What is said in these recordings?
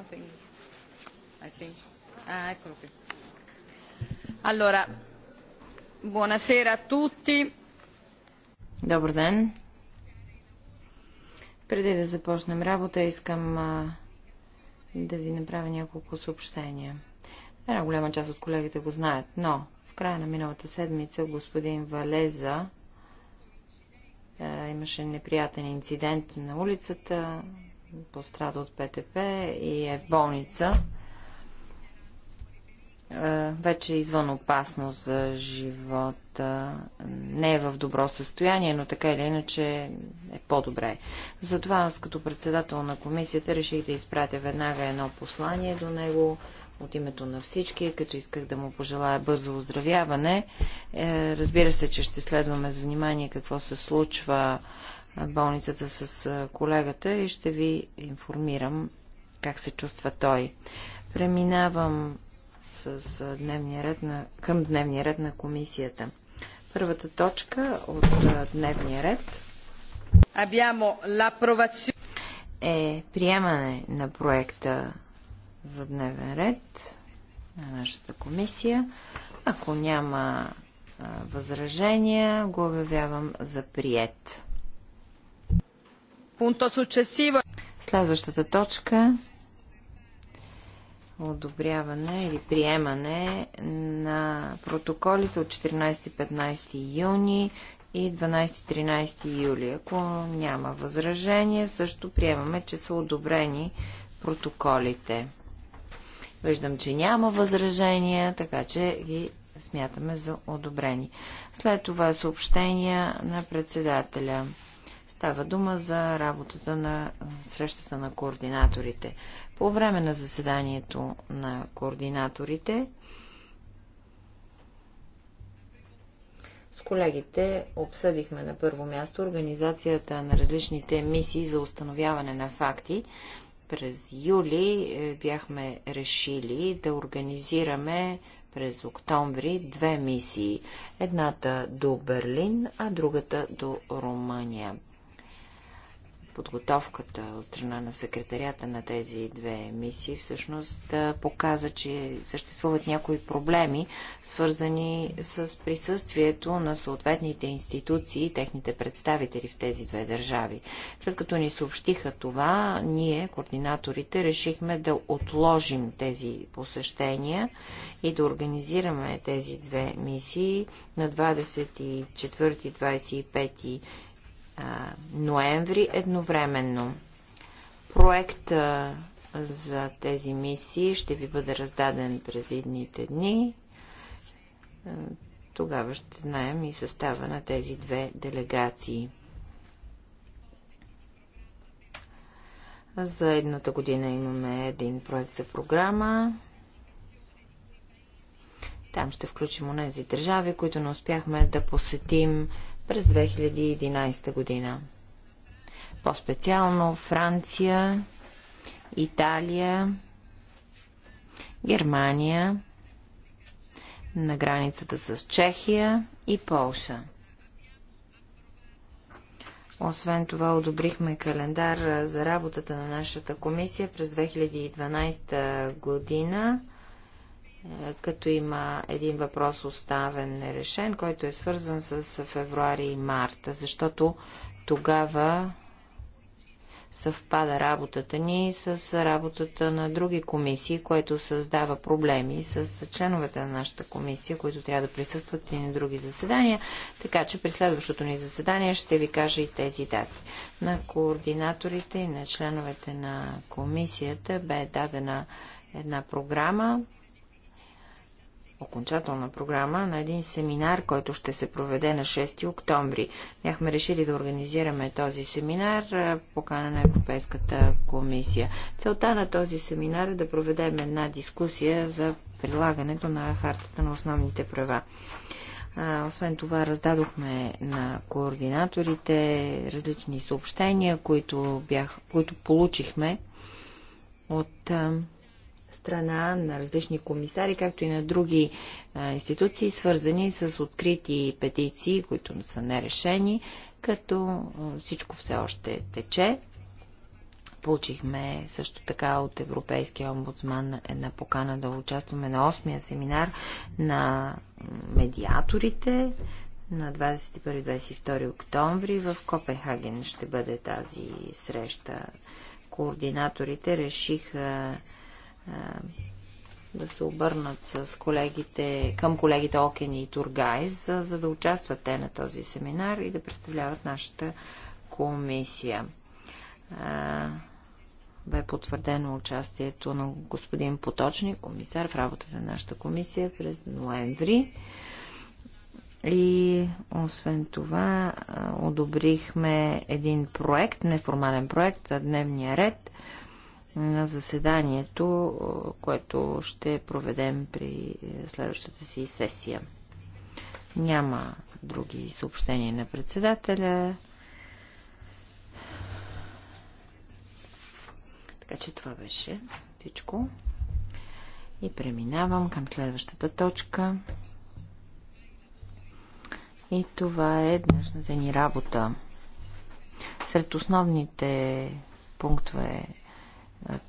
nothing. I think. Ah, eccolo qui. Allora, buonasera a tutti. Добър ден. Преди да започнем работа, искам а, да ви направя няколко съобщения. Една голяма част от колегите го знаят, но в края на миналата седмица господин Валеза а, имаше неприятен инцидент на улицата, пострада от ПТП и е в болница. Е, вече е извън опасност за живота. Не е в добро състояние, но така или иначе е по-добре. Затова аз като председател на комисията реших да изпратя веднага едно послание до него от името на всички, като исках да му пожелая бързо оздравяване. Е, разбира се, че ще следваме с внимание какво се случва болницата с колегата и ще ви информирам как се чувства той. Преминавам с дневния ред на, към дневния ред на комисията. Първата точка от дневния ред е приемане на проекта за дневен ред на нашата комисия. Ако няма възражения, го обявявам за прият. Следващата точка одобряване или приемане на протоколите от 14-15 юни и 12-13 юли. Ако няма възражение, също приемаме, че са одобрени протоколите. Виждам, че няма възражения, така че ги смятаме за одобрени. След това съобщения на председателя. Става дума за работата на срещата на координаторите. По време на заседанието на координаторите с колегите обсъдихме на първо място организацията на различните мисии за установяване на факти. През юли е, бяхме решили да организираме през октомври две мисии. Едната до Берлин, а другата до Румъния подготовката от страна на секретарията на тези две мисии всъщност показа, че съществуват някои проблеми, свързани с присъствието на съответните институции и техните представители в тези две държави. След като ни съобщиха това, ние, координаторите, решихме да отложим тези посещения и да организираме тези две мисии на 24-25 ноември едновременно. Проекта за тези мисии ще ви бъде раздаден през едните дни. Тогава ще знаем и състава на тези две делегации. За едната година имаме един проект за програма. Там ще включим онези държави, които не успяхме да посетим през 2011 година. По-специално Франция, Италия, Германия, на границата с Чехия и Полша. Освен това, одобрихме календар за работата на нашата комисия през 2012 година като има един въпрос оставен нерешен, който е свързан с февруари и марта, защото тогава съвпада работата ни с работата на други комисии, което създава проблеми с членовете на нашата комисия, които трябва да присъстват и на други заседания. Така че при следващото ни заседание ще ви кажа и тези дати. На координаторите и на членовете на комисията бе дадена една програма, окончателна програма на един семинар, който ще се проведе на 6 октомври. Бяхме решили да организираме този семинар по кана на Европейската комисия. Целта на този семинар е да проведем една дискусия за прилагането на хартата на основните права. освен това, раздадохме на координаторите различни съобщения, които, бях, които получихме от страна на различни комисари, както и на други а, е, институции, свързани с открити петиции, които са нерешени, като е, всичко все още тече. Получихме също така от Европейския омбудсман една покана да участваме на 8-я семинар на медиаторите на 21-22 октомври в Копенхаген ще бъде тази среща. Координаторите решиха да се обърнат с колегите, към колегите Окени и Тургайз, за, за да участват те на този семинар и да представляват нашата комисия. А, бе потвърдено участието на господин Поточник, комисар в работата на нашата комисия през ноември. И освен това, одобрихме един проект, неформален проект за дневния ред, на заседанието, което ще проведем при следващата си сесия. Няма други съобщения на председателя. Така че това беше всичко. И преминавам към следващата точка. И това е днешната ни работа. Сред основните пунктове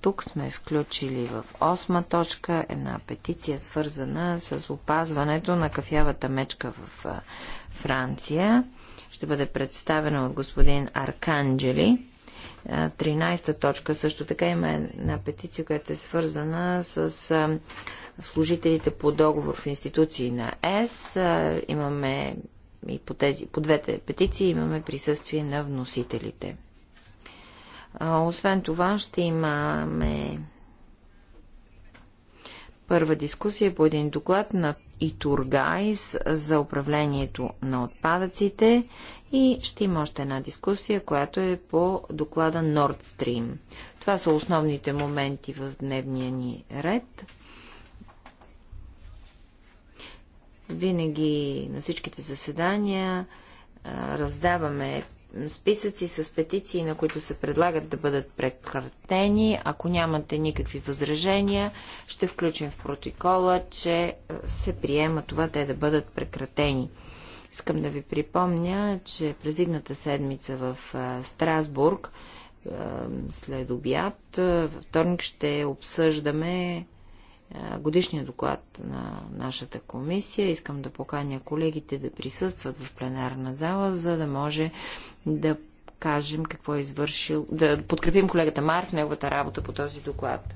тук сме включили в осма точка една петиция, свързана с опазването на кафявата мечка в Франция. Ще бъде представена от господин Арканджели. 13-та точка също така има една петиция, която е свързана с служителите по договор в институции на ЕС. Имаме и по, тези, по двете петиции имаме присъствие на вносителите. Освен това ще имаме първа дискусия по един доклад на Итургайс за управлението на отпадъците и ще има още една дискусия, която е по доклада Nord Stream. Това са основните моменти в дневния ни ред. Винаги на всичките заседания раздаваме списъци с петиции, на които се предлагат да бъдат прекратени. Ако нямате никакви възражения, ще включим в протокола, че е, се приема това те да бъдат прекратени. Искам да ви припомня, че през едната седмица в е, Страсбург е, след обяд, във вторник ще обсъждаме е, годишния доклад на нашата комисия. Искам да поканя колегите да присъстват в пленарна зала, за да може да кажем какво е извършил, да подкрепим колегата Мар в неговата работа по този доклад.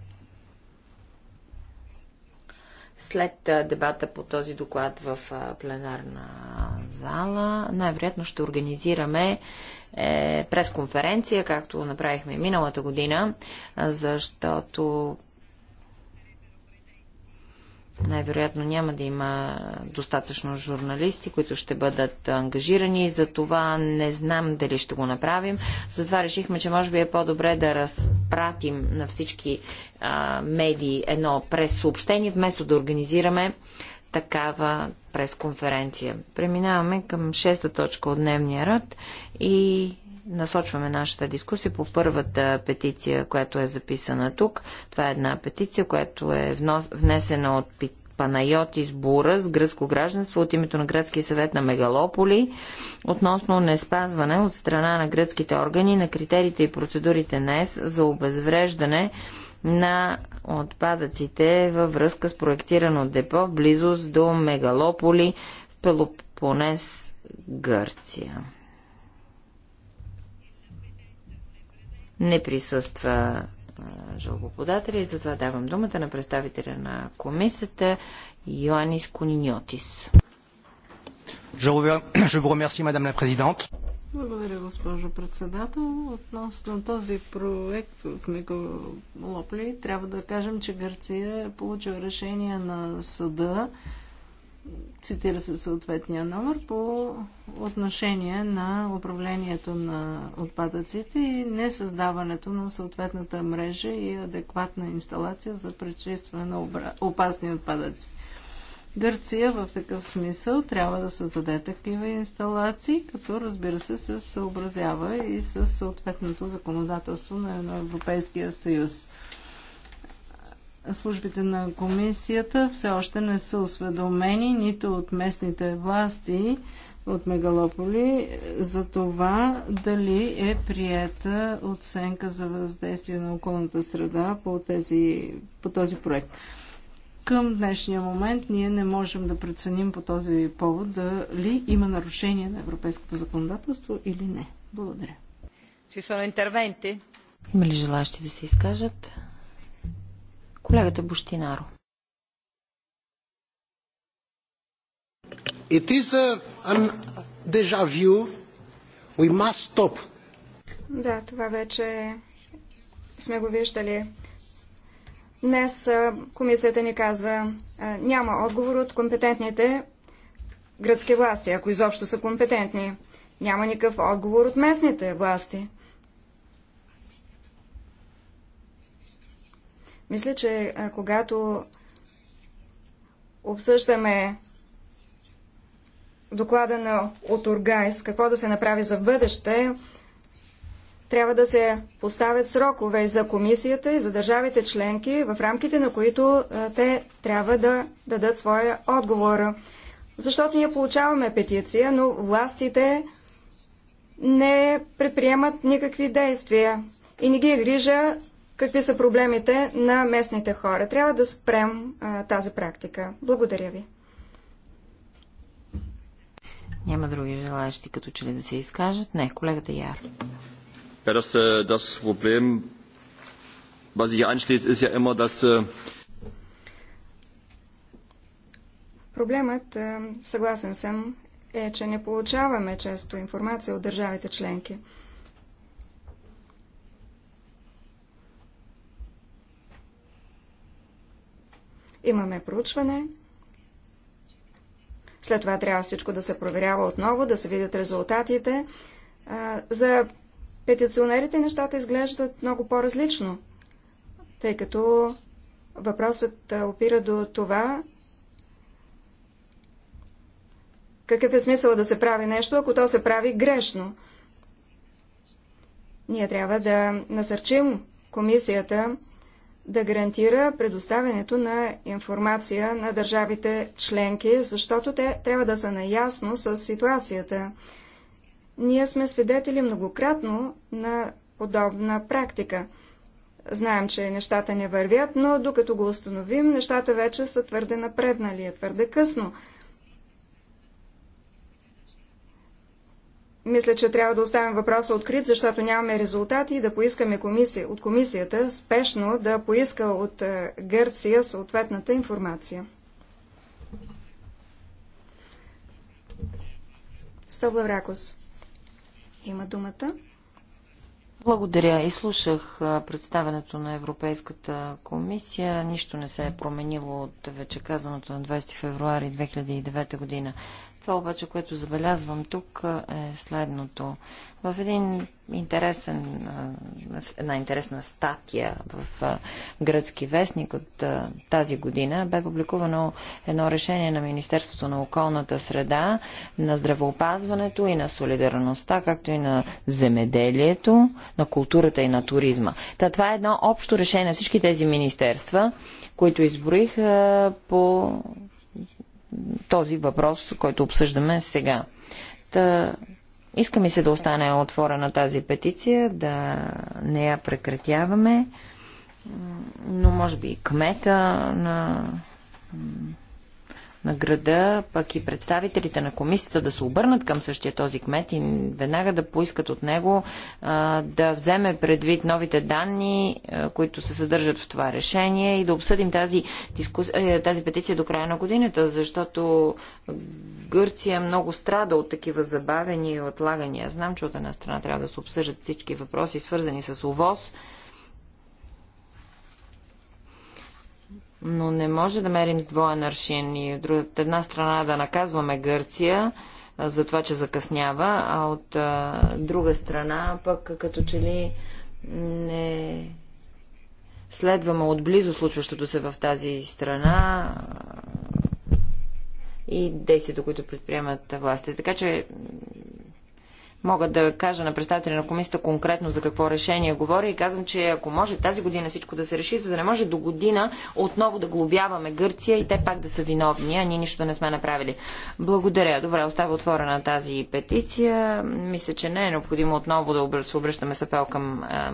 След е, дебата по този доклад в е, пленарна зала, най-вероятно ще организираме е, пресконференция, както направихме миналата година, защото най-вероятно няма да има достатъчно журналисти, които ще бъдат ангажирани. За това не знам дали ще го направим. Затова решихме, че може би е по-добре да разпратим на всички а, медии едно през съобщение вместо да организираме такава пресконференция. Преминаваме към шеста точка от дневния ред и насочваме нашата дискусия по първата петиция, която е записана тук. Това е една петиция, която е внесена от Панайотис Бура с гръцко гражданство от името на Гръцкия съвет на Мегалополи относно неспазване от страна на гръцките органи на критериите и процедурите на ЕС за обезвреждане на отпадъците във връзка с проектирано депо в близост до Мегалополи в Пелопонес, Гърция. не присъства жалбоподателя и затова давам думата на представителя на комисията Йоанис Кониньотис. Благодаря, госпожо председател. Относно този проект в Мегалопли, трябва да кажем, че Гърция е получила решение на съда цитира се съответния номер по отношение на управлението на отпадъците и не създаването на съответната мрежа и адекватна инсталация за пречистване на опасни отпадъци. Гърция в такъв смисъл трябва да създаде такива инсталации, като разбира се се съобразява и с съответното законодателство на Европейския съюз службите на комисията все още не са осведомени нито от местните власти от Мегалополи за това дали е приета оценка за въздействие на околната среда по, тези, по този проект. Към днешния момент ние не можем да преценим по този повод дали има нарушение на европейското законодателство или не. Благодаря. Има ли желащи да се изкажат? Колегата Буштинаро. It is a, an deja vu. We must stop. Да, това вече сме го виждали. Днес комисията ни казва, няма отговор от компетентните гръцки власти, ако изобщо са компетентни. Няма никакъв отговор от местните власти. Мисля, че когато обсъждаме доклада на Отургайс, какво да се направи за бъдеще, трябва да се поставят срокове и за комисията и за държавите членки, в рамките на които те трябва да дадат своя отговор. Защото ние получаваме петиция, но властите не предприемат никакви действия и не ги грижа какви са проблемите на местните хора. Трябва да спрем а, тази практика. Благодаря ви. Няма други желаящи като че ли да се изкажат? Не, колегата Яр. Äh, äh, Проблемът, съгласен съм, е, че не получаваме често информация от държавите членки. Имаме проучване. След това трябва всичко да се проверява отново, да се видят резултатите. За петиционерите нещата изглеждат много по-различно, тъй като въпросът опира до това, какъв е смисъл да се прави нещо, ако то се прави грешно. Ние трябва да насърчим комисията да гарантира предоставянето на информация на държавите членки, защото те трябва да са наясно с ситуацията. Ние сме свидетели многократно на подобна практика. Знаем, че нещата не вървят, но докато го установим, нещата вече са твърде напреднали, твърде късно. Мисля, че трябва да оставим въпроса открит, защото нямаме резултати и да поискаме комисия, от комисията спешно да поиска от е, Гърция съответната информация. Ставлавракос има думата. Благодаря. И слушах е, представенето на Европейската комисия. Нищо не се е променило от вече казаното на 20 февруари 2009 година. Това обаче, което забелязвам тук е следното. В един интересен, една интересна статия в гръцки вестник от тази година бе публикувано едно решение на Министерството на околната среда, на здравеопазването и на солидарността, както и на земеделието, на културата и на туризма. Та това е едно общо решение на всички тези министерства, които изброих по този въпрос, който обсъждаме сега. Та, иска ми се да остане отворена тази петиция, да не я прекратяваме, но може би кмета на на града, пък и представителите на комисията да се обърнат към същия този кмет и веднага да поискат от него а, да вземе предвид новите данни, а, които се съдържат в това решение и да обсъдим тази, дискус... Е, тази петиция до края на годината, защото Гърция много страда от такива забавени и отлагания. Знам, че от една страна трябва да се обсъждат всички въпроси, свързани с увоз, но не може да мерим с двоен аршин и от една страна да наказваме Гърция за това, че закъснява, а от друга страна пък като че ли не следваме отблизо случващото се в тази страна и действието, които предприемат властите. Така че мога да кажа на представителя на комисията конкретно за какво решение говоря и казвам, че ако може тази година всичко да се реши, за да не може до година отново да глобяваме Гърция и те пак да са виновни, а ние нищо не сме направили. Благодаря. Добре, остава отворена тази петиция. Мисля, че не е необходимо отново да се обръщаме с апел към е,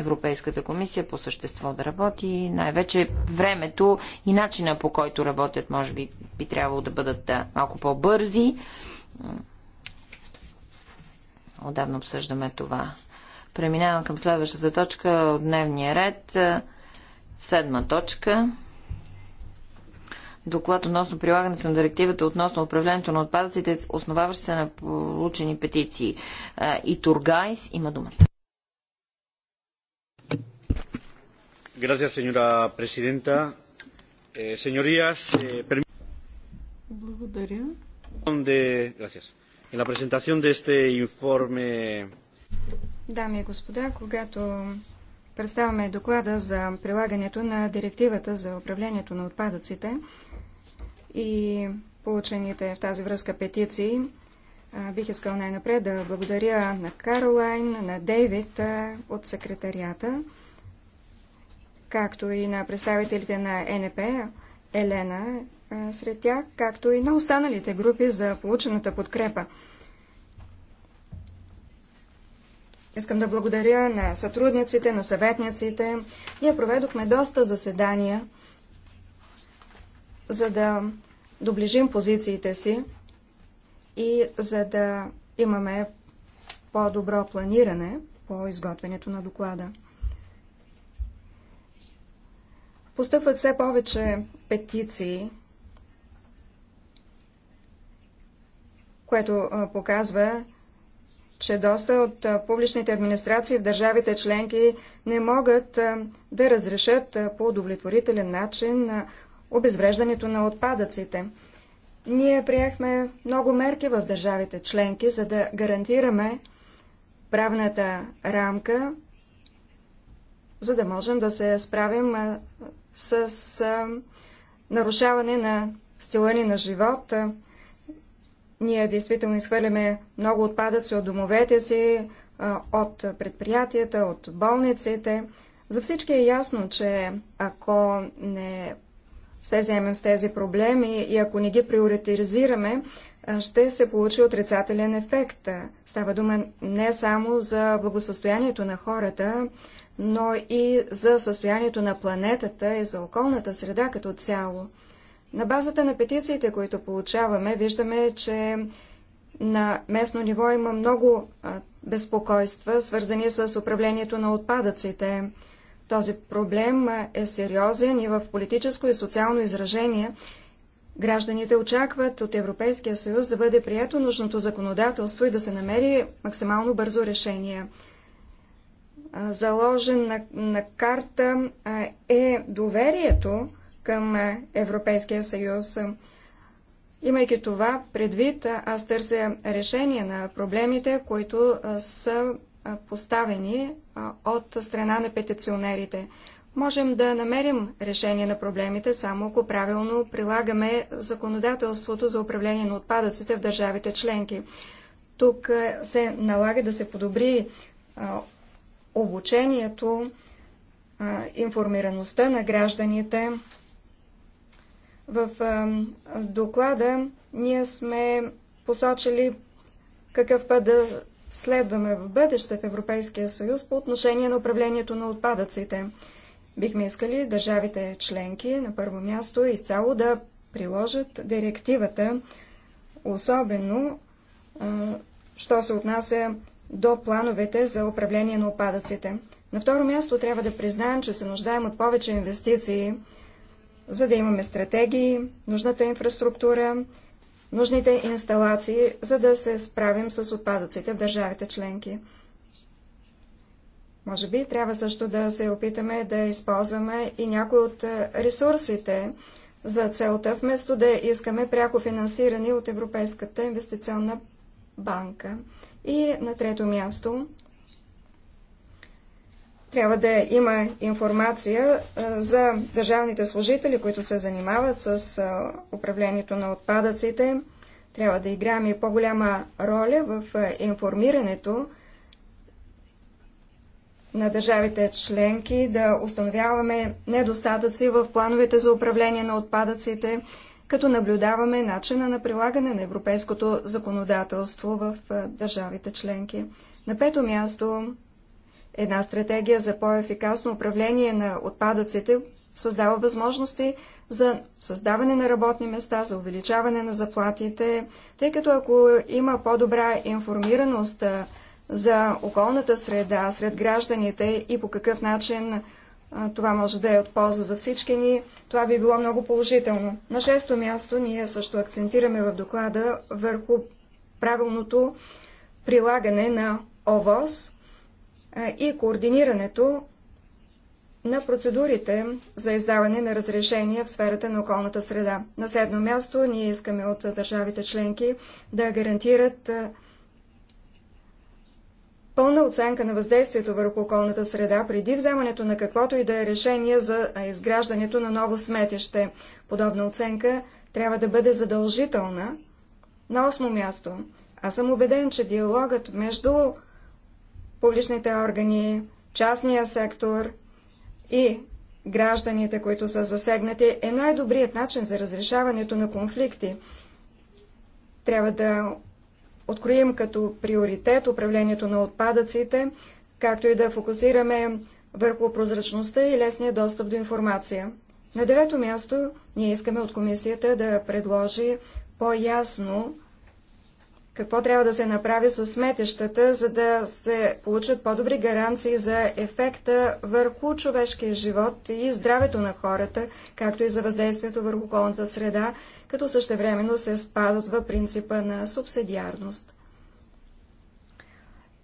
Европейската комисия по същество да работи. Най-вече времето и начина по който работят, може би, би трябвало да бъдат е, малко по-бързи Отдавна обсъждаме това. Преминавам към следващата точка от дневния ред. Седма точка. Доклад относно прилагането на директивата относно управлението на отпадъците, основаващи се на получени петиции. И Тургайс има думата. Е, е, Благодаря, Eh, Благодаря. De... Gracias. En la presentación de este informe... Дами и господа, когато представяме доклада за прилагането на директивата за управлението на отпадъците и получените в тази връзка петиции, бих искал най-напред да благодаря на Каролайн, на Дейвид от секретарията, както и на представителите на НП, Елена сред тях, както и на останалите групи за получената подкрепа. Искам да благодаря на сътрудниците, на съветниците. Ние проведохме доста заседания, за да доближим позициите си и за да имаме по-добро планиране по изготвянето на доклада. Постъпват все повече петиции което показва, че доста от публичните администрации в държавите членки не могат да разрешат по удовлетворителен начин обезвреждането на отпадъците. Ние приехме много мерки в държавите членки, за да гарантираме правната рамка, за да можем да се справим с нарушаване на стила ни на живот, ние действително изхвърляме много отпадъци от домовете си, от предприятията, от болниците. За всички е ясно, че ако не се вземем с тези проблеми и ако не ги приоритизираме, ще се получи отрицателен ефект. Става дума не само за благосъстоянието на хората, но и за състоянието на планетата и за околната среда като цяло. На базата на петициите, които получаваме, виждаме, че на местно ниво има много безпокойства, свързани с управлението на отпадъците. Този проблем е сериозен и в политическо и социално изражение. Гражданите очакват от Европейския съюз да бъде прието нужното законодателство и да се намери максимално бързо решение. Заложен на, на карта е доверието към е, Европейския съюз. Имайки това предвид, аз търся решение на проблемите, които са поставени от страна на петиционерите. Можем да намерим решение на проблемите само ако правилно прилагаме законодателството за управление на отпадъците в държавите членки. Тук е, се налага да се подобри обучението, информираността на гражданите, в доклада ние сме посочили какъв път да следваме в бъдеще в Европейския съюз по отношение на управлението на отпадъците. Бихме искали държавите членки на първо място изцяло да приложат директивата, особено що се отнася до плановете за управление на отпадъците. На второ място трябва да признаем, че се нуждаем от повече инвестиции за да имаме стратегии, нужната инфраструктура, нужните инсталации, за да се справим с отпадъците в държавите членки. Може би трябва също да се опитаме да използваме и някои от е, ресурсите за целта, вместо да искаме пряко финансиране от Европейската инвестиционна банка. И на трето място трябва да има информация за държавните служители, които се занимават с управлението на отпадъците. Трябва да играем и по-голяма роля в информирането на държавите членки, да установяваме недостатъци в плановете за управление на отпадъците, като наблюдаваме начина на прилагане на европейското законодателство в държавите членки. На пето място Една стратегия за по-ефикасно управление на отпадъците създава възможности за създаване на работни места, за увеличаване на заплатите, тъй като ако има по-добра информираност за околната среда сред гражданите и по какъв начин това може да е от полза за всички ни, това би било много положително. На шесто място ние също акцентираме в доклада върху правилното прилагане на ОВОС и координирането на процедурите за издаване на разрешения в сферата на околната среда. На седно място ние искаме от държавите членки да гарантират пълна оценка на въздействието върху околната среда преди вземането на каквото и да е решение за изграждането на ново сметище. Подобна оценка трябва да бъде задължителна. На осмо място. Аз съм убеден, че диалогът между публичните органи, частния сектор и гражданите, които са засегнати, е най-добрият начин за разрешаването на конфликти. Трябва да откроим като приоритет управлението на отпадъците, както и да фокусираме върху прозрачността и лесния достъп до информация. На девето място ние искаме от комисията да предложи по-ясно какво трябва да се направи с сметещата, за да се получат по-добри гаранции за ефекта върху човешкия живот и здравето на хората, както и за въздействието върху околната среда, като същевременно се спазва принципа на субсидиарност.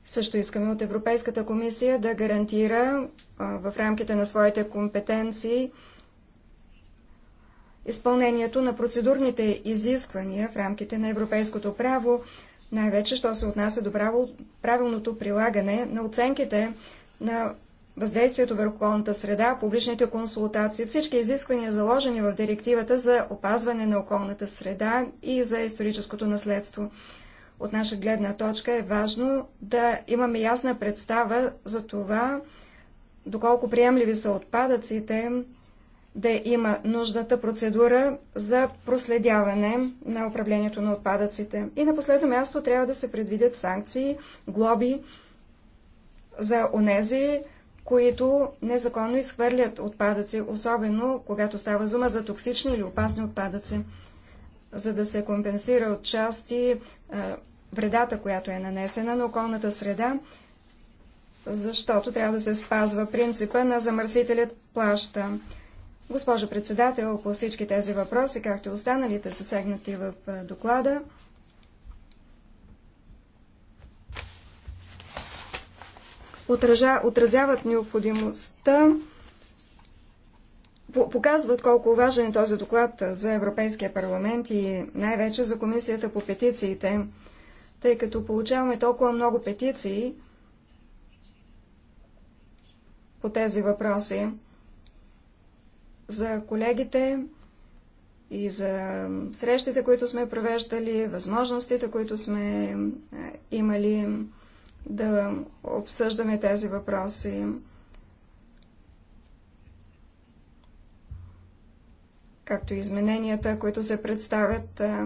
Също искаме от Европейската комисия да гарантира в рамките на своите компетенции изпълнението на процедурните изисквания в рамките на европейското право най-вече, що се отнася до правилното прилагане на оценките на въздействието върху околната среда, публичните консултации, всички изисквания заложени в директивата за опазване на околната среда и за историческото наследство. От наша гледна точка е важно да имаме ясна представа за това, доколко приемливи са отпадъците, да има нуждата процедура за проследяване на управлението на отпадъците. И на последно място трябва да се предвидят санкции, глоби за онези, които незаконно изхвърлят отпадъци, особено когато става зума за токсични или опасни отпадъци, за да се компенсира от части вредата, която е нанесена на околната среда, защото трябва да се спазва принципа на замърсителят плаща. Госпожо председател, по всички тези въпроси, както и останалите засегнати в доклада, отразяват необходимостта, показват колко важен е този доклад за Европейския парламент и най-вече за Комисията по петициите, тъй като получаваме толкова много петиции по тези въпроси за колегите и за срещите, които сме провеждали, възможностите, които сме е, имали да обсъждаме тези въпроси. както и измененията, които се представят, е,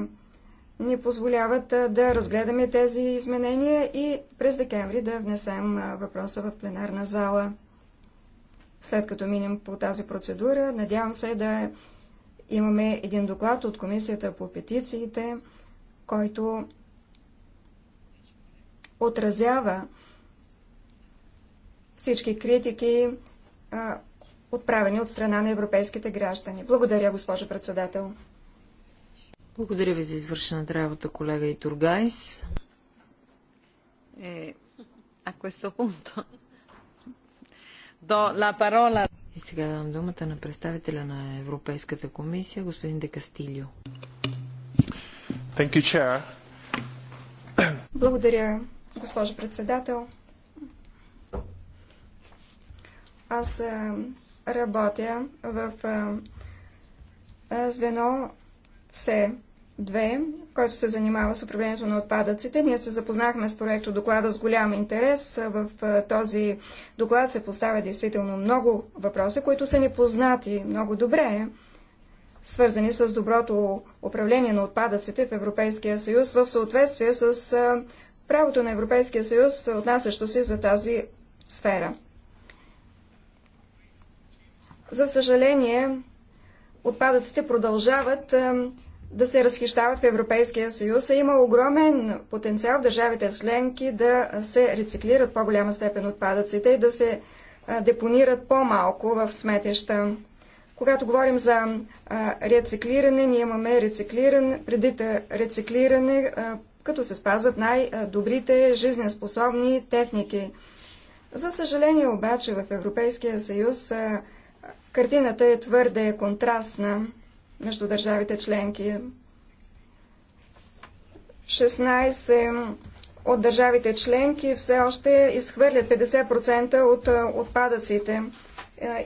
ни позволяват е, да разгледаме тези изменения и през декември да внесем въпроса в пленарна зала след като минем по тази процедура. Надявам се да имаме един доклад от Комисията по петициите, който отразява всички критики, отправени от страна на европейските граждани. Благодаря, госпожо председател. Благодаря ви за извършената работа, колега Итургайс. Е, ако е сопунто. И сега давам думата на представителя на Европейската комисия, господин Де Кастилио. You, Благодаря, госпожо председател. Аз работя в звено С 2, който се занимава с управлението на отпадъците. Ние се запознахме с проекто доклада с голям интерес. В този доклад се поставя действително много въпроси, които са непознати много добре, свързани с доброто управление на отпадъците в Европейския съюз в съответствие с правото на Европейския съюз, отнасящо се за тази сфера. За съжаление, отпадъците продължават да се разхищават в Европейския съюз, а е има огромен потенциал в държавите членки да се рециклират по-голяма степен отпадъците и да се депонират по-малко в сметеща. Когато говорим за рециклиране, ние имаме рециклиране, предвид рециклиране, като се спазват най-добрите жизнеспособни техники. За съжаление обаче в Европейския съюз картината е твърде контрастна между държавите членки. 16 от държавите членки все още изхвърлят 50% от отпадъците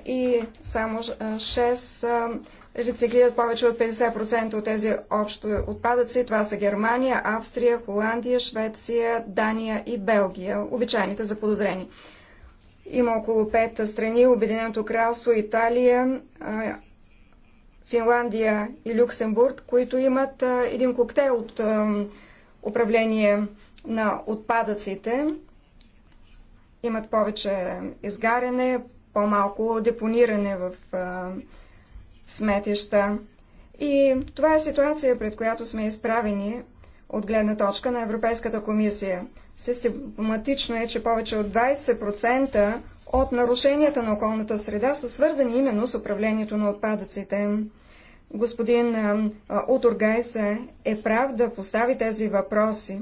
и само 6 рециклират повече от 50% от тези общо отпадъци. Това са Германия, Австрия, Холандия, Швеция, Дания и Белгия. Обичайните за подозрени. Има около 5 страни, Обединеното кралство, Италия, Финландия и Люксембург, които имат един коктейл от управление на отпадъците. Имат повече изгаряне, по-малко депониране в сметища. И това е ситуация, пред която сме изправени от гледна точка на Европейската комисия. Систематично е, че повече от 20% от нарушенията на околната среда са свързани именно с управлението на отпадъците. Господин Утургайс е прав да постави тези въпроси.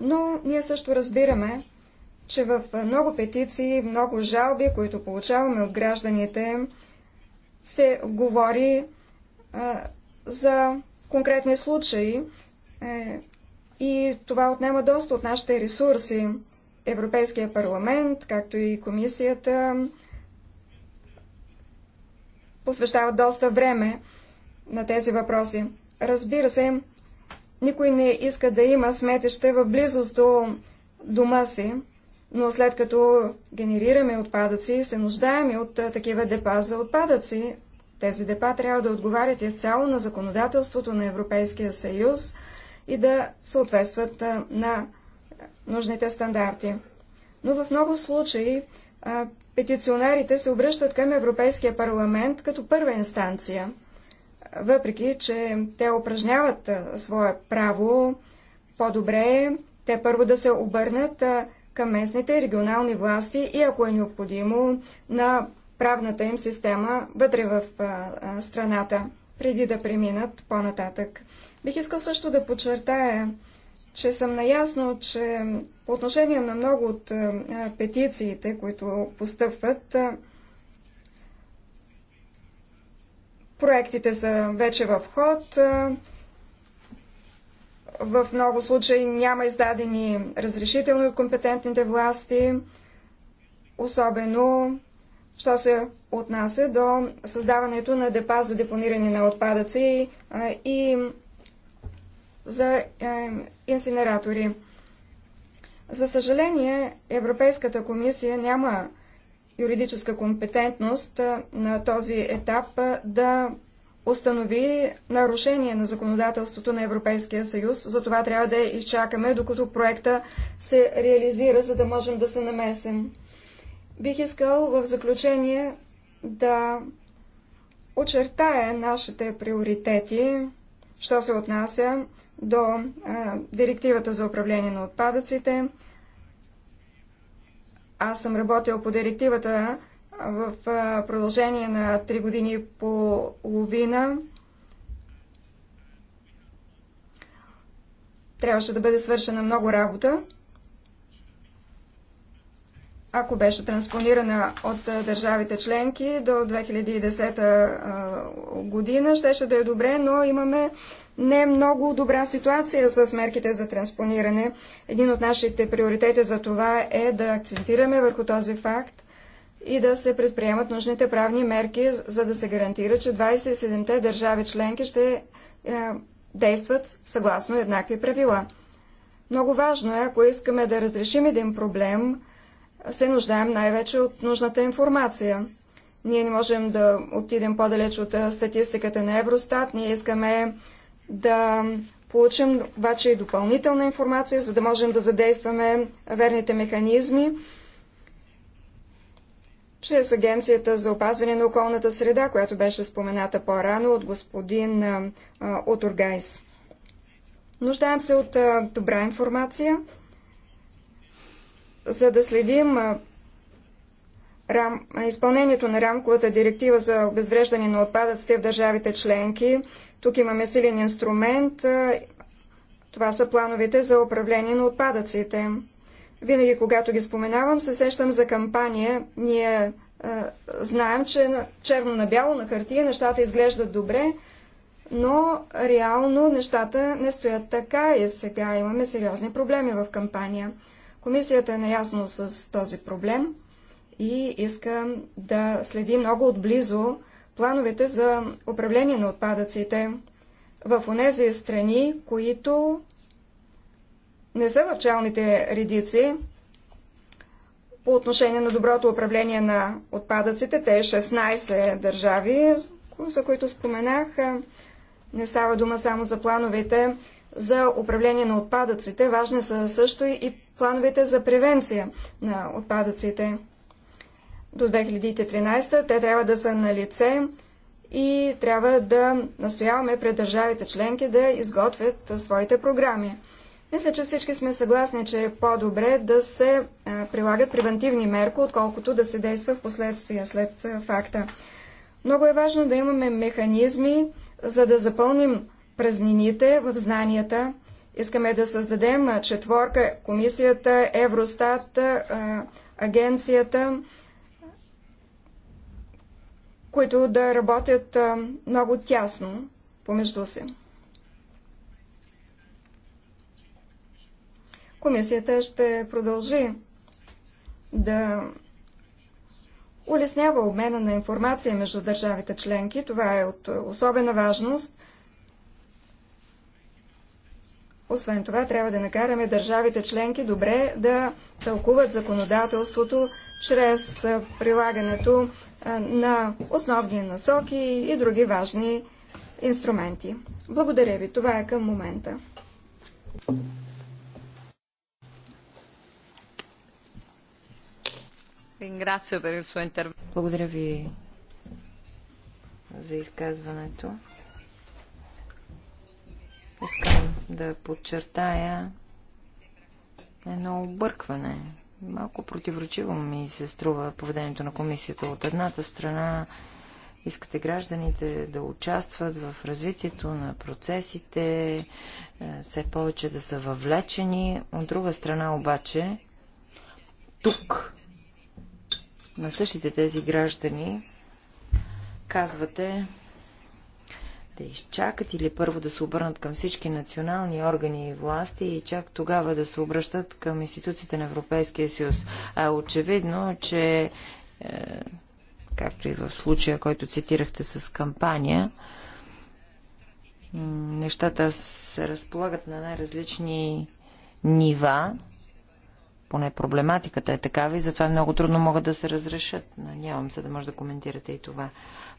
Но ние също разбираме, че в много петиции, много жалби, които получаваме от гражданите, се говори а, за конкретни случаи е, и това отнема доста от нашите ресурси. Европейския парламент, както и комисията, посвещават доста време на тези въпроси. Разбира се, никой не иска да има сметеще в близост до дома си, но след като генерираме отпадъци, се нуждаем от такива депа за отпадъци. Тези депа трябва да отговарят изцяло на законодателството на Европейския съюз и да съответстват на нужните стандарти. Но в много случаи а, петиционарите се обръщат към Европейския парламент като първа инстанция, въпреки че те упражняват а, свое право по-добре, е те първо да се обърнат а, към местните регионални власти и, ако е необходимо, на правната им система вътре в а, страната, преди да преминат по-нататък. Бих искал също да подчертая, че съм наясно, че по отношение на много от е, е, петициите, които постъпват, е, проектите са вече в ход. В много случаи няма издадени разрешителни от компетентните власти, особено що се отнася до създаването на депа за депониране на отпадъци и за е, инсинератори. За съжаление, Европейската комисия няма юридическа компетентност е, на този етап е, да установи нарушение на законодателството на Европейския съюз. Затова трябва да изчакаме, докато проекта се реализира, за да можем да се намесим. Бих искал в заключение да очертая нашите приоритети, що се отнася до а, директивата за управление на отпадъците. Аз съм работил по директивата в а, продължение на 3 години и половина. Трябваше да бъде свършена много работа. Ако беше транспонирана от държавите членки до 2010 година, щеше да е добре, но имаме не е много добра ситуация с мерките за транспониране. Един от нашите приоритети за това е да акцентираме върху този факт и да се предприемат нужните правни мерки, за да се гарантира, че 27-те държави членки ще е, действат съгласно еднакви правила. Много важно е, ако искаме да разрешим един проблем, се нуждаем най-вече от нужната информация. Ние не можем да отидем по-далеч от е, статистиката на Евростат. Ние искаме да получим обаче и допълнителна информация, за да можем да задействаме верните механизми чрез Агенцията за опазване на околната среда, която беше спомената по-рано от господин Отургайс. Нуждаем се от добра информация, за да следим рам... изпълнението на рамковата директива за обезвреждане на отпадъците в държавите членки. Тук имаме силен инструмент. Това са плановете за управление на отпадъците. Винаги, когато ги споменавам, се сещам за кампания. Ние е, знаем, че черно на бяло на хартия нещата изглеждат добре, но реално нещата не стоят така и сега имаме сериозни проблеми в кампания. Комисията е наясно с този проблем и искам да следи много отблизо плановете за управление на отпадъците в онези страни, които не са в чалните редици по отношение на доброто управление на отпадъците. Те 16 е държави, за които споменах, не става дума само за плановете за управление на отпадъците, важни са също и плановете за превенция на отпадъците до 2013. Те трябва да са на лице и трябва да настояваме пред държавите членки да изготвят своите програми. Мисля, че всички сме съгласни, че е по-добре да се прилагат превентивни мерки, отколкото да се действа в последствия след факта. Много е важно да имаме механизми, за да запълним празнините в знанията. Искаме да създадем четворка, комисията, Евростат, агенцията, които да работят много тясно помежду си. Комисията ще продължи да улеснява обмена на информация между държавите членки. Това е от особена важност, освен това, трябва да накараме държавите членки добре да тълкуват законодателството чрез прилагането на основни насоки и други важни инструменти. Благодаря ви. Това е към момента. Благодаря ви за изказването. Искам да подчертая едно объркване. Малко противоречиво ми се струва поведението на комисията. От едната страна искате гражданите да участват в развитието на процесите, е, все повече да са въвлечени. От друга страна обаче, тук на същите тези граждани казвате, да изчакат или първо да се обърнат към всички национални органи и власти и чак тогава да се обръщат към институциите на Европейския съюз. А очевидно, че е, както и в случая, който цитирахте с кампания, нещата се разполагат на най-различни нива поне проблематиката е такава и затова много трудно могат да се разрешат. Нямам се да може да коментирате и това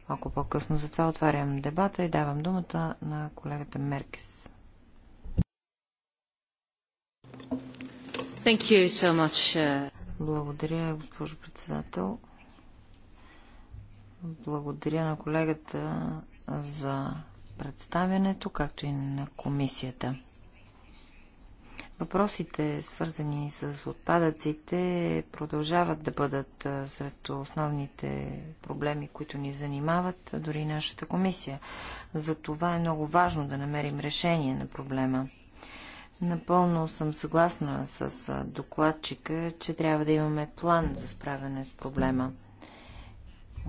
малко по-късно. Затова отварям дебата и давам думата на колегата Меркес. Thank you so much. Uh, Благодаря, госпожо председател. Благодаря на колегата за представянето, както и на комисията. Въпросите, свързани с отпадъците, продължават да бъдат сред основните проблеми, които ни занимават, дори нашата комисия. За това е много важно да намерим решение на проблема. Напълно съм съгласна с докладчика, че трябва да имаме план за справяне с проблема.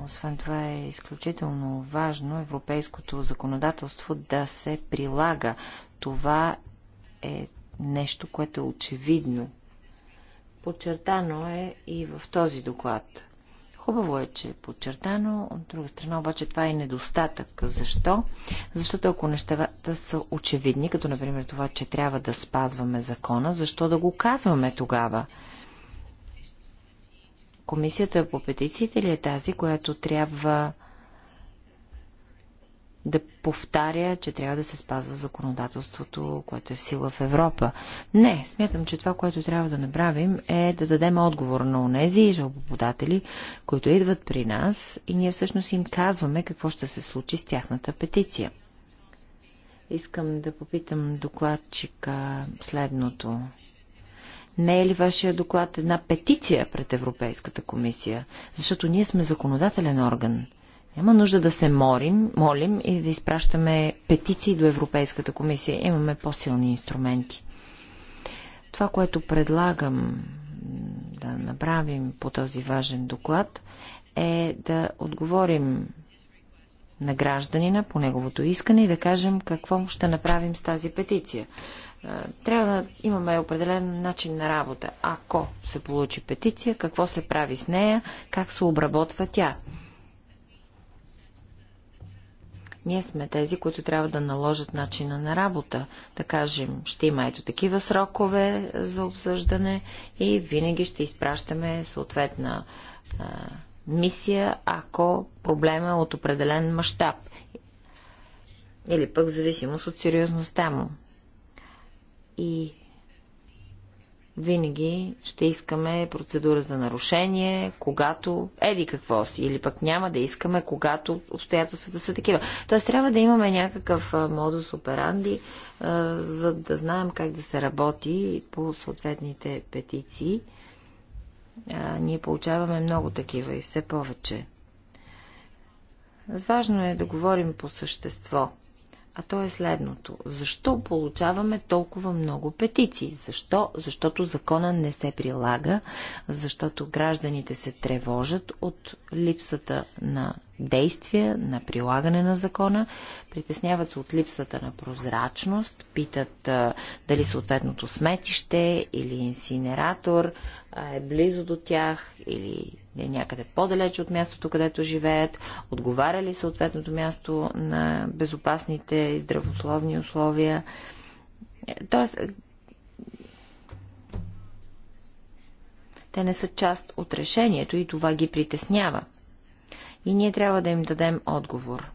Освен това е изключително важно европейското законодателство да се прилага. Това е нещо, което е очевидно. Подчертано е и в този доклад. Хубаво е, че е подчертано, от друга страна обаче това е недостатък. Защо? Защото ако нещата са очевидни, като например това, че трябва да спазваме закона, защо да го казваме тогава? Комисията по петициите ли е тази, която трябва да повтаря, че трябва да се спазва законодателството, което е в сила в Европа. Не, смятам, че това, което трябва да направим е да дадем отговор на онези жалбоподатели, които идват при нас и ние всъщност им казваме какво ще се случи с тяхната петиция. Искам да попитам докладчика следното. Не е ли вашия доклад една петиция пред Европейската комисия? Защото ние сме законодателен орган. Няма нужда да се морим, молим и да изпращаме петиции до Европейската комисия. Имаме по-силни инструменти. Това, което предлагам да направим по този важен доклад, е да отговорим на гражданина по неговото искане и да кажем какво ще направим с тази петиция. Е, трябва да имаме определен начин на работа. Ако се получи петиция, какво се прави с нея, как се обработва тя. Ние сме тези, които трябва да наложат начина на работа. Да кажем, ще има ето такива срокове за обсъждане и винаги ще изпращаме съответна а, мисия, ако проблема е от определен мащаб или пък в зависимост от сериозността му. И винаги ще искаме процедура за нарушение, когато еди какво си, или пък няма да искаме, когато обстоятелствата са такива. Тоест трябва да имаме някакъв модус операнди, за да знаем как да се работи по съответните петиции. Ние получаваме много такива и все повече. Важно е да говорим по същество – а то е следното. Защо получаваме толкова много петиции? Защо? Защото закона не се прилага, защото гражданите се тревожат от липсата на действия, на прилагане на закона, притесняват се от липсата на прозрачност, питат а, дали съответното сметище или инсинератор а, е близо до тях или или е някъде по-далеч от мястото, където живеят, отговаря ли съответното място на безопасните и здравословни условия. Е, тоест, е, те не са част от решението и това ги притеснява. И ние трябва да им дадем отговор.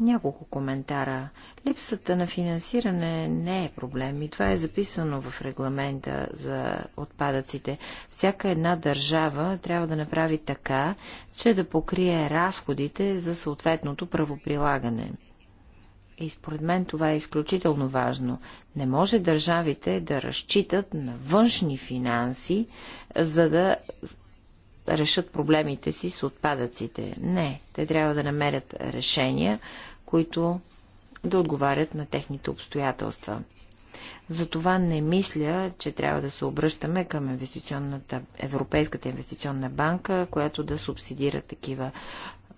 Няколко коментара. Липсата на финансиране не е проблем и това е записано в регламента за отпадъците. Всяка една държава трябва да направи така, че да покрие разходите за съответното правоприлагане. И според мен това е изключително важно. Не може държавите да разчитат на външни финанси, за да решат проблемите си с отпадъците. Не, те трябва да намерят решения, които да отговарят на техните обстоятелства. Затова не мисля, че трябва да се обръщаме към инвестиционната, Европейската инвестиционна банка, която да субсидира такива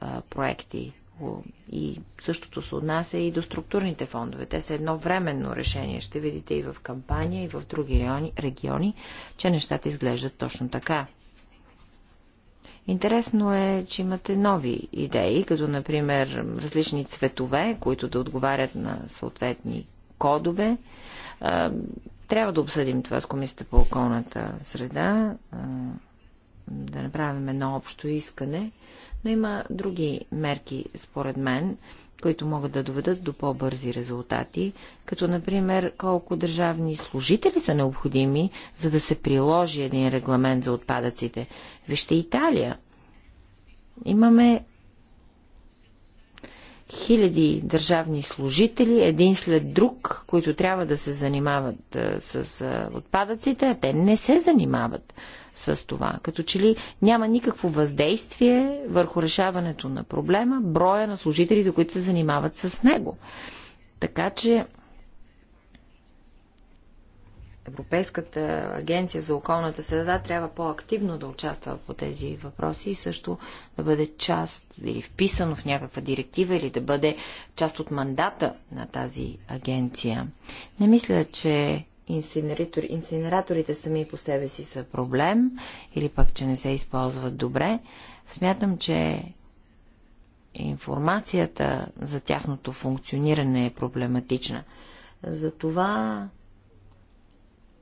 а, проекти. И същото се отнася и до структурните фондове. Те са едно временно решение. Ще видите и в кампания, и в други региони, че нещата изглеждат точно така. Интересно е, че имате нови идеи, като например различни цветове, които да отговарят на съответни кодове. Трябва да обсъдим това с Комисията по околната среда, да направим едно общо искане, но има други мерки, според мен, които могат да доведат до по-бързи резултати, като например колко държавни служители са необходими, за да се приложи един регламент за отпадъците. Вижте Италия. Имаме хиляди държавни служители, един след друг, които трябва да се занимават с отпадъците, а те не се занимават с това. Като че ли няма никакво въздействие върху решаването на проблема, броя на служителите, които се занимават с него. Така че Европейската агенция за околната среда трябва по-активно да участва по тези въпроси и също да бъде част или вписано в някаква директива или да бъде част от мандата на тази агенция. Не мисля, че инсинератор, инсинераторите сами по себе си са проблем или пък, че не се използват добре. Смятам, че информацията за тяхното функциониране е проблематична. Затова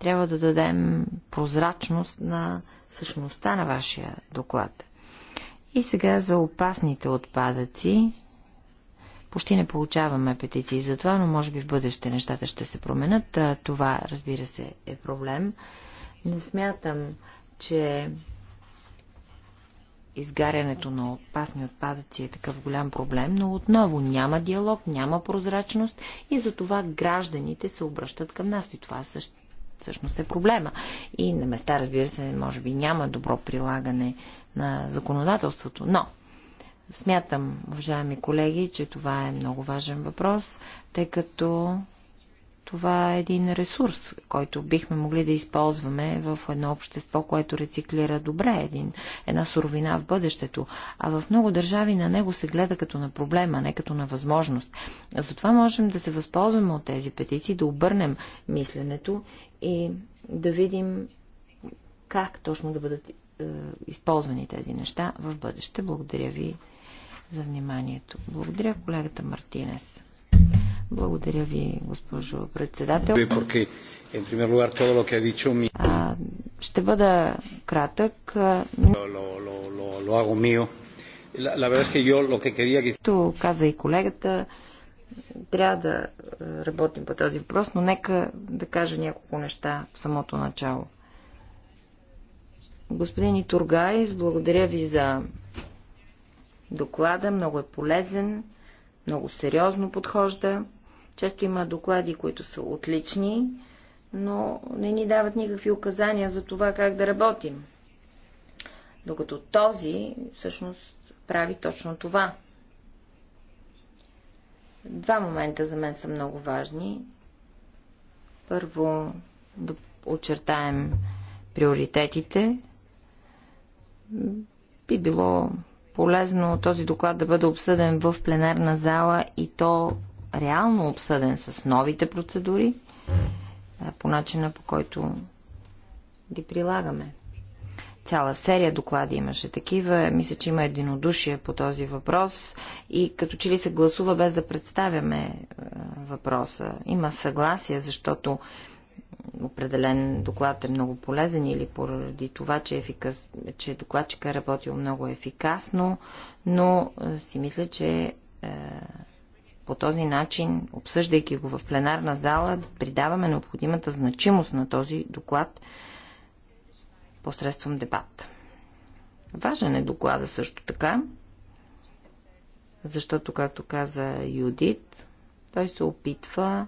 трябва да дадем прозрачност на същността на вашия доклад. И сега за опасните отпадъци. Почти не получаваме петиции за това, но може би в бъдеще нещата ще се променят. Това, разбира се, е проблем. Не смятам, че изгарянето на опасни отпадъци е такъв голям проблем, но отново няма диалог, няма прозрачност и затова гражданите се обръщат към нас. И това също всъщност е проблема. И на места, разбира се, може би няма добро прилагане на законодателството, но смятам, уважаеми колеги, че това е много важен въпрос, тъй като това е един ресурс, който бихме могли да използваме в едно общество, което рециклира добре един, една суровина в бъдещето. А в много държави на него се гледа като на проблема, не като на възможност. А затова можем да се възползваме от тези петиции, да обърнем мисленето и да видим как точно да бъдат е, използвани тези неща в бъдеще. Благодаря ви за вниманието. Благодаря колегата Мартинес. Благодаря ви, госпожо председател. ще бъда кратък. Както каза и колегата, трябва да работим по този въпрос, но нека да кажа няколко неща в самото начало. Господин Итургайс, благодаря ви за доклада. Много е полезен, много сериозно подхожда. Често има доклади, които са отлични, но не ни дават никакви указания за това как да работим. Докато този всъщност прави точно това. Два момента за мен са много важни. Първо да очертаем приоритетите. Би било полезно този доклад да бъде обсъден в пленарна зала и то реално обсъден с новите процедури, по начина по който ги прилагаме. Цяла серия доклади имаше такива. Мисля, че има единодушие по този въпрос и като че ли се гласува без да представяме въпроса. Има съгласие, защото определен доклад е много полезен или поради това, че, е ефикас, че докладчика е работил много ефикасно, но си мисля, че е, по този начин, обсъждайки го в пленарна зала, придаваме необходимата значимост на този доклад посредством дебат. Важен е доклада също така, защото, както каза Юдит, той се опитва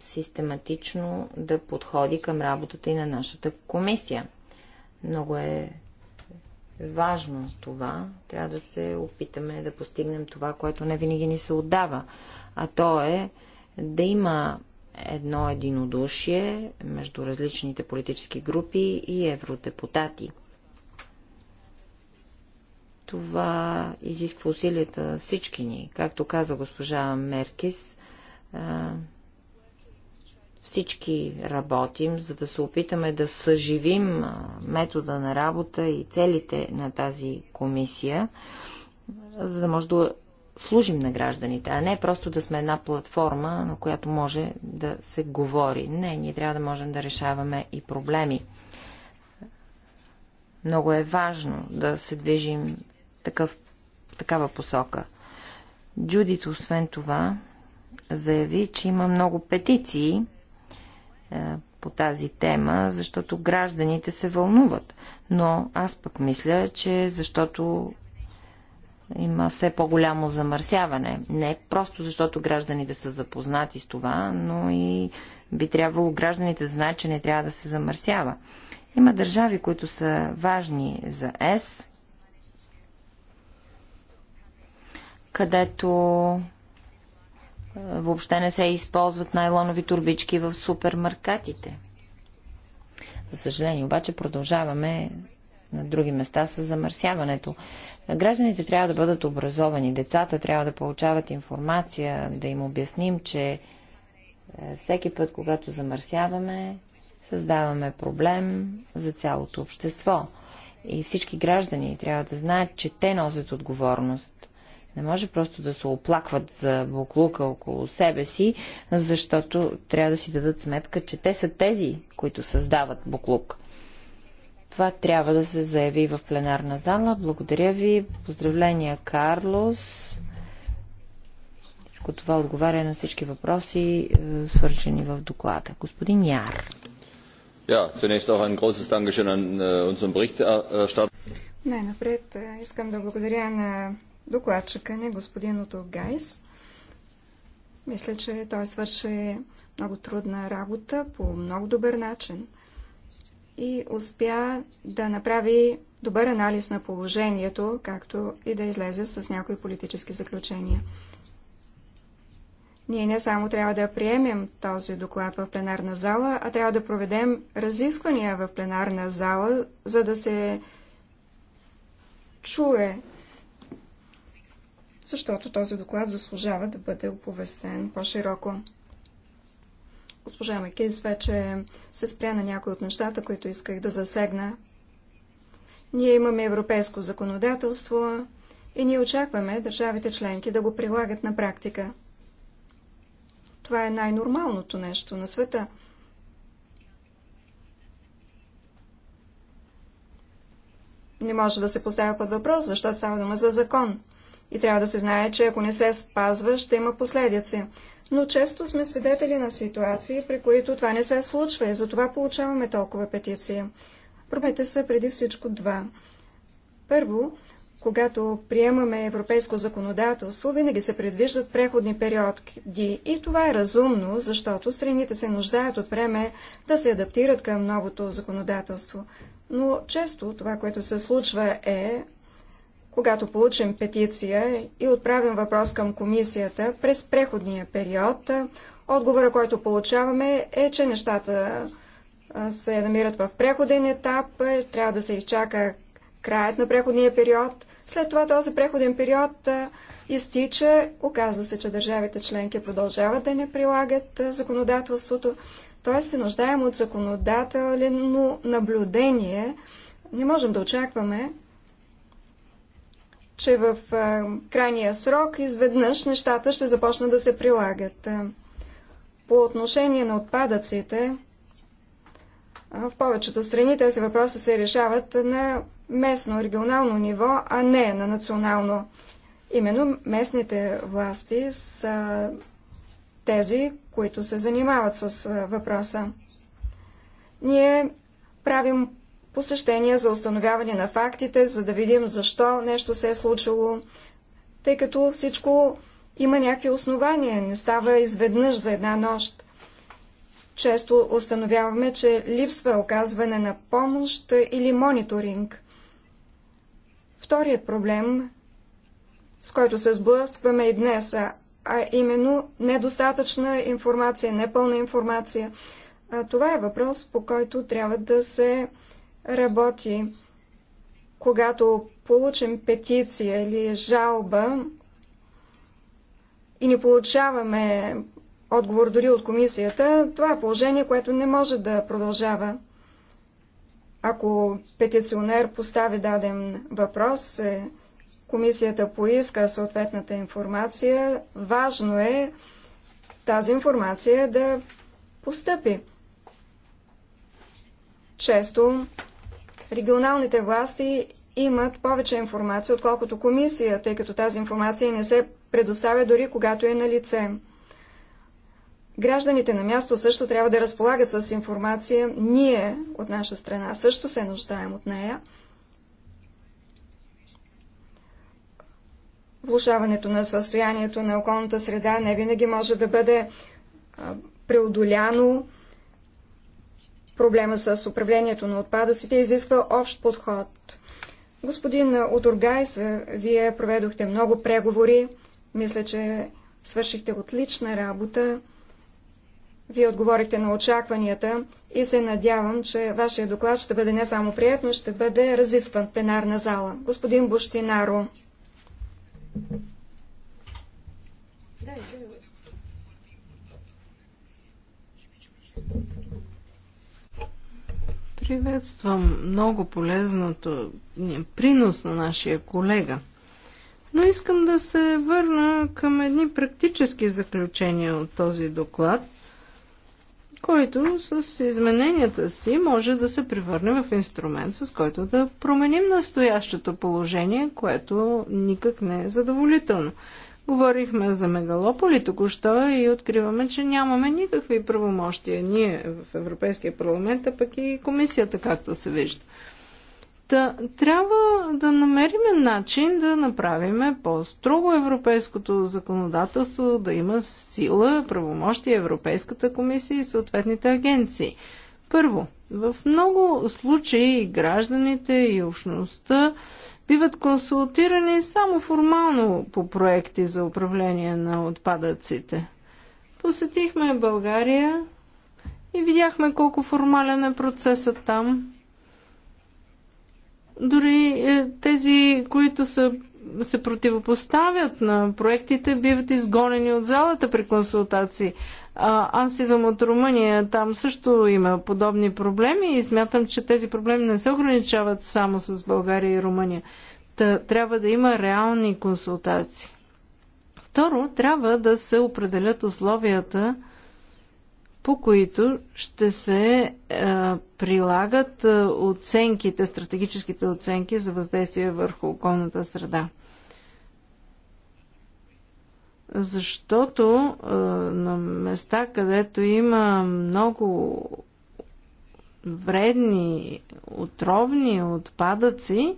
систематично да подходи към работата и на нашата комисия. Много е важно това. Трябва да се опитаме да постигнем това, което не винаги ни се отдава. А то е да има едно единодушие между различните политически групи и евродепутати. Това изисква усилията всички ни. Както каза госпожа Меркис, всички работим, за да се опитаме да съживим метода на работа и целите на тази комисия, за да може да служим на гражданите, а не просто да сме една платформа, на която може да се говори. Не, ние трябва да можем да решаваме и проблеми. Много е важно да се движим такъв, такава посока. Джудит, освен това, заяви, че има много петиции, е, по тази тема, защото гражданите се вълнуват. Но аз пък мисля, че защото има все по-голямо замърсяване. Не просто защото гражданите са запознати с това, но и би трябвало гражданите да знаят, че не трябва да се замърсява. Има държави, които са важни за ЕС, където Въобще не се използват найлонови турбички в супермаркатите. За съжаление, обаче продължаваме на други места с замърсяването. Гражданите трябва да бъдат образовани, децата трябва да получават информация, да им обясним, че е, всеки път, когато замърсяваме, създаваме проблем за цялото общество. И всички граждани трябва да знаят, че те носят отговорност. Не може просто да се оплакват за буклука около себе си, защото трябва да си дадат сметка, че те са тези, които създават буклук. Това трябва да се заяви в пленарна зала. Благодаря ви. Поздравления, Карлос. Всичко това отговаря на всички въпроси, е, свършени в доклада. Господин Яр. Ja, zunächst auch ein großes Dankeschön an äh, unseren Berichterstatter. Най-напред е, искам да благодаря на докладчика ни, е господин Ото Гайс. Мисля, че той свърши много трудна работа по много добър начин и успя да направи добър анализ на положението, както и да излезе с някои политически заключения. Ние не само трябва да приемем този доклад в пленарна зала, а трябва да проведем разисквания в пленарна зала, за да се чуе защото този доклад заслужава да бъде оповестен по-широко. Госпожа Макис вече се спря на някои от нещата, които исках да засегна. Ние имаме европейско законодателство и ние очакваме държавите членки да го прилагат на практика. Това е най-нормалното нещо на света. Не може да се поставя под въпрос, защо става дума за закон – и трябва да се знае, че ако не се спазва, ще има последици. Но често сме свидетели на ситуации, при които това не се случва и затова получаваме толкова петиции. Промете са преди всичко два. Първо, когато приемаме европейско законодателство, винаги се предвиждат преходни периоди. И това е разумно, защото страните се нуждаят от време да се адаптират към новото законодателство. Но често това, което се случва е, когато получим петиция и отправим въпрос към комисията през преходния период, отговора, който получаваме е, че нещата се намират в преходен етап, е, трябва да се изчака краят на преходния период. След това този преходен период изтича, оказва се, че държавите членки продължават да не прилагат законодателството, т.е. се нуждаем от законодателно наблюдение. Не можем да очакваме че в крайния срок изведнъж нещата ще започнат да се прилагат. По отношение на отпадъците, в повечето страни тези въпроси се решават на местно, регионално ниво, а не на национално. Именно местните власти са тези, които се занимават с въпроса. Ние правим посещения за установяване на фактите, за да видим защо нещо се е случило, тъй като всичко има някакви основания, не става изведнъж за една нощ. Често установяваме, че липсва оказване на помощ или мониторинг. Вторият проблем, с който се сблъскваме и днес, а именно недостатъчна информация, непълна информация. това е въпрос, по който трябва да се работи. Когато получим петиция или жалба и не получаваме отговор дори от комисията, това е положение, което не може да продължава. Ако петиционер постави даден въпрос, е, комисията поиска съответната информация, важно е тази информация да постъпи. Често регионалните власти имат повече информация, отколкото комисия, тъй като тази информация не се предоставя дори когато е на лице. Гражданите на място също трябва да разполагат с информация. Ние от наша страна също се нуждаем от нея. Влушаването на състоянието на околната среда не винаги може да бъде преодоляно Проблема с управлението на отпадъците изисква общ подход. Господин Отургайс, вие проведохте много преговори. Мисля, че свършихте отлична работа. Вие отговорихте на очакванията и се надявам, че вашия доклад ще бъде не само прият, но ще бъде разискван в пленарна зала. Господин Буштинаро. Да, извинявам. Приветствам много полезното принос на нашия колега. Но искам да се върна към едни практически заключения от този доклад, който с измененията си може да се превърне в инструмент, с който да променим настоящото положение, което никак не е задоволително. Говорихме за мегалополи току-що и откриваме, че нямаме никакви правомощия ние в Европейския парламент, а пък и комисията, както се вижда. Та, трябва да намерим начин да направим по-строго европейското законодателство, да има сила, правомощия Европейската комисия и съответните агенции. Първо, в много случаи гражданите, и общността биват консултирани само формално по проекти за управление на отпадъците. Посетихме България и видяхме колко формален е процесът там. Дори е, тези, които са се противопоставят на проектите, биват изгонени от залата при консултации. А, аз идвам от Румъния, там също има подобни проблеми и смятам, че тези проблеми не се ограничават само с България и Румъния. Та, трябва да има реални консултации. Второ, трябва да се определят условията, по които ще се а, е, прилагат а, е, оценките, стратегическите оценки за въздействие върху околната среда. Защото а, е, на места, където има много вредни, отровни отпадъци,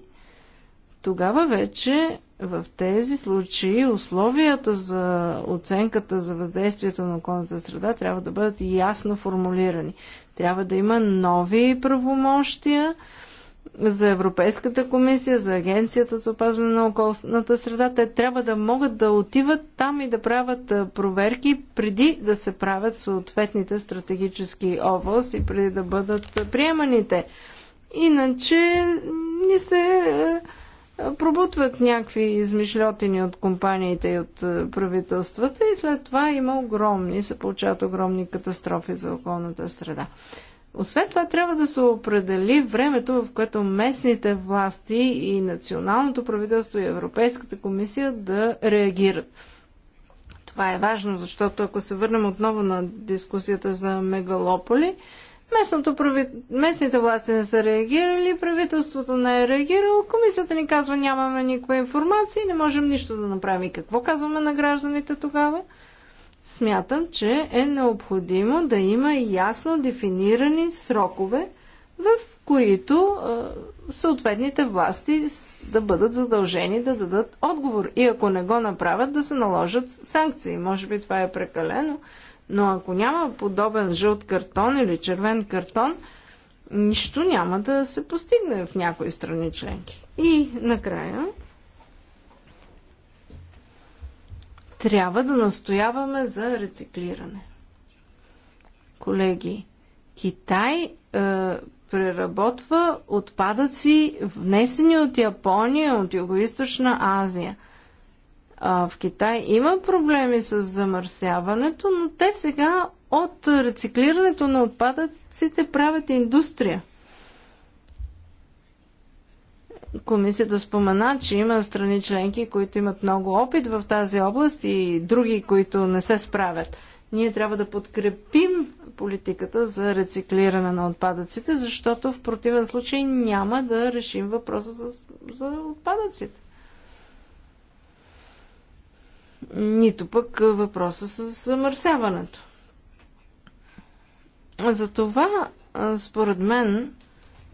тогава вече в тези случаи условията за оценката за въздействието на околната среда трябва да бъдат ясно формулирани. Трябва да има нови правомощия за Европейската комисия, за Агенцията за опазване на околната среда. Те трябва да могат да отиват там и да правят проверки преди да се правят съответните стратегически овоз и преди да бъдат приеманите. Иначе ни се пробутват някакви измишлетини от компаниите и от е, правителствата и след това има огромни, се получават огромни катастрофи за околната среда. Освен това трябва да се определи времето, в което местните власти и националното правителство и Европейската комисия да реагират. Това е важно, защото ако се върнем отново на дискусията за мегалополи, Местното прави... Местните власти не са реагирали, правителството не е реагирало, комисията ни казва нямаме никаква информация и не можем нищо да направим. И какво казваме на гражданите тогава? Смятам, че е необходимо да има ясно дефинирани срокове, в които е, съответните власти да бъдат задължени да дадат отговор. И ако не го направят, да се наложат санкции. Може би това е прекалено но ако няма подобен жълт картон или червен картон, нищо няма да се постигне в някои страни членки. И накрая трябва да настояваме за рециклиране. Колеги, Китай е, преработва отпадъци, внесени от Япония, от Юго-Источна Азия – а, в Китай има проблеми с замърсяването, но те сега от рециклирането на отпадъците правят индустрия. Комисията спомена, че има страни членки, които имат много опит в тази област и други, които не се справят. Ние трябва да подкрепим политиката за рециклиране на отпадъците, защото в противен случай няма да решим въпроса за, за отпадъците нито пък въпроса с замърсяването. Затова, според мен,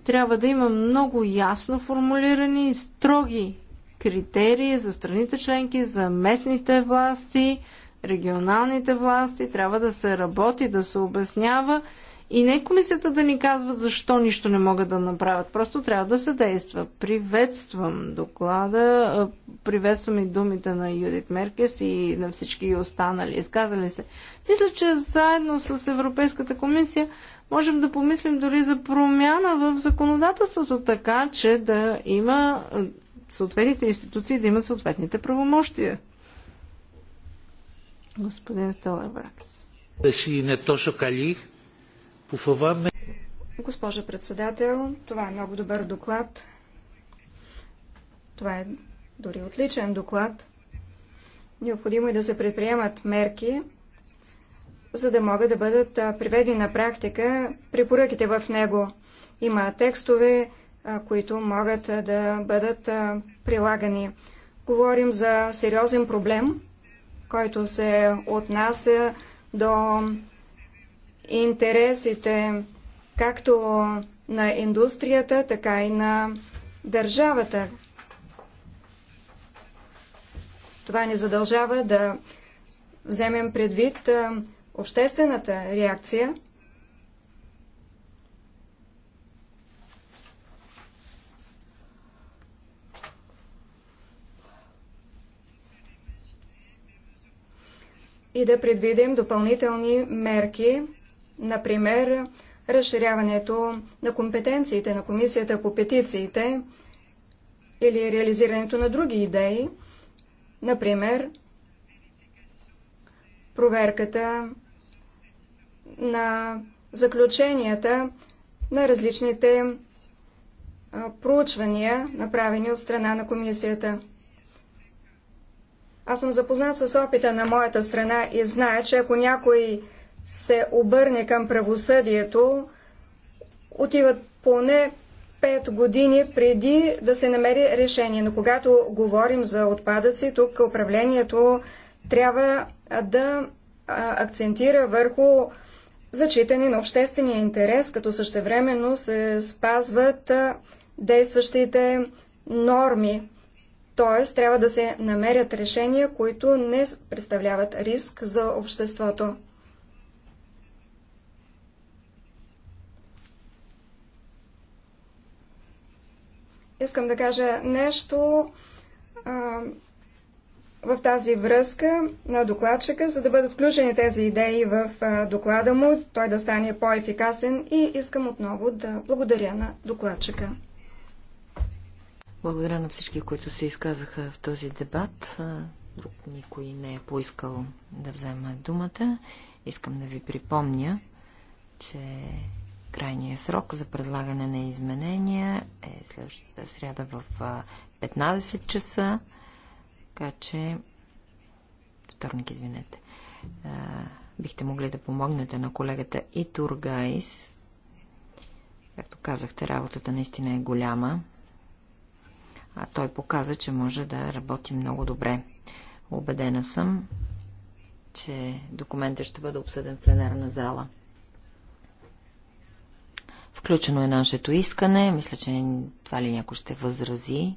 трябва да има много ясно формулирани строги критерии за страните членки, за местните власти, регионалните власти. Трябва да се работи, да се обяснява и не комисията да ни казват защо нищо не могат да направят. Просто трябва да се действа. Приветствам доклада, приветствам и думите на Юдит Меркес и на всички останали изказали се. Мисля, че заедно с Европейската комисия можем да помислим дори за промяна в законодателството, така че да има съответните институции да имат съответните правомощия. Господин да си не точно калих, Куфаваме. Госпожа председател, това е много добър доклад. Това е дори отличен доклад. Необходимо е да се предприемат мерки, за да могат да бъдат приведени на практика препоръките в него. Има текстове, които могат да бъдат прилагани. Говорим за сериозен проблем, който се отнася до интересите както на индустрията, така и на държавата. Това ни задължава да вземем предвид обществената реакция. и да предвидим допълнителни мерки Например, разширяването на компетенциите на комисията по петициите или реализирането на други идеи, например, проверката на заключенията на различните проучвания, направени от страна на комисията. Аз съм запознат с опита на моята страна и зная, че ако някой се обърне към правосъдието, отиват поне 5 години преди да се намери решение. Но когато говорим за отпадъци, тук управлението трябва да акцентира върху зачитане на обществения интерес, като същевременно се спазват действащите норми. Т.е. трябва да се намерят решения, които не представляват риск за обществото. Искам да кажа нещо в тази връзка на докладчика, за да бъдат включени тези идеи в доклада му, той да стане по-ефикасен и искам отново да благодаря на докладчика. Благодаря на всички, които се изказаха в този дебат. Друг никой не е поискал да вземе думата. Искам да ви припомня, че Крайният срок за предлагане на изменения е следващата сряда в 15 часа, така че вторник, извинете. Бихте могли да помогнете на колегата и Тургайс. Както казахте, работата наистина е голяма. А той показа, че може да работи много добре. Обедена съм, че документът ще бъде обсъден в пленарна зала. Включено е нашето искане. Мисля, че това ли някой ще възрази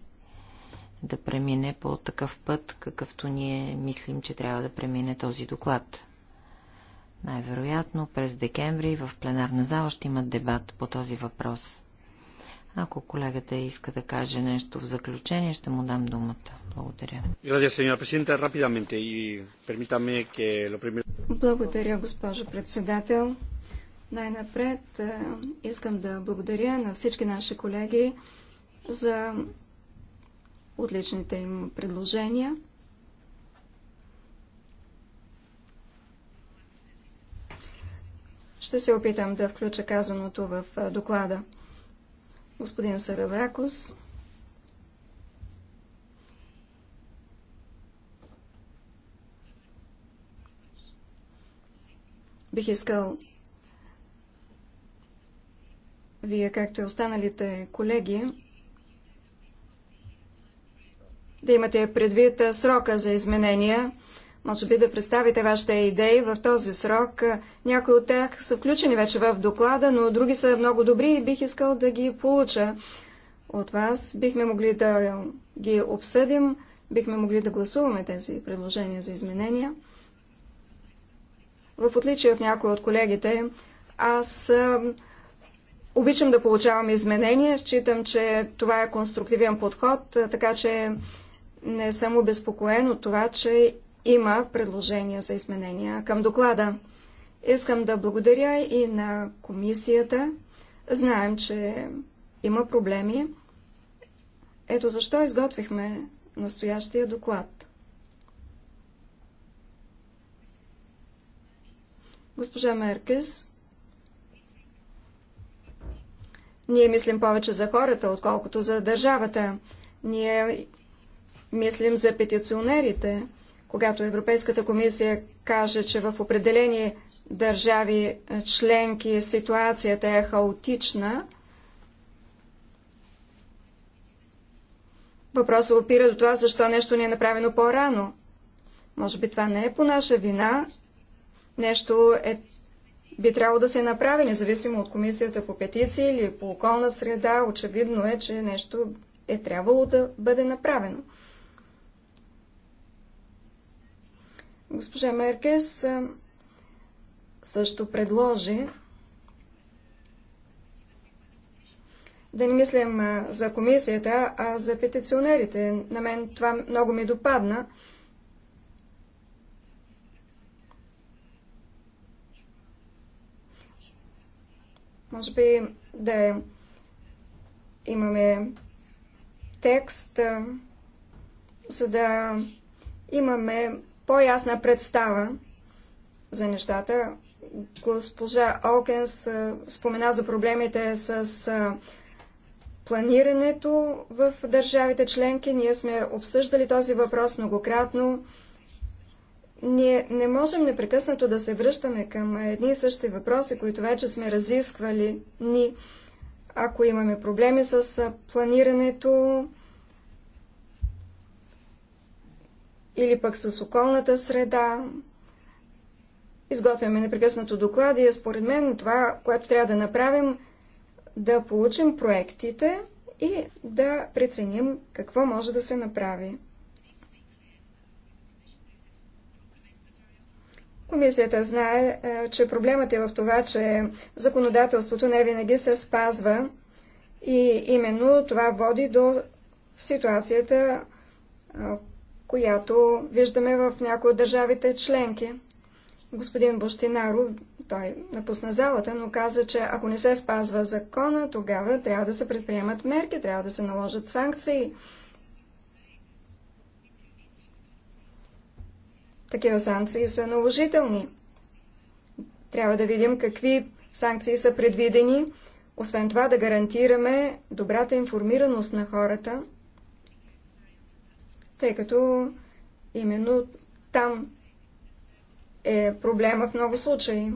да премине по такъв път, какъвто ние мислим, че трябва да премине този доклад. Най-вероятно през декември в пленарна зала ще имат дебат по този въпрос. Ако колегата иска да каже нещо в заключение, ще му дам думата. Благодаря. Благодаря, госпожо председател. Най-напред е, искам да благодаря на всички наши колеги за отличните им предложения. Ще се опитам да включа казаното в е, доклада. Господин Сарабракос. Бих искал вие, както и останалите колеги, да имате предвид срока за изменения. Може би да представите вашите идеи в този срок. Някои от тях са включени вече в доклада, но други са много добри и бих искал да ги получа от вас. Бихме могли да ги обсъдим, бихме могли да гласуваме тези предложения за изменения. В отличие от някои от колегите, аз Обичам да получавам изменения. Считам, че това е конструктивен подход, така че не съм обезпокоен от това, че има предложения за изменения към доклада. Искам да благодаря и на комисията. Знаем, че има проблеми. Ето защо изготвихме настоящия доклад. Госпожа Меркес Ние мислим повече за хората, отколкото за държавата. Ние мислим за петиционерите. Когато Европейската комисия каже, че в определени държави е, членки ситуацията е хаотична, въпросът опира до това, защо нещо не е направено по-рано. Може би това не е по наша вина, нещо е би трябвало да се направи, независимо от комисията по петиции или по околна среда. Очевидно е, че нещо е трябвало да бъде направено. Госпожа Меркес също предложи да не мислим за комисията, а за петиционерите. На мен това много ми допадна. Може би да имаме текст, за да имаме по-ясна представа за нещата. Госпожа Окенс спомена за проблемите с планирането в държавите членки. Ние сме обсъждали този въпрос многократно. Ние не можем непрекъснато да се връщаме към едни и същи въпроси, които вече сме разисквали ни. Ако имаме проблеми с планирането или пък с околната среда, изготвяме непрекъснато доклади. И според мен това, което трябва да направим, да получим проектите и да преценим какво може да се направи. Комисията знае, е, че проблемът е в това, че законодателството не винаги се спазва и именно това води до ситуацията, е, която виждаме в някои от държавите членки. Господин Бощинаро, той напусна залата, но каза, че ако не се спазва закона, тогава трябва да се предприемат мерки, трябва да се наложат санкции. такива санкции са наложителни. Трябва да видим какви санкции са предвидени, освен това да гарантираме добрата информираност на хората, тъй като именно там е проблема в много случаи.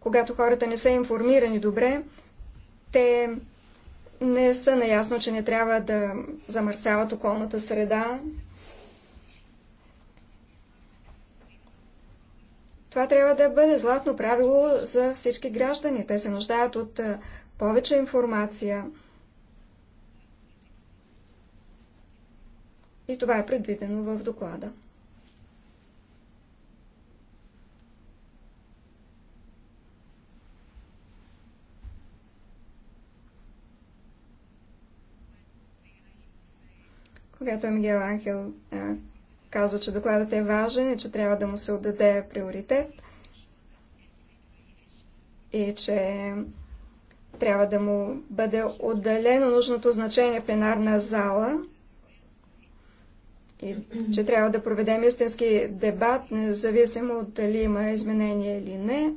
Когато хората не са информирани добре, те не са наясно, че не трябва да замърсяват околната среда, Това трябва да бъде златно правило за всички граждани. Те се нуждаят от повече информация. И това е предвидено в доклада. Когато Мигел Ангел каза, че докладът е важен и че трябва да му се отдаде приоритет и че трябва да му бъде отделено нужното значение пленарна зала и че трябва да проведем истински дебат, независимо от дали има изменение или не.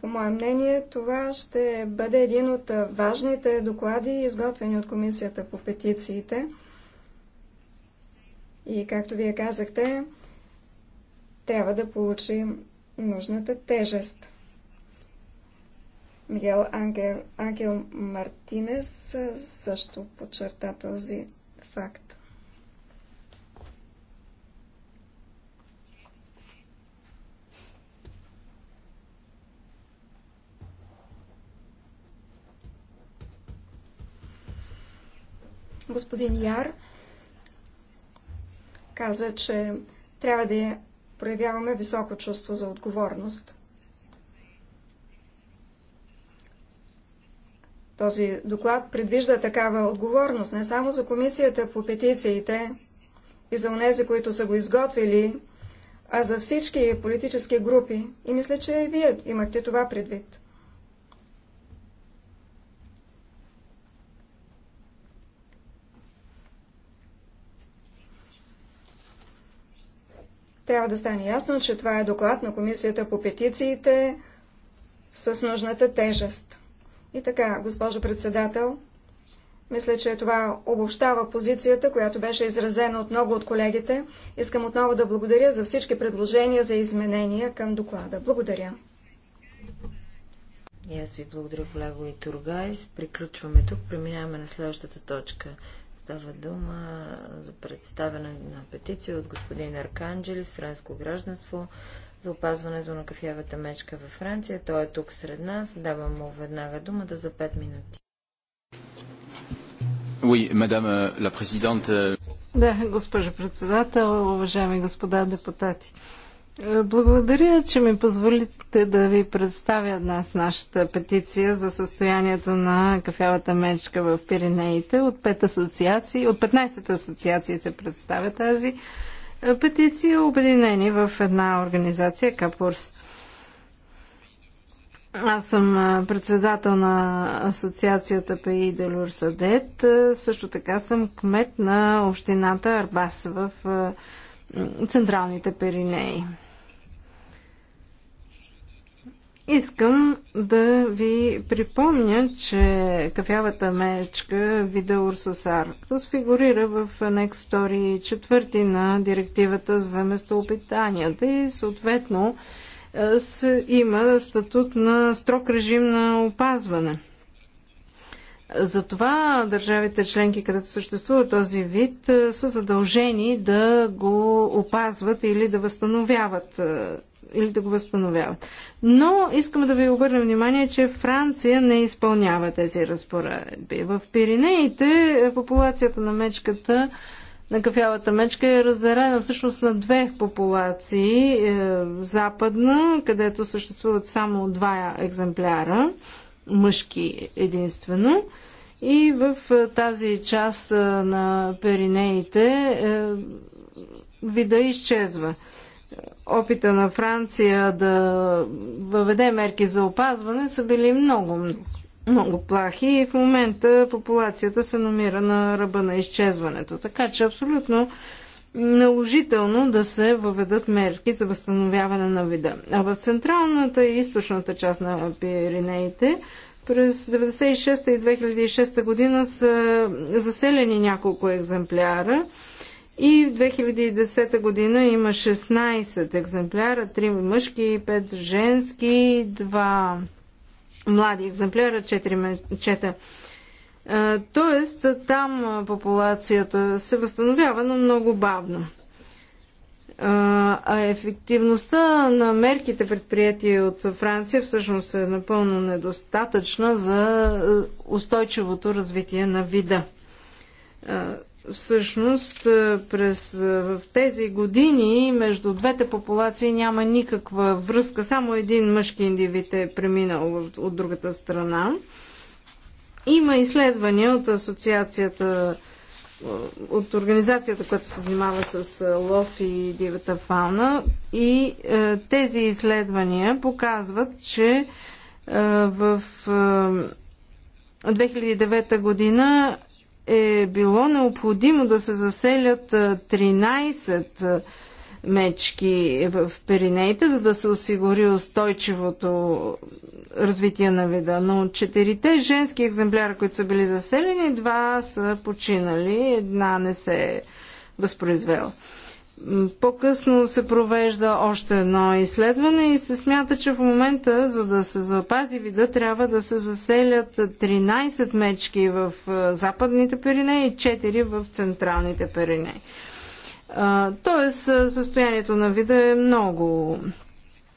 По мое мнение, това ще бъде един от важните доклади, изготвени от Комисията по петициите. И както вие казахте, трябва да получим нужната тежест. Мигел Ангел, Ангел Мартинес също подчерта този факт. Господин Яр, каза, че трябва да проявяваме високо чувство за отговорност. Този доклад предвижда такава отговорност не само за комисията по петициите и за унези, които са го изготвили, а за всички политически групи. И мисля, че и вие имахте това предвид. Трябва да стане ясно, че това е доклад на Комисията по петициите с нужната тежест. И така, госпожо председател, мисля, че това обобщава позицията, която беше изразена от много от колегите. Искам отново да благодаря за всички предложения за изменения към доклада. Благодаря. И аз ви благодаря, колега и Приключваме тук. Преминаваме на следващата точка. Става дума за представяне на петиция от господин Арканджели с френско гражданство за опазването на кафявата мечка във Франция. Той е тук сред нас. Давам му веднага думата за 5 минути. Oui, madame la présidente. Да, госпожо председател, уважаеми господа депутати. Е, благодаря, че ми позволите да ви представя днес нашата петиция за състоянието на кафявата мечка в Пиренеите. От, 5 асоциации, от 15 асоциации се представя тази е, петиция, обединени в една организация Капурс. Аз съм е, председател на асоциацията ПИ Делюр Садет. Също така съм кмет на общината Арбас в Централните Пиренеи. Искам да ви припомня, че кафявата мечка вида Урсус Арктус фигурира в анекс 2 4 на директивата за местоопитанията и съответно е, има статут на строг режим на опазване. Затова държавите членки, където съществува този вид, е, са задължени да го опазват или да възстановяват е, или да го възстановяват. Но искам да ви обърнем внимание, че Франция не изпълнява тези разпоредби. В Пиринеите е, популацията на мечката на кафявата мечка е разделена всъщност на две популации. Е, западна, където съществуват само два екземпляра, мъжки единствено. И в е, тази част на Пиринеите вида изчезва опита на Франция да въведе мерки за опазване са били много, много плахи и в момента популацията се намира на ръба на изчезването. Така че абсолютно наложително да се въведат мерки за възстановяване на вида. А в централната и източната част на Пиренеите през 1996 и 2006 година са заселени няколко екземпляра и в 2010 година има 16 екземпляра, 3 мъжки, 5 женски, 2 млади екземпляра, 4 мечета. Тоест там популацията се възстановява, но много бавно. А ефективността на мерките, предприяти от Франция, всъщност е напълно недостатъчна за устойчивото развитие на вида. Всъщност е, през, е, в тези години между двете популации няма никаква връзка, само един мъжки индивид е преминал от, от другата страна. Има изследвания от асоциацията, е, от организацията, която се занимава с лов и дивата фауна и е, тези изследвания показват, че е, в е, 2009 година е било необходимо да се заселят 13 мечки в перинеите, за да се осигури устойчивото развитие на вида. Но четирите женски екземпляра, които са били заселени, два са починали, една не се е възпроизвела. По-късно се провежда още едно изследване и се смята, че в момента, за да се запази вида, трябва да се заселят 13 мечки в е, западните перине и 4 в централните перине. Тоест, е, състоянието на вида е много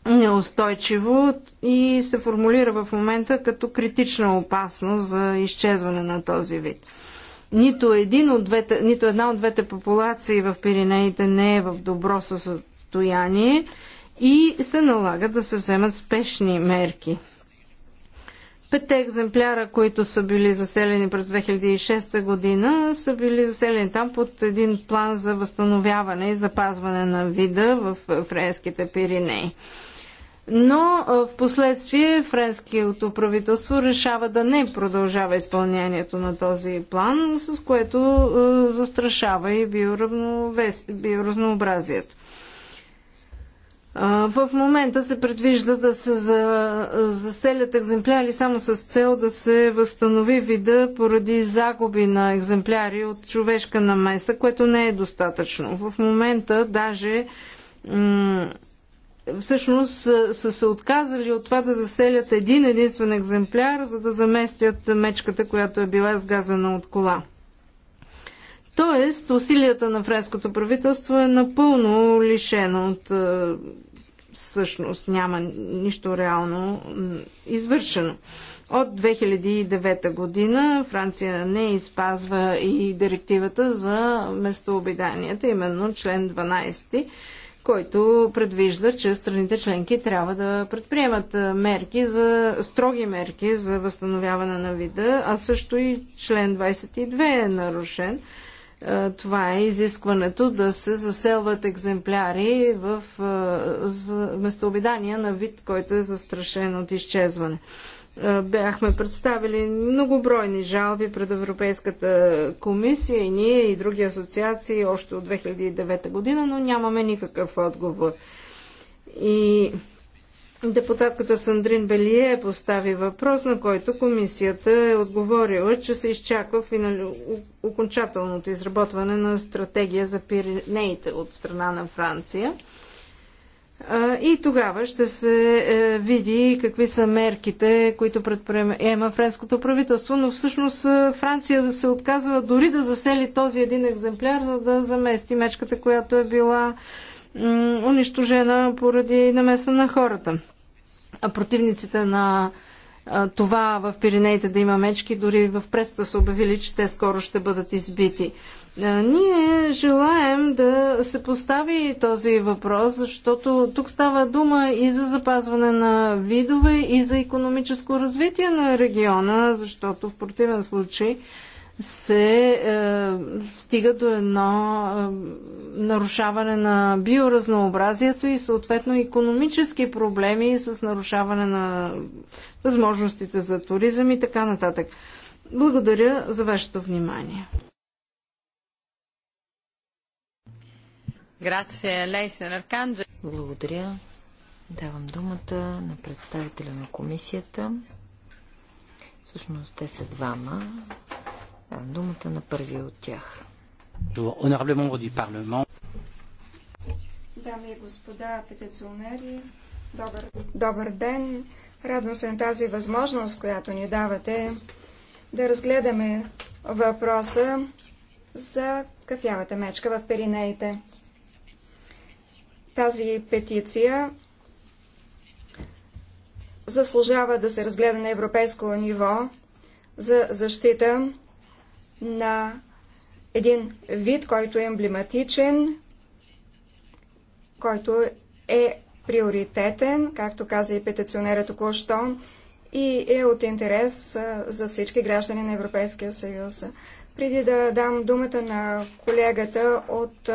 неустойчиво и се формулира в момента като критична опасност за изчезване на този вид. Нито, един от двете, нито една от двете популации в Пиренеите не е в добро състояние и се налага да се вземат спешни мерки. Петте екземпляра, които са били заселени през 2006 година, са били заселени там под един план за възстановяване и запазване на вида в френските Пиринеи но в последствие френското правителство решава да не продължава изпълнението на този план, с което застрашава и биоразнообразието. В момента се предвижда да се за, заселят екземпляри само с цел да се възстанови вида поради загуби на екземпляри от човешка намеса, което не е достатъчно. В момента даже всъщност са се отказали от това да заселят един единствен екземпляр, за да заместят мечката, която е била сгазана от кола. Тоест, усилията на френското правителство е напълно лишено от всъщност няма нищо реално извършено. От 2009 година Франция не изпазва и директивата за местообиданията, именно член 12 който предвижда, че страните членки трябва да предприемат мерки за строги мерки за възстановяване на вида, а също и член 22 е нарушен. Това е изискването да се заселват екземпляри в местообидания на вид, който е застрашен от изчезване. Е, бяхме представили многобройни жалби пред Европейската комисия и ние и други асоциации още от 2009 година, но нямаме никакъв отговор. И депутатката Сандрин Белие постави въпрос, на който комисията е отговорила, че се изчаква финали... окончателното изработване на стратегия за Пиренеите от страна на Франция – и тогава ще се е, види какви са мерките, които предприема френското правителство, но всъщност е, Франция се отказва дори да засели този един екземпляр, за да замести мечката, която е била унищожена поради намеса на хората. А противниците на е, това в Пиренеите да има мечки, дори в преста са обявили, че те скоро ще бъдат избити. Ние желаем да се постави този въпрос, защото тук става дума и за запазване на видове, и за економическо развитие на региона, защото в противен случай се е, стига до едно е, нарушаване на биоразнообразието и съответно економически проблеми с нарушаване на възможностите за туризъм и така нататък. Благодаря за вашето внимание. Благодаря. Давам думата на представителя на комисията. Всъщност те са двама. Давам думата на първия от тях. Дами и господа петиционери, добър, добър ден. Радвам се на тази възможност, която ни давате да разгледаме въпроса за кафявата мечка в Пиринеите. Тази петиция заслужава да се разгледа на европейско ниво за защита на един вид, който е емблематичен, който е приоритетен, както каза и петиционера току-що, и е от интерес за всички граждани на Европейския съюз. Преди да дам думата на колегата от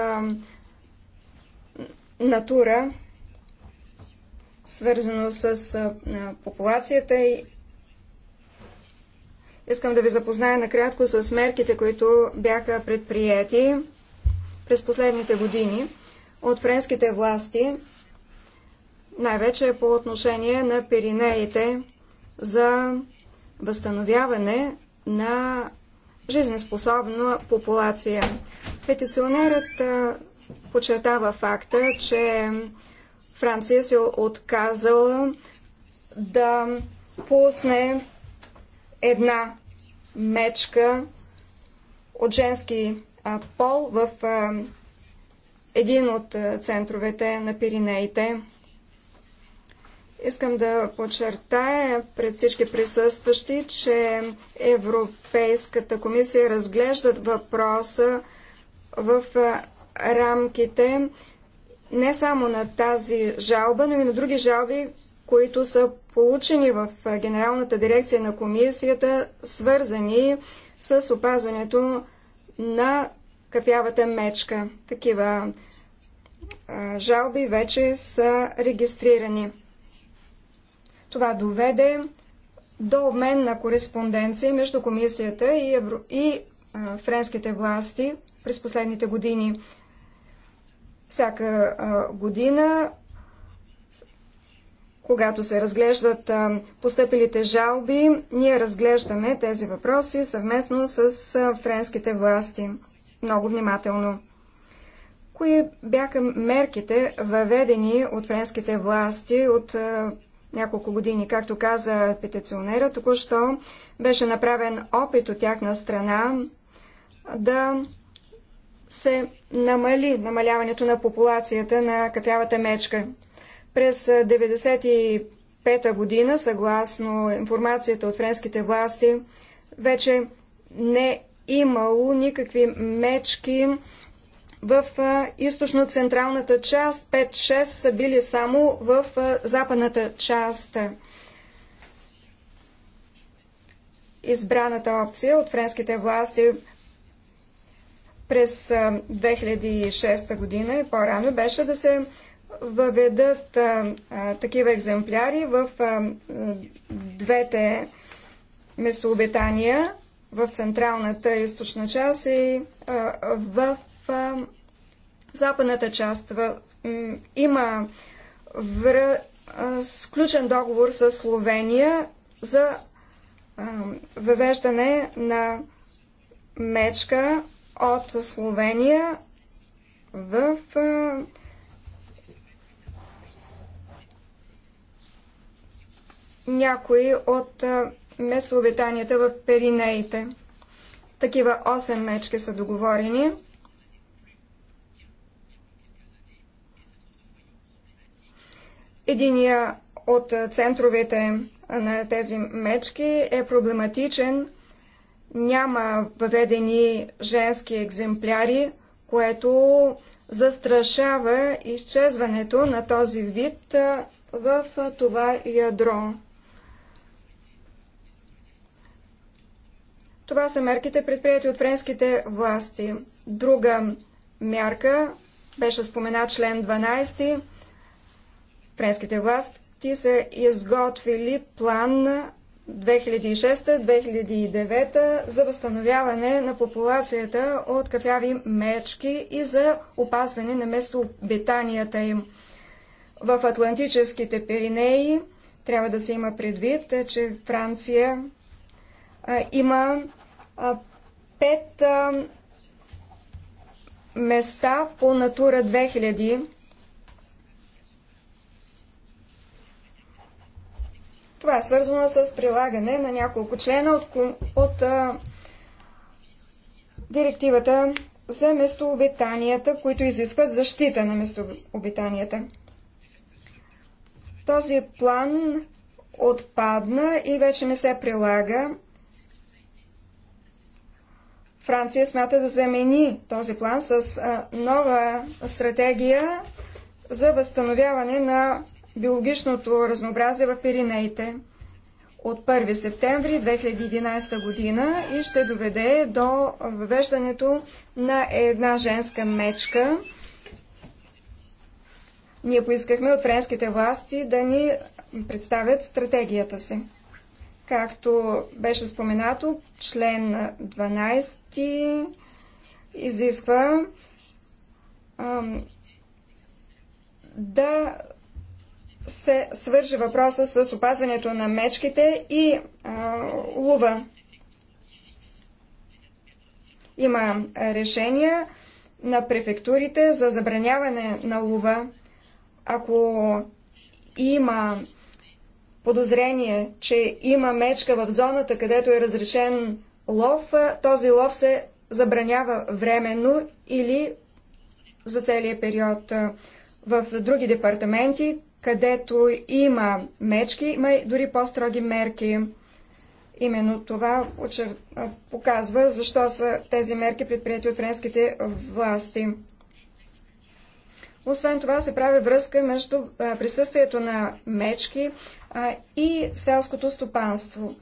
натура, свързано с популацията и Искам да ви запозная накратко с мерките, които бяха предприяти през последните години от френските власти, най-вече по отношение на перинеите за възстановяване на жизнеспособна популация. Петиционерът подчертава факта, че Франция се е отказала да пусне една мечка от женски пол в един от центровете на Пиринеите. Искам да подчертая пред всички присъстващи, че Европейската комисия разглеждат въпроса в рамките не само на тази жалба, но и на други жалби, които са получени в Генералната дирекция на комисията, свързани с опазването на кафявата мечка. Такива жалби вече са регистрирани. Това доведе до обмен на кореспонденция между комисията и, евро... и а, френските власти през последните години. Всяка година, когато се разглеждат постъпилите жалби, ние разглеждаме тези въпроси съвместно с френските власти. Много внимателно. Кои бяха мерките, въведени от френските власти от няколко години. Както каза петиционера, току-що беше направен опит от тяхна страна да се намали намаляването на популацията на кафявата мечка. През 1995 година, съгласно информацията от френските власти, вече не имало никакви мечки в източно-централната част, 5-6 са били само в западната част. Избраната опция от френските власти през 2006 година и по-рано беше да се въведат а, а, такива екземпляри в а, двете местообитания, в централната източна част и а, в а, западната част. В, м, има връ, а, сключен договор с Словения за а, въвеждане на мечка от Словения в някои от местообитанията в Перинеите. Такива 8 мечки са договорени. Единия от центровете на тези мечки е проблематичен няма въведени женски екземпляри, което застрашава изчезването на този вид в това ядро. Това са мерките предприяти от френските власти. Друга мярка беше спомена член 12. Френските власти са изготвили план 2006-2009 за възстановяване на популацията от кафяви мечки и за опазване на местообитанията им. В Атлантическите Пиринеи трябва да се има предвид, че Франция а, има а, пет а, места по Натура 2000 Това е свързано с прилагане на няколко члена от, от а, директивата за местообитанията, които изискват защита на местообитанията. Този план отпадна и вече не се прилага. Франция смята да замени този план с а, нова стратегия за възстановяване на биологичното разнообразие в Пиринеите от 1 септември 2011 година и ще доведе до въвеждането на една женска мечка. Ние поискахме от френските власти да ни представят стратегията си. Както беше споменато, член 12 изисква ам, да се свърже въпроса с опазването на мечките и а, лува. Има решения на префектурите за забраняване на лува. Ако има подозрение, че има мечка в зоната, където е разрешен лов, този лов се забранява временно или за целия период. В други департаменти където има мечки, има и дори по-строги мерки. Именно това показва защо са тези мерки предприяти от френските власти. Освен това се прави връзка между присъствието на мечки и селското стопанство.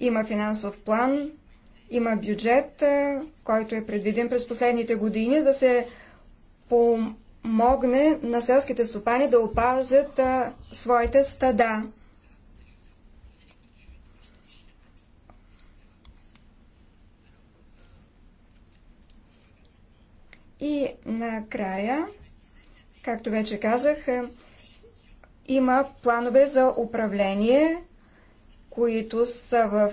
Има финансов план, има бюджет, който е предвиден през последните години да се помогне на селските стопани да опазят а, своите стада. И накрая, както вече казах, е, има планове за управление, които са в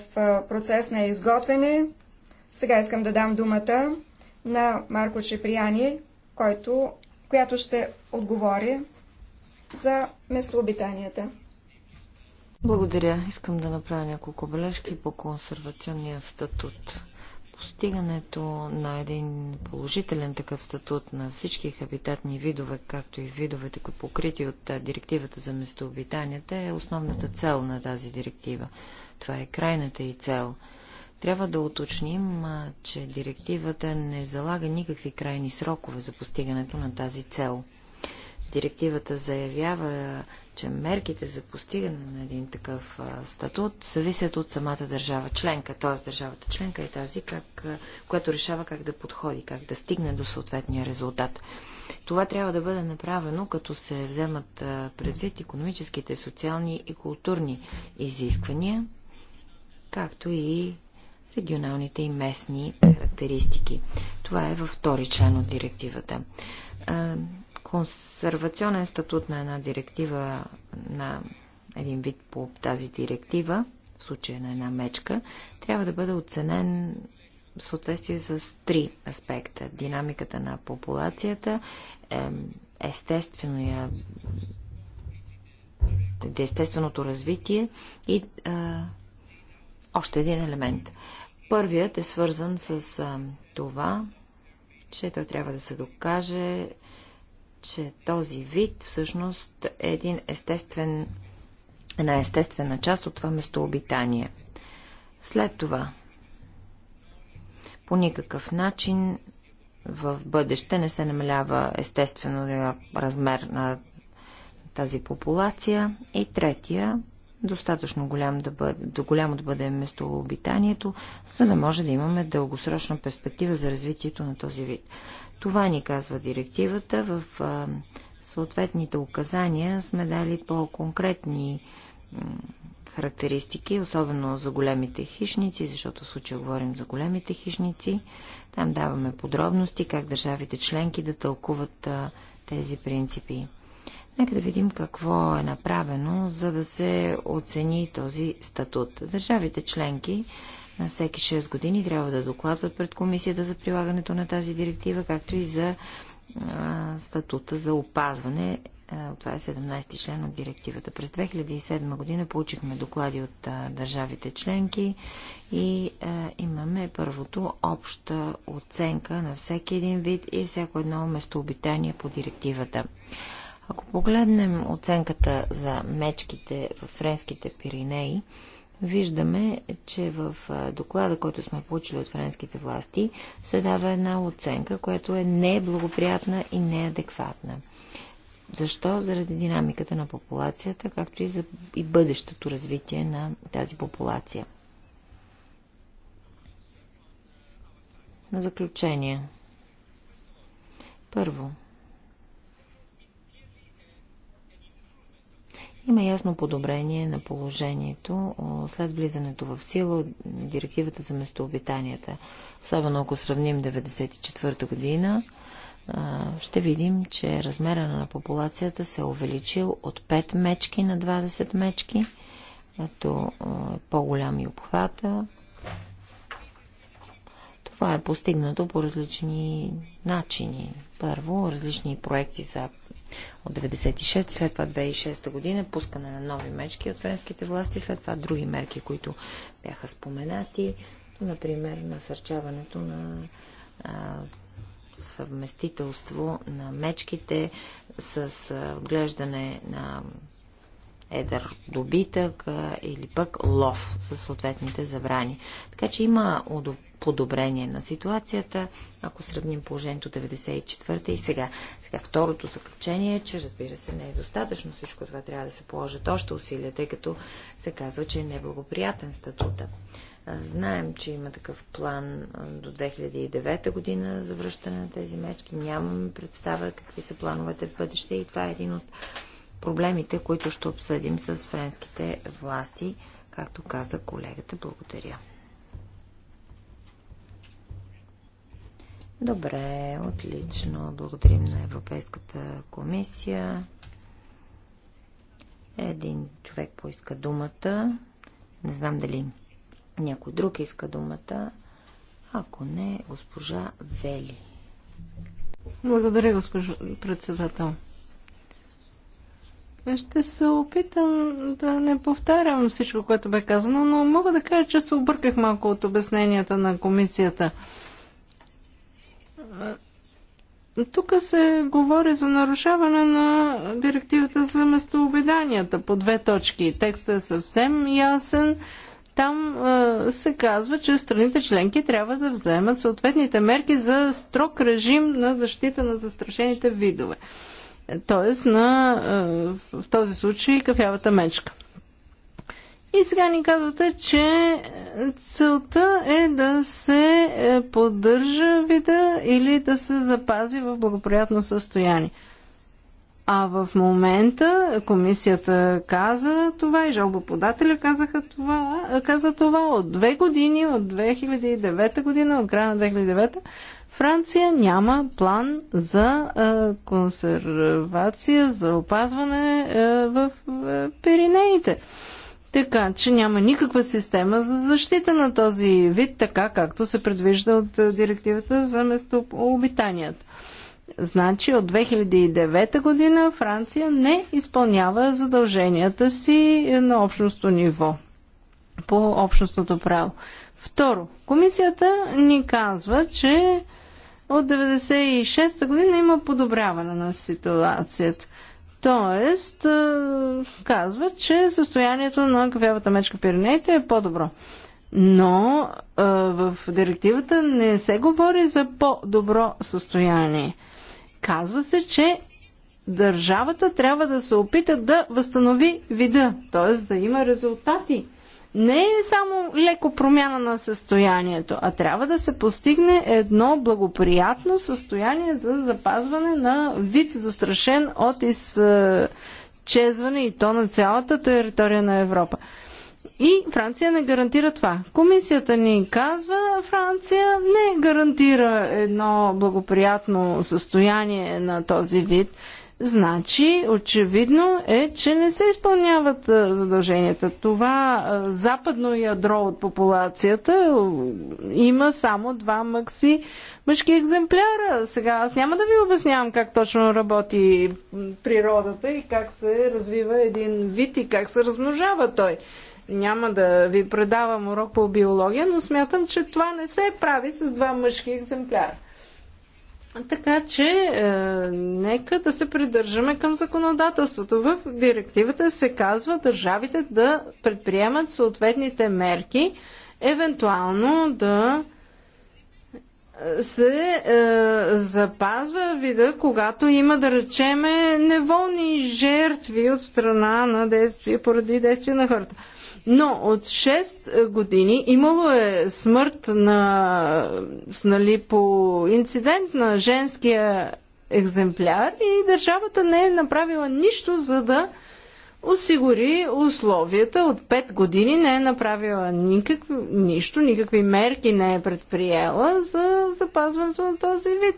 процес на изготвяне. Сега искам да дам думата на Марко Чеприяни, който която ще отговори за местообитанията. Благодаря. Искам да направя няколко бележки по консервационния статут. Постигането на един положителен такъв статут на всички хабитатни видове, както и видовете, покрити от директивата за местообитанията, е основната цел на тази директива. Това е крайната и цел – трябва да уточним, че директивата не залага никакви крайни срокове за постигането на тази цел. Директивата заявява, че мерките за постигане на един такъв статут зависят от самата държава членка, т.е. държавата членка е тази, как, която решава как да подходи, как да стигне до съответния резултат. Това трябва да бъде направено, като се вземат предвид економическите, социални и културни изисквания, както и регионалните и местни характеристики. Това е във втори член от директивата. Консервационен статут на една директива, на един вид по тази директива, в случая на една мечка, трябва да бъде оценен в съответствие с три аспекта. Динамиката на популацията, естествения естественото развитие и а, още един елемент. Първият е свързан с а, това, че той трябва да се докаже, че този вид всъщност е един естествен, една естествена част от това местообитание. След това, по никакъв начин в бъдеще не се намалява естествено размер на тази популация. И третия достатъчно голям да бъде, голямо да бъде местообитанието, за да може да имаме дългосрочна перспектива за развитието на този вид. Това ни казва директивата. В съответните указания сме дали по-конкретни характеристики, особено за големите хищници, защото в случая говорим за големите хищници. Там даваме подробности как държавите членки да тълкуват а, тези принципи. Нека да видим какво е направено, за да се оцени този статут. Държавите членки на всеки 6 години трябва да докладват пред комисията за прилагането на тази директива, както и за а, статута за опазване. А, това е 17 ти член от директивата. През 2007 година получихме доклади от а, държавите членки и имаме първото обща оценка на всеки един вид и всяко едно местообитание по директивата. Ако погледнем оценката за мечките в френските пиринеи, виждаме, че в доклада, който сме получили от френските власти, се дава една оценка, която е неблагоприятна и неадекватна. Защо? Заради динамиката на популацията, както и за и бъдещото развитие на тази популация. На заключение. Първо, Има ясно подобрение на положението след влизането в сила директивата за местообитанията. Особено ако сравним 1994 година, ще видим, че размера на популацията се е увеличил от 5 мечки на 20 мечки, като е по-голям и обхвата. Това е постигнато по различни начини. Първо, различни проекти за от 96, след това 2006 година, пускане на нови мечки от френските власти, след това други мерки, които бяха споменати, например насърчаването на а, съвместителство на мечките с а, отглеждане на едър добитък а, или пък лов за съответните забрани. Така че има удобрение подобрение на ситуацията, ако сравним положението 94-та и сега. Сега второто заключение е, че разбира се не е достатъчно всичко това, трябва да се положат още усилия, тъй като се казва, че е неблагоприятен статута. Знаем, че има такъв план до 2009 година за връщане на тези мечки. Нямаме представа какви са плановете в бъдеще и това е един от проблемите, които ще обсъдим с френските власти, както каза колегата. Благодаря. Добре, отлично. Благодарим на Европейската комисия. Един човек поиска думата. Не знам дали някой друг иска думата. Ако не, госпожа Вели. Благодаря, госпожо председател. Ще се опитам да не повтарям всичко, което бе казано, но мога да кажа, че се обърках малко от обясненията на комисията. Тук се говори за нарушаване на директивата за местообеданията по две точки. Текстът е съвсем ясен. Там е, се казва, че страните членки трябва да вземат съответните мерки за строг режим на защита на застрашените видове. Тоест на, е, в този случай, кафявата мечка. И сега ни казвате, че целта е да се е, поддържа вида или да се запази в благоприятно състояние. А в момента комисията каза това и жалбоподателя казаха това, каза това от две години, от 2009 година, от края на 2009 Франция няма план за е, консервация, за опазване е, в е, Пиринеите. Така че няма никаква система за защита на този вид, така както се предвижда от е, директивата за местообитанията. Значи от 2009 година Франция не изпълнява задълженията си е, на общностно ниво по общностното право. Второ, комисията ни казва, че от 1996 година има подобряване на ситуацията. Тоест, казва, че състоянието на кафявата мечка Пиренеите е по-добро. Но в директивата не се говори за по-добро състояние. Казва се, че държавата трябва да се опита да възстанови вида, т.е. да има резултати не е само леко промяна на състоянието, а трябва да се постигне едно благоприятно състояние за запазване на вид застрашен от изчезване и то на цялата територия на Европа. И Франция не гарантира това. Комисията ни казва, Франция не гарантира едно благоприятно състояние на този вид. Значи, очевидно е, че не се изпълняват задълженията. Това западно ядро от популацията има само два мъкси мъжки екземпляра. Сега аз няма да ви обяснявам как точно работи природата и как се развива един вид и как се размножава той. Няма да ви предавам урок по биология, но смятам, че това не се прави с два мъжки екземпляра. Така че е, нека да се придържаме към законодателството. В директивата се казва държавите да предприемат съответните мерки, евентуално да е, се е, запазва вида, когато има, да речеме, неволни жертви от страна на действие поради действие на хората. Но от 6 е, години имало е смърт на, нали, по инцидент на женския екземпляр и държавата не е направила нищо за да осигури условията. От 5 години не е направила никакви, нищо, никакви мерки не е предприела за запазването на този вид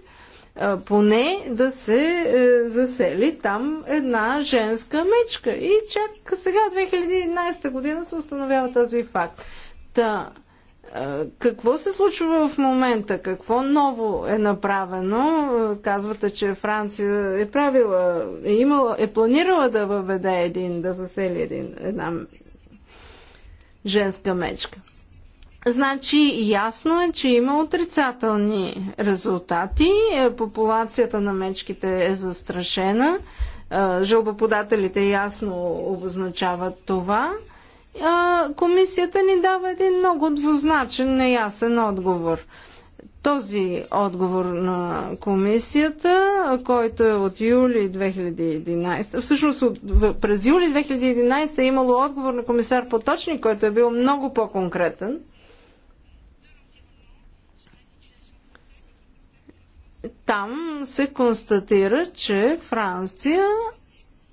поне да се е, засели там една женска мечка. И чак сега, 2011 година, се установява този факт. Та, какво се случва в момента? Какво ново е направено? Казвате, че Франция е правила, е, имала, е планирала да въведе един, да засели един, една женска мечка. Значи ясно е, че има отрицателни резултати. Е, популацията на мечките е застрашена. Е, Жълбоподателите ясно обозначават това. Е, комисията ни дава един много двузначен, неясен отговор. Този отговор на комисията, който е от юли 2011, всъщност от, през юли 2011 е имало отговор на комисар Поточник, който е бил много по-конкретен – Там се констатира, че Франция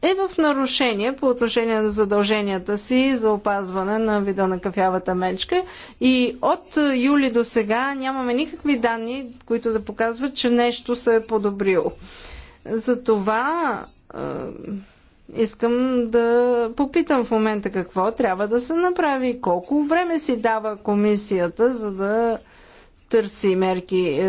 е в нарушение по отношение на задълженията си за опазване на вида на кафявата мечка. И от юли до сега нямаме никакви данни, които да показват, че нещо се е подобрило. Затова искам да попитам в момента какво трябва да се направи, колко време си дава комисията, за да търси мерки. Е,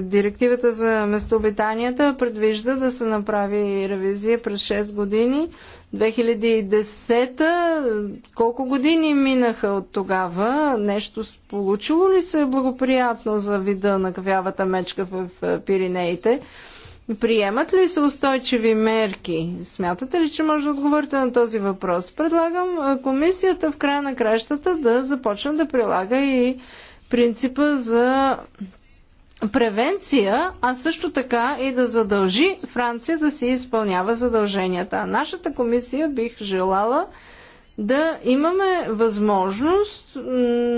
директивата за местообитанията предвижда да се направи ревизия през 6 години. 2010 колко години минаха от тогава? Нещо получило ли се благоприятно за вида на кавявата мечка в е, Пиринеите? Приемат ли се устойчиви мерки? Смятате ли, че може да отговорите на този въпрос? Предлагам е, комисията в края на кращата да започне да прилага и принципа за превенция, а също така и да задължи Франция да си изпълнява задълженията. нашата комисия бих желала да имаме възможност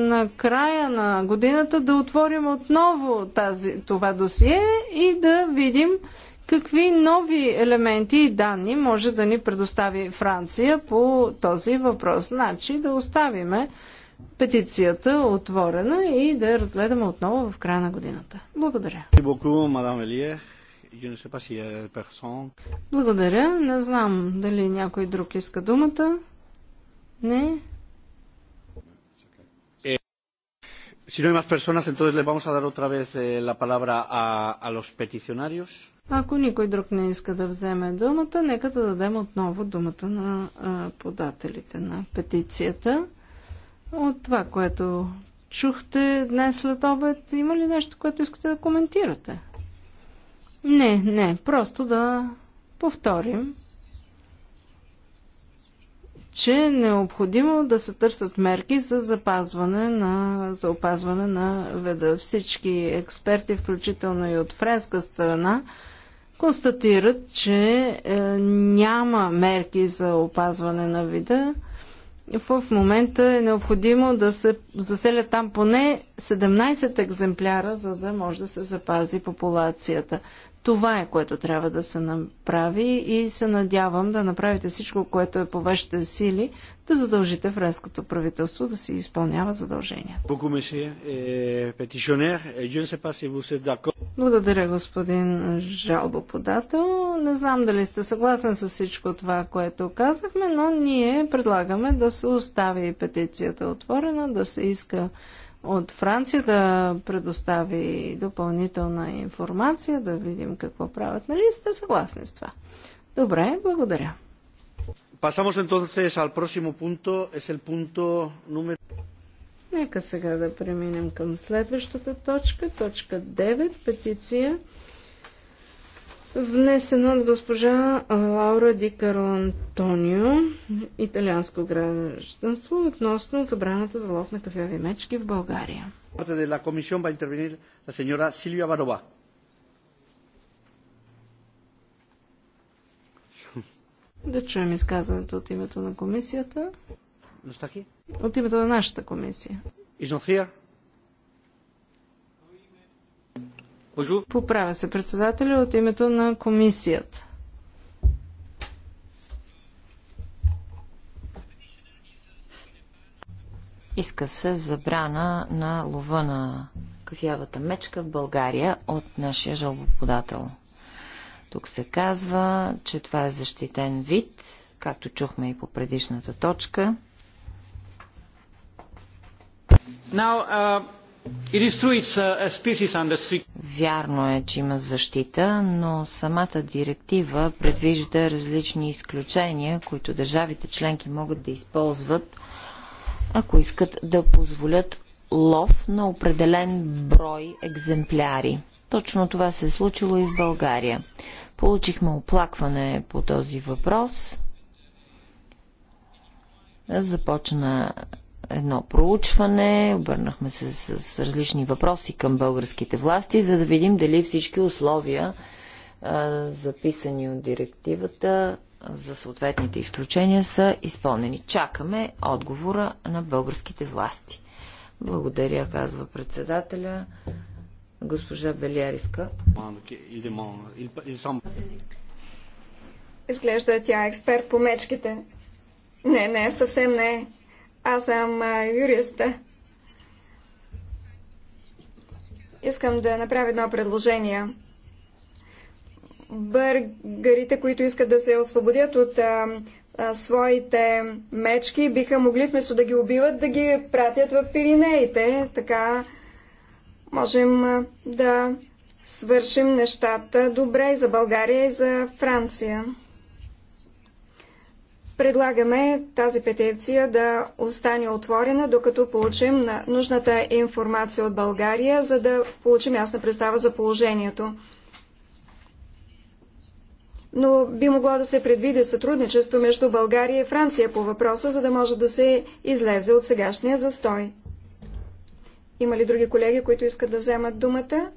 на края на годината да отворим отново тази, това досие и да видим какви нови елементи и данни може да ни предостави Франция по този въпрос. Значи да оставиме петицията е отворена и да я разгледаме отново в края на годината. Благодаря. Благодаря. Не знам дали някой друг иска думата. Не. Е, si no hay más personas, entonces le vamos a dar otra vez eh, la palabra a, a los peticionarios. Ако никой друг не иска да вземе думата, нека да дадем отново думата на а, подателите на петицията. От това, което чухте днес след обед, има ли нещо, което искате да коментирате? Не, не, просто да повторим, че е необходимо да се търсят мерки за запазване на, за опазване на веда. Всички експерти, включително и от френска страна, констатират, че е, няма мерки за опазване на вида в момента е необходимо да се заселят там поне 17 екземпляра, за да може да се запази популацията. Това е което трябва да се направи и се надявам да направите всичко, което е по вашите сили, да задължите френското правителство да си изпълнява задължения. Благодаря, господин жалбоподател. Не знам дали сте съгласен с всичко това, което казахме, но ние предлагаме да се остави петицията отворена, да се иска от Франция да предостави допълнителна информация, да видим какво правят. Нали сте съгласни с това? Добре, благодаря. Pasamos entonces al próximo punto, es el punto número... Нека сега да преминем към следващата точка, точка 9, петиция внесен от госпожа Лаура Ди Карло Антонио, италианско гражданство, относно забраната за лов на кафяви мечки в България. Да чуем изказването от името на комисията. От името на нашата комисия. Is not here? Поправя се председателя от името на комисията. Иска се забрана на лова на кафявата мечка в България от нашия жалбоподател. Тук се казва, че това е защитен вид, както чухме и по предишната точка. Now, uh... Вярно е, че има защита, но самата директива предвижда различни изключения, които държавите членки могат да използват, ако искат да позволят лов на определен брой екземпляри. Точно това се е случило и в България. Получихме оплакване по този въпрос. Започна едно проучване, обърнахме се с, с различни въпроси към българските власти, за да видим дали всички условия, а, записани от директивата за съответните изключения, са изпълнени. Чакаме отговора на българските власти. Благодаря, казва председателя. Госпожа Беляриска. Изглежда тя е експерт по мечките. Не, не, съвсем не. Е. Аз съм юрист. Искам да направя едно предложение. Бъргарите, които искат да се освободят от а, а, своите мечки, биха могли вместо да ги убиват, да ги пратят в Пиринеите. Така можем а, да свършим нещата добре и за България, и за Франция. Предлагаме тази петиция да остане отворена, докато получим нужната информация от България, за да получим ясна представа за положението. Но би могло да се предвиди сътрудничество между България и Франция по въпроса, за да може да се излезе от сегашния застой. Има ли други колеги, които искат да вземат думата?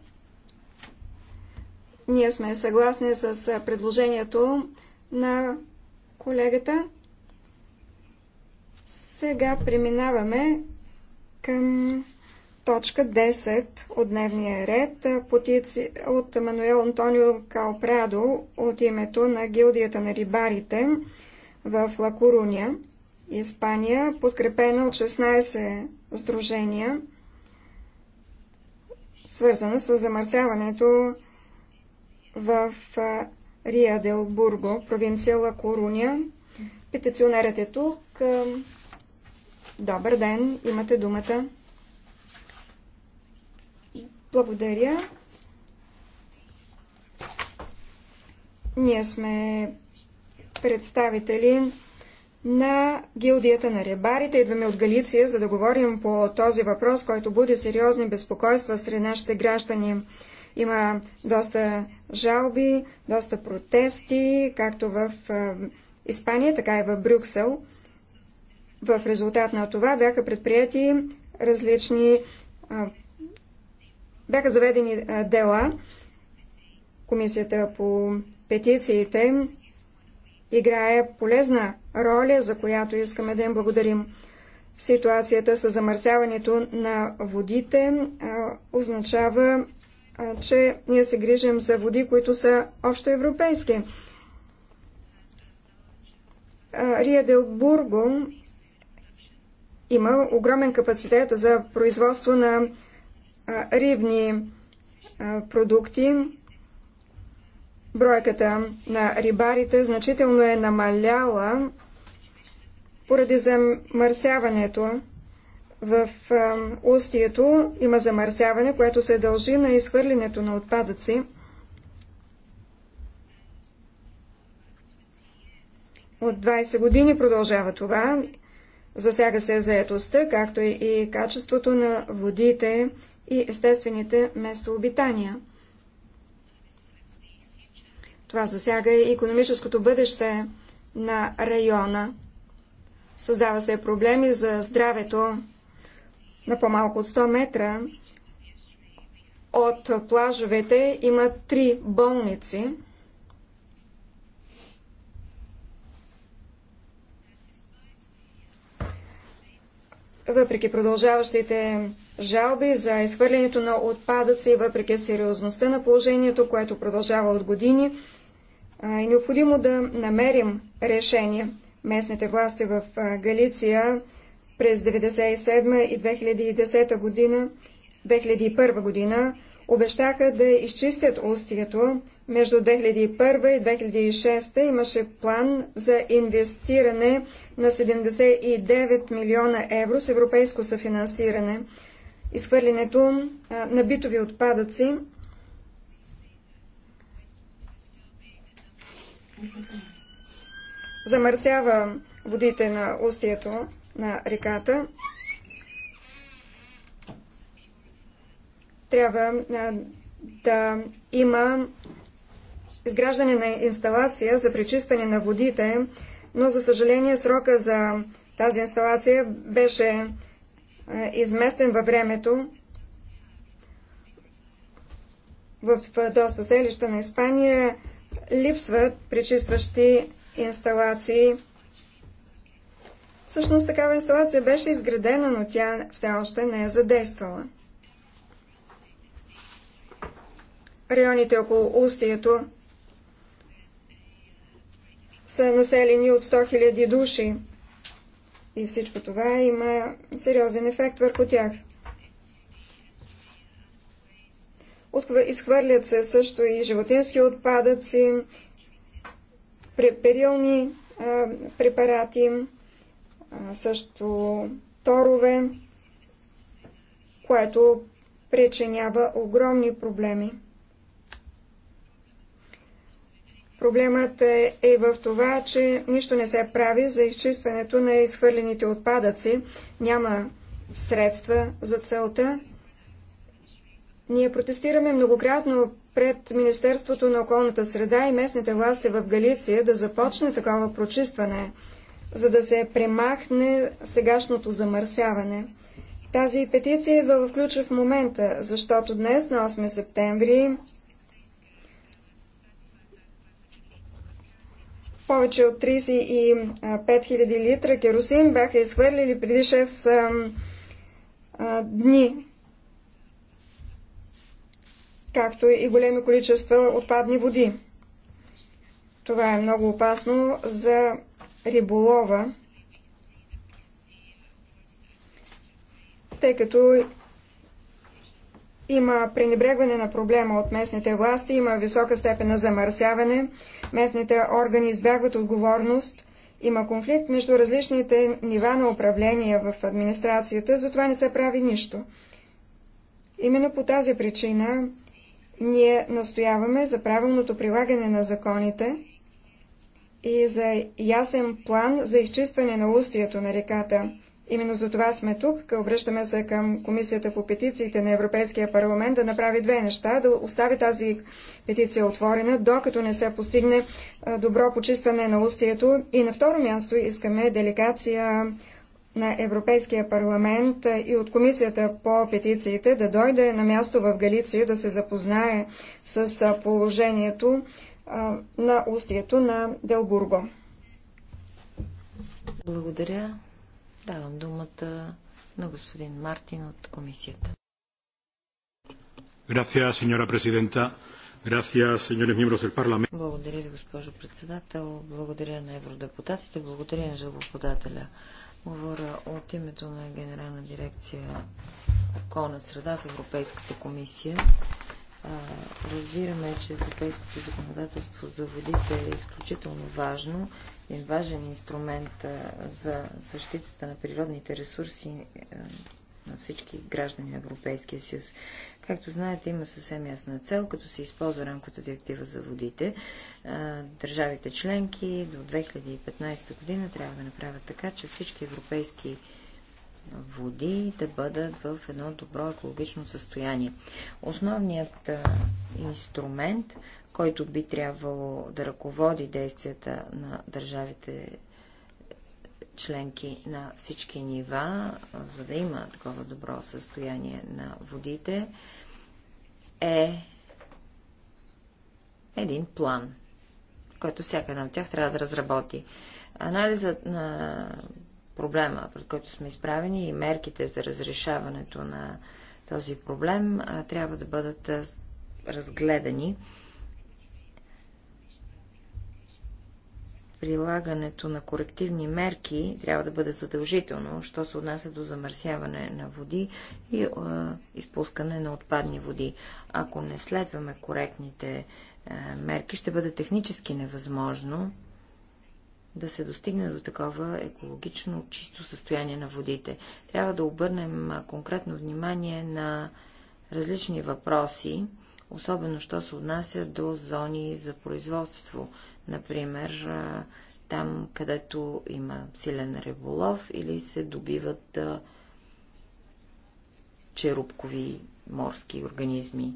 Ние сме съгласни с предложението на колегата. Сега преминаваме към точка 10 от дневния ред потици от Мануел Антонио Калпрадо от името на гилдията на рибарите в Лакуруния, Испания, подкрепена от 16 сдружения, свързана с замърсяването в Рия Дел Бурго, провинция Ла Коруня. Петиционерът е тук. Добър ден, имате думата. Благодаря. Ние сме представители на гилдията на Ребарите. Идваме от Галиция, за да говорим по този въпрос, който буди сериозни безпокойства сред нашите граждани. Има доста жалби, доста протести, както в Испания, така и в Брюксел. В резултат на това бяха предприяти различни, бяха заведени дела. Комисията по петициите играе полезна роля, за която искаме да им благодарим. Ситуацията с замърсяването на водите означава че ние се грижим за води, които са общо общоевропейски. Бурго има огромен капацитет за производство на ривни продукти. Бройката на рибарите значително е намаляла поради замърсяването в устието има замърсяване, което се дължи на изхвърлянето на отпадъци. От 20 години продължава това. Засяга се заетостта, както и качеството на водите и естествените местообитания. Това засяга и економическото бъдеще на района. Създава се проблеми за здравето на по-малко от 100 метра от плажовете има три болници. Въпреки продължаващите жалби за изхвърлянето на отпадъци и въпреки сериозността на положението, което продължава от години, е необходимо да намерим решение. Местните власти в Галиция през 1997 и 2010 година, 2001 година обещаха да изчистят устието. Между 2001 и 2006 имаше план за инвестиране на 79 милиона евро с европейско съфинансиране. Изхвърлянето на битови отпадъци замърсява водите на устието на реката. Трябва да има изграждане на инсталация за пречистване на водите, но за съжаление срока за тази инсталация беше изместен във времето. В доста селища на Испания липсват пречистващи инсталации. Всъщност такава инсталация беше изградена, но тя все още не е задействала. Районите около устието са населени от 100 000 души и всичко това има сериозен ефект върху тях. Изхвърлят се също и животински отпадъци, перилни препарати, също торове, което причинява огромни проблеми. Проблемът е, е в това, че нищо не се прави за изчистването на изхвърлените отпадъци. Няма средства за целта. Ние протестираме многократно пред Министерството на околната среда и местните власти в Галиция да започне такова прочистване за да се премахне сегашното замърсяване. Тази петиция идва в ключов момента, защото днес, на 8 септември, повече от 35 000 литра керосин бяха изхвърлили преди 6 а, а, дни, както и големи количества отпадни води. Това е много опасно за риболова, тъй като има пренебрегване на проблема от местните власти, има висока степен на замърсяване, местните органи избягват отговорност, има конфликт между различните нива на управление в администрацията, затова не се прави нищо. Именно по тази причина ние настояваме за правилното прилагане на законите, и за ясен план за изчистване на устието на реката. Именно за това сме тук. Обръщаме се към Комисията по петициите на Европейския парламент да направи две неща. Да остави тази петиция отворена, докато не се постигне добро почистване на устието. И на второ място искаме делегация на Европейския парламент и от Комисията по петициите да дойде на място в Галиция да се запознае с положението, на устието на Делбурго. Благодаря. Давам думата на господин Мартин от комисията. Благодаря ви, госпожо председател. Благодаря на евродепутатите. Благодаря на жалоподателя. Говоря от името на Генерална дирекция околна среда в Европейската комисия разбираме, че европейското законодателство за водите е изключително важно, и е важен инструмент за защитата на природните ресурси на всички граждани на Европейския съюз. Както знаете, има съвсем ясна цел, като се използва рамката директива за водите. Държавите членки до 2015 година трябва да направят така, че всички европейски води да бъдат в едно добро екологично състояние. Основният инструмент, който би трябвало да ръководи действията на държавите е, членки на всички нива, за да има такова добро състояние на водите, е един план, който всяка една от тях трябва да разработи. Анализът на проблема, пред който сме изправени и мерките за разрешаването на този проблем трябва да бъдат разгледани. Прилагането на корективни мерки трябва да бъде задължително, що се отнася до замърсяване на води и а, изпускане на отпадни води. Ако не следваме коректните а, мерки, ще бъде технически невъзможно да се достигне до такова екологично чисто състояние на водите. Трябва да обърнем конкретно внимание на различни въпроси, особено що се отнася до зони за производство. Например, там, където има силен риболов или се добиват черупкови морски организми.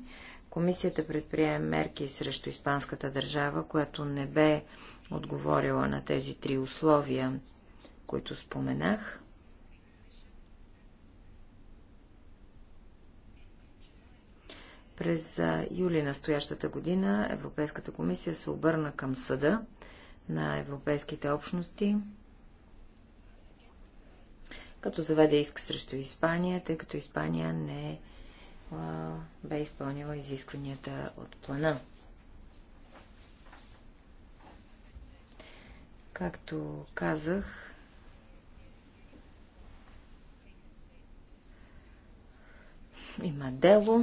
Комисията предприема мерки срещу испанската държава, която не бе отговорила на тези три условия, които споменах. През юли настоящата година Европейската комисия се обърна към съда на европейските общности, като заведе иск срещу Испания, тъй като Испания не а, бе изпълнила изискванията от плана. Както казах, има дело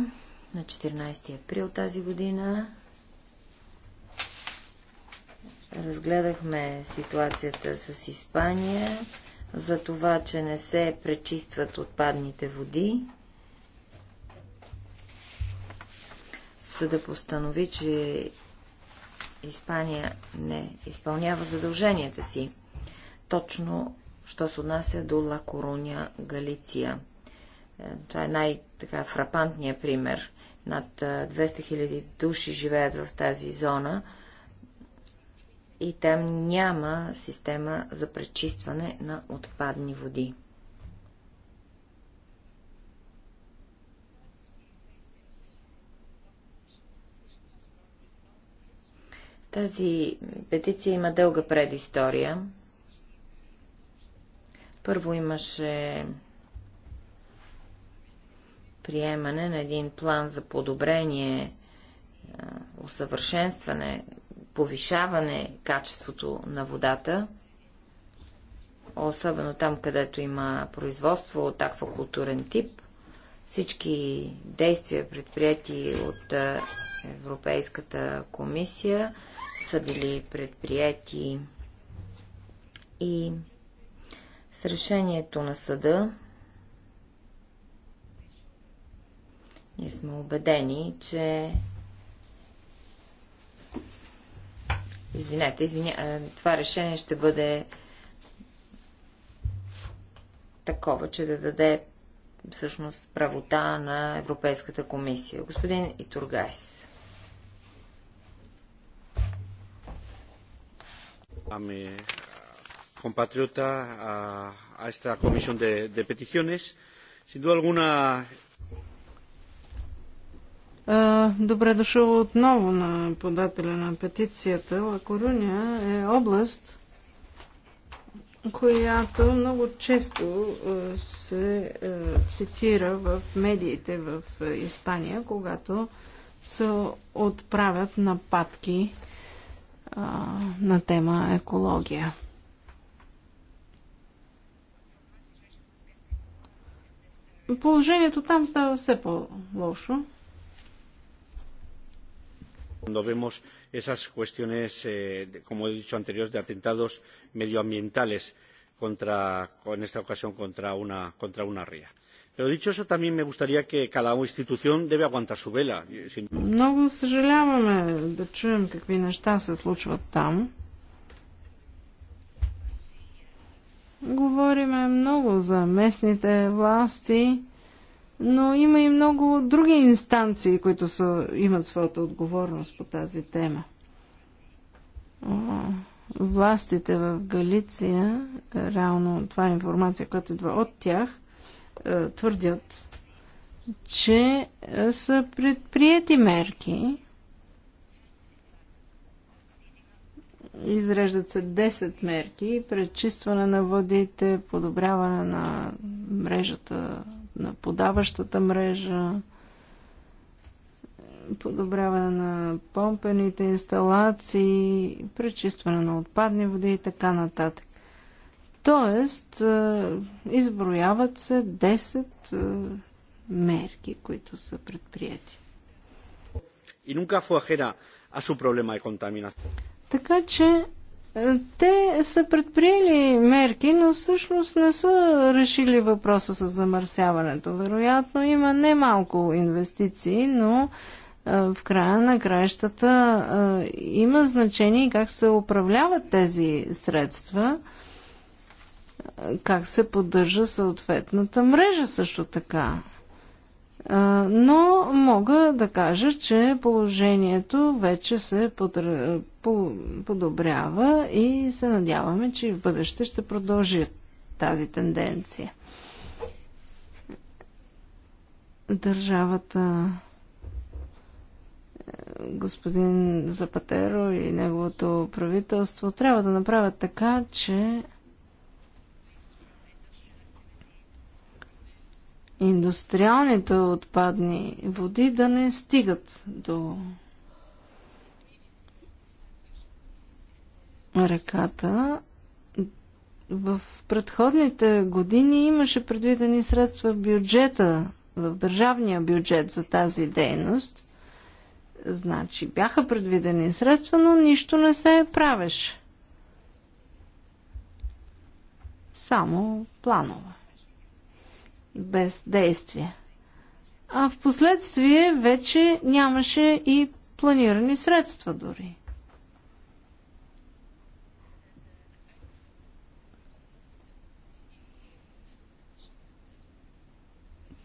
на 14 април тази година. Разгледахме ситуацията с Испания за това, че не се пречистват отпадните води. Съда постанови, че Испания не изпълнява задълженията си. Точно, що се отнася до Ла Короня, Галиция. Е, това е най-така фрапантният пример. Над 200 е, 000 души живеят в тази зона и там няма система за пречистване на отпадни води. Тази петиция има дълга предистория. Първо имаше приемане на един план за подобрение, усъвършенстване, повишаване качеството на водата, особено там, където има производство от аквакултурен тип. Всички действия, предприяти от Европейската комисия, са били предприяти и с решението на съда ние сме убедени, че Извинете, извиня... това решение ще бъде такова, че да даде всъщност правота на Европейската комисия. Господин Итургайс. Ами, компатриота, е, а a esta comisión de, de peticiones. Sin duda alguna. Добре дошъл отново на подателя на петицията. Лакоруня е област, която много често е, се е, цитира в медиите в е, Испания, когато се отправят нападки на тема екология. Положението там става все по-лошо esas cuestiones, como he dicho anteriores, de atentados medioambientales en esta ocasión contra una, ría. Pero dicho eso, también me gustaría que cada institución debe aguantar su vela. Много съжаляваме да чуем какви неща се случват там. Говориме много за местните власти но има и много други инстанции, които са, имат своята отговорност по тази тема. Властите в Галиция, реално това е информация, която идва от тях, е, твърдят, че е, са предприяти мерки. Изреждат се 10 мерки, пречистване на водите, подобряване на мрежата на подаващата мрежа, подобряване на помпените инсталации, пречистване на отпадни води и така нататък. Тоест, изброяват се 10 мерки, които са предприяти. И nunca fue ajena a su Така че те са предприели мерки, но всъщност не са решили въпроса с замърсяването. Вероятно има немалко инвестиции, но в края на краищата има значение как се управляват тези средства, как се поддържа съответната мрежа също така. Но мога да кажа, че положението вече се подобрява и се надяваме, че в бъдеще ще продължи тази тенденция. Държавата е, господин Запатеро и неговото правителство трябва да направят така, че индустриалните отпадни води да не стигат до ръката. В предходните години имаше предвидени средства в бюджета, в държавния бюджет за тази дейност. Значи бяха предвидени средства, но нищо не се правеше. Само планове. Без действия. А в последствие вече нямаше и планирани средства дори.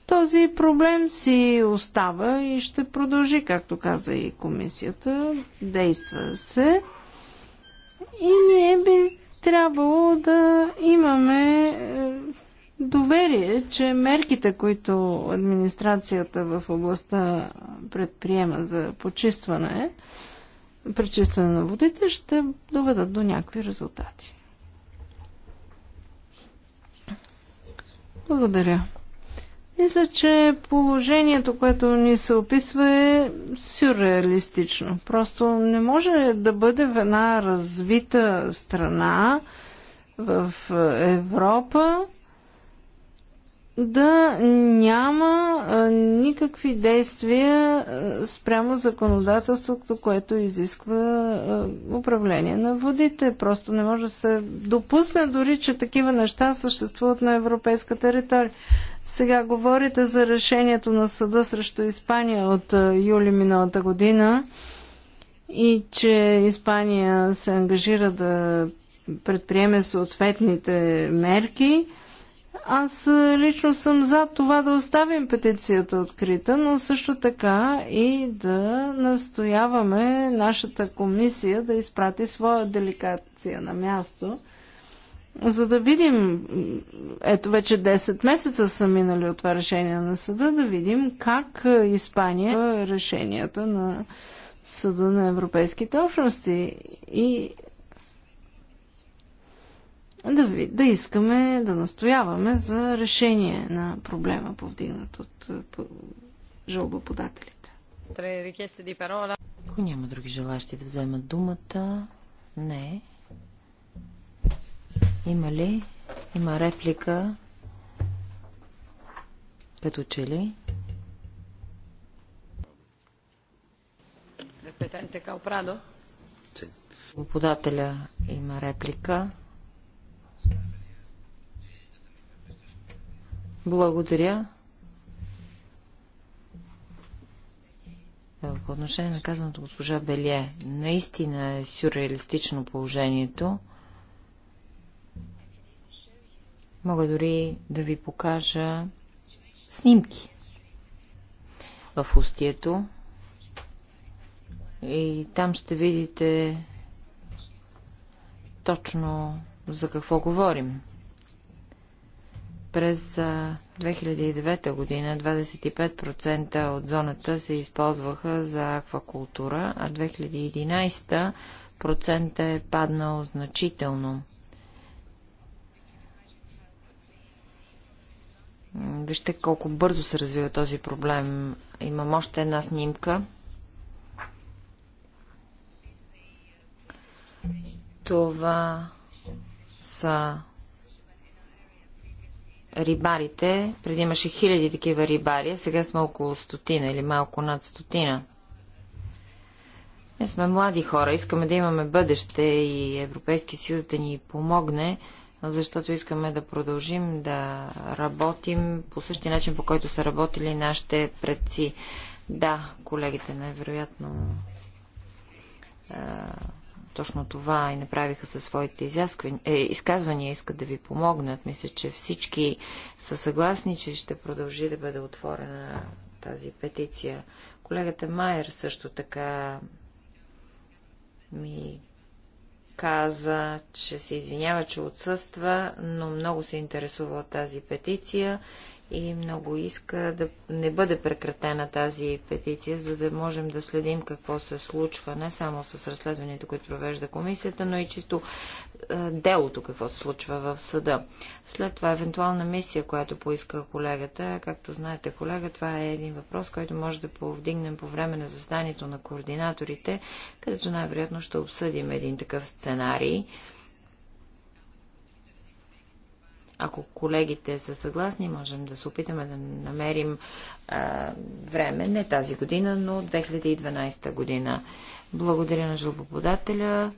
Този проблем си остава и ще продължи, както каза и комисията. Действа се. И ние би трябвало да имаме е, доверие, че мерките, които администрацията в областта предприема за почистване, пречистване на водите, ще доведат до някакви резултати. Благодаря. Мисля, че положението, което ни се описва е сюрреалистично. Просто не може да бъде в една развита страна в Европа да няма никакви действия спрямо законодателството, което изисква управление на водите. Просто не може да се допусне дори, че такива неща съществуват на европейска територия. Сега говорите за решението на съда срещу Испания от юли миналата година и че Испания се ангажира да предприеме съответните мерки. Аз лично съм за това да оставим петицията открита, но също така и да настояваме нашата комисия да изпрати своя деликация на място – за да видим, ето вече 10 месеца са минали от това решение на съда, да видим как е, Испания е решенията на съда на европейските общности и да, ви, да искаме, да настояваме за решение на проблема, повдигнат от е, жалбоподателите. Ако няма други желащи да вземат думата, не. Има ли? Има реплика. Като че ли? Репетенте Калпрадо. Подателя има реплика. Благодаря. Е, по отношение на казаното госпожа Белие, наистина е сюрреалистично положението. Мога дори да ви покажа снимки в устието. И там ще видите точно за какво говорим. През 2009 година 25% от зоната се използваха за аквакултура, а 2011 процента е паднал значително. Вижте колко бързо се развива този проблем. Имам още една снимка. Това са рибарите. Преди имаше хиляди такива рибари, сега сме около стотина или малко над стотина. Ние сме млади хора, искаме да имаме бъдеще и Европейски съюз да ни помогне защото искаме да продължим да работим по същия начин, по който са работили нашите предци. Да, колегите невероятно е, точно това и направиха със своите е, изказвания, искат да ви помогнат. Мисля, че всички са съгласни, че ще продължи да бъде отворена тази петиция. Колегата Майер също така ми каза, че се извинява, че отсъства, но много се интересува от тази петиция и много иска да не бъде прекратена тази петиция, за да можем да следим какво се случва не само с разследването, които провежда комисията, но и чисто е, делото, какво се случва в съда. След това евентуална мисия, която поиска колегата. Както знаете, колега, това е един въпрос, който може да повдигнем по време на заседанието на координаторите, където най-вероятно ще обсъдим един такъв сценарий. Ако колегите са съгласни, можем да се опитаме да намерим а, е, време, не тази година, но 2012 година. Благодаря на жалбоподателя.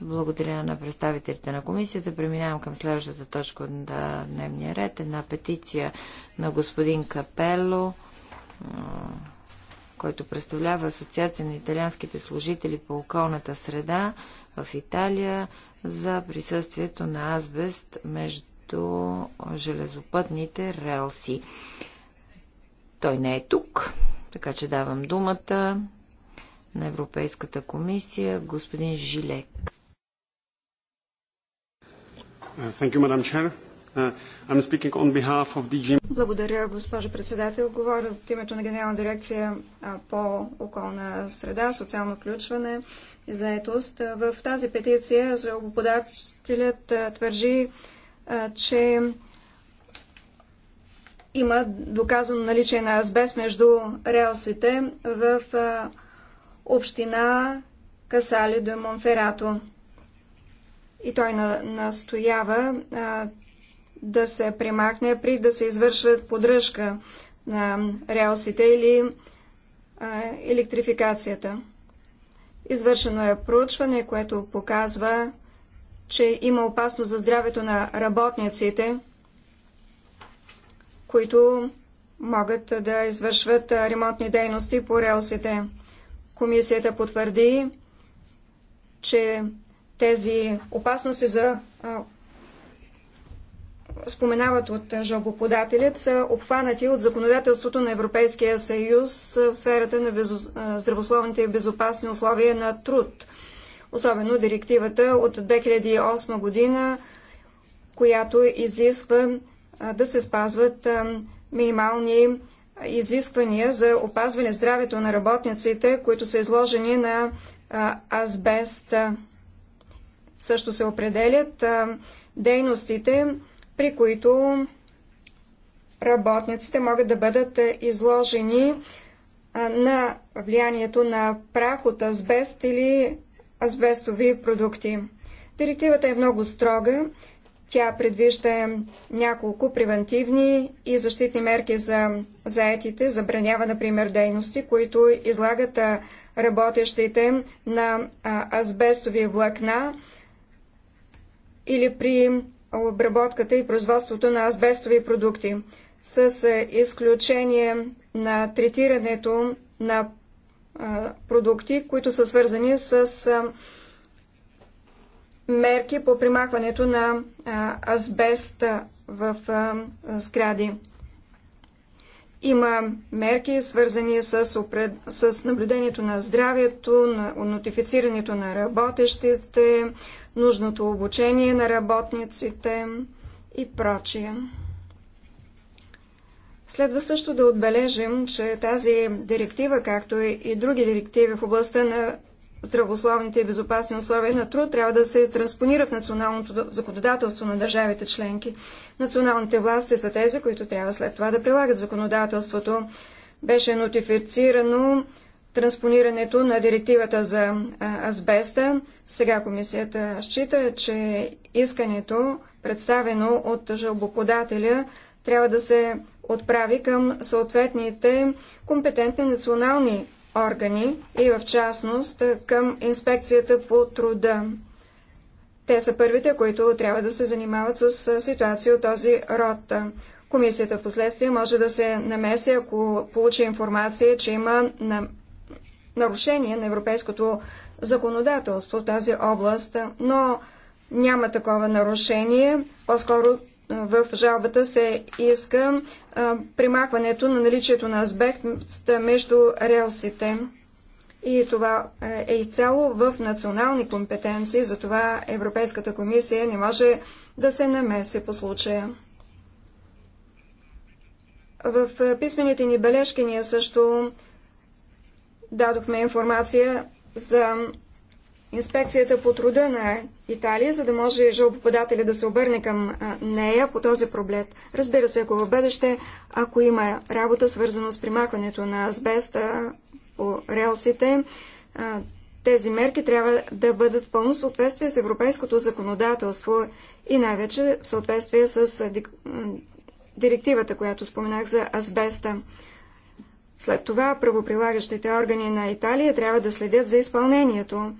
Благодаря на представителите на комисията. Преминавам към следващата точка на дневния ред. Една петиция на господин Капело, който представлява Асоциация на италианските служители по околната среда в Италия за присъствието на азбест между железопътните релси. Той не е тук, така че давам думата на Европейската комисия господин Жилек. Uh, thank you, Madam Chair. Uh, I'm speaking on behalf of DG... Благодаря, госпожа председател. Говоря от името на Генерална дирекция по околна среда, социално включване и заетост. В тази петиция жалбоподателят твържи, че има доказано наличие на азбест между релсите в община Касали до Монферато и той на, настоява а, да се премахне при да се извършват поддръжка на релсите или а, електрификацията. Извършено е проучване, което показва, че има опасност за здравето на работниците, които могат да извършват ремонтни дейности по релсите. Комисията потвърди, че тези опасности за споменават от жалбоподателят, са обхванати от законодателството на Европейския съюз в сферата на безо... здравословните и безопасни условия на труд. Особено директивата от 2008 година, която изисква да се спазват минимални изисквания за опазване здравето на работниците, които са изложени на азбест. Също се определят дейностите, при които работниците могат да бъдат изложени на влиянието на прах от азбест или азбестови продукти. Директивата е много строга. Тя предвижда няколко превентивни и защитни мерки за заетите, забранява, например, дейности, които излагат работещите на азбестови влакна, или при обработката и производството на азбестови продукти, с е, изключение на третирането на продукти, които са свързани с мерки по примахването на азбест в сгради. Има мерки, свързани с, опред... с наблюдението на здравието, на нотифицирането на работещите, нужното обучение на работниците и прочие. Следва също да отбележим, че тази директива, както и други директиви в областта на здравословните и безопасни условия на труд трябва да се транспонира в националното законодателство на държавите членки. Националните власти са тези, които трябва след това да прилагат законодателството. Беше нотифицирано транспонирането на директивата за азбеста. Сега комисията счита, че искането, представено от жалбоподателя, трябва да се отправи към съответните компетентни национални органи и в частност към инспекцията по труда. Те са първите, които трябва да се занимават с ситуация от този род. Комисията в последствие може да се намеси, ако получи информация, че има на... нарушение на европейското законодателство в тази област, но няма такова нарушение. По-скоро в жалбата се иска примахването на наличието на аспект между релсите. И това е изцяло в национални компетенции, затова Европейската комисия не може да се намеси по случая. В писмените ни бележки ние също дадохме информация за инспекцията по труда на Италия, за да може жалбоподателя да се обърне към нея по този проблем. Разбира се, ако в бъдеще, ако има работа свързана с примахването на азбеста по релсите, тези мерки трябва да бъдат в пълно съответствие с европейското законодателство и най-вече в съответствие с директивата, която споменах за азбеста. След това правоприлагащите органи на Италия трябва да следят за изпълнението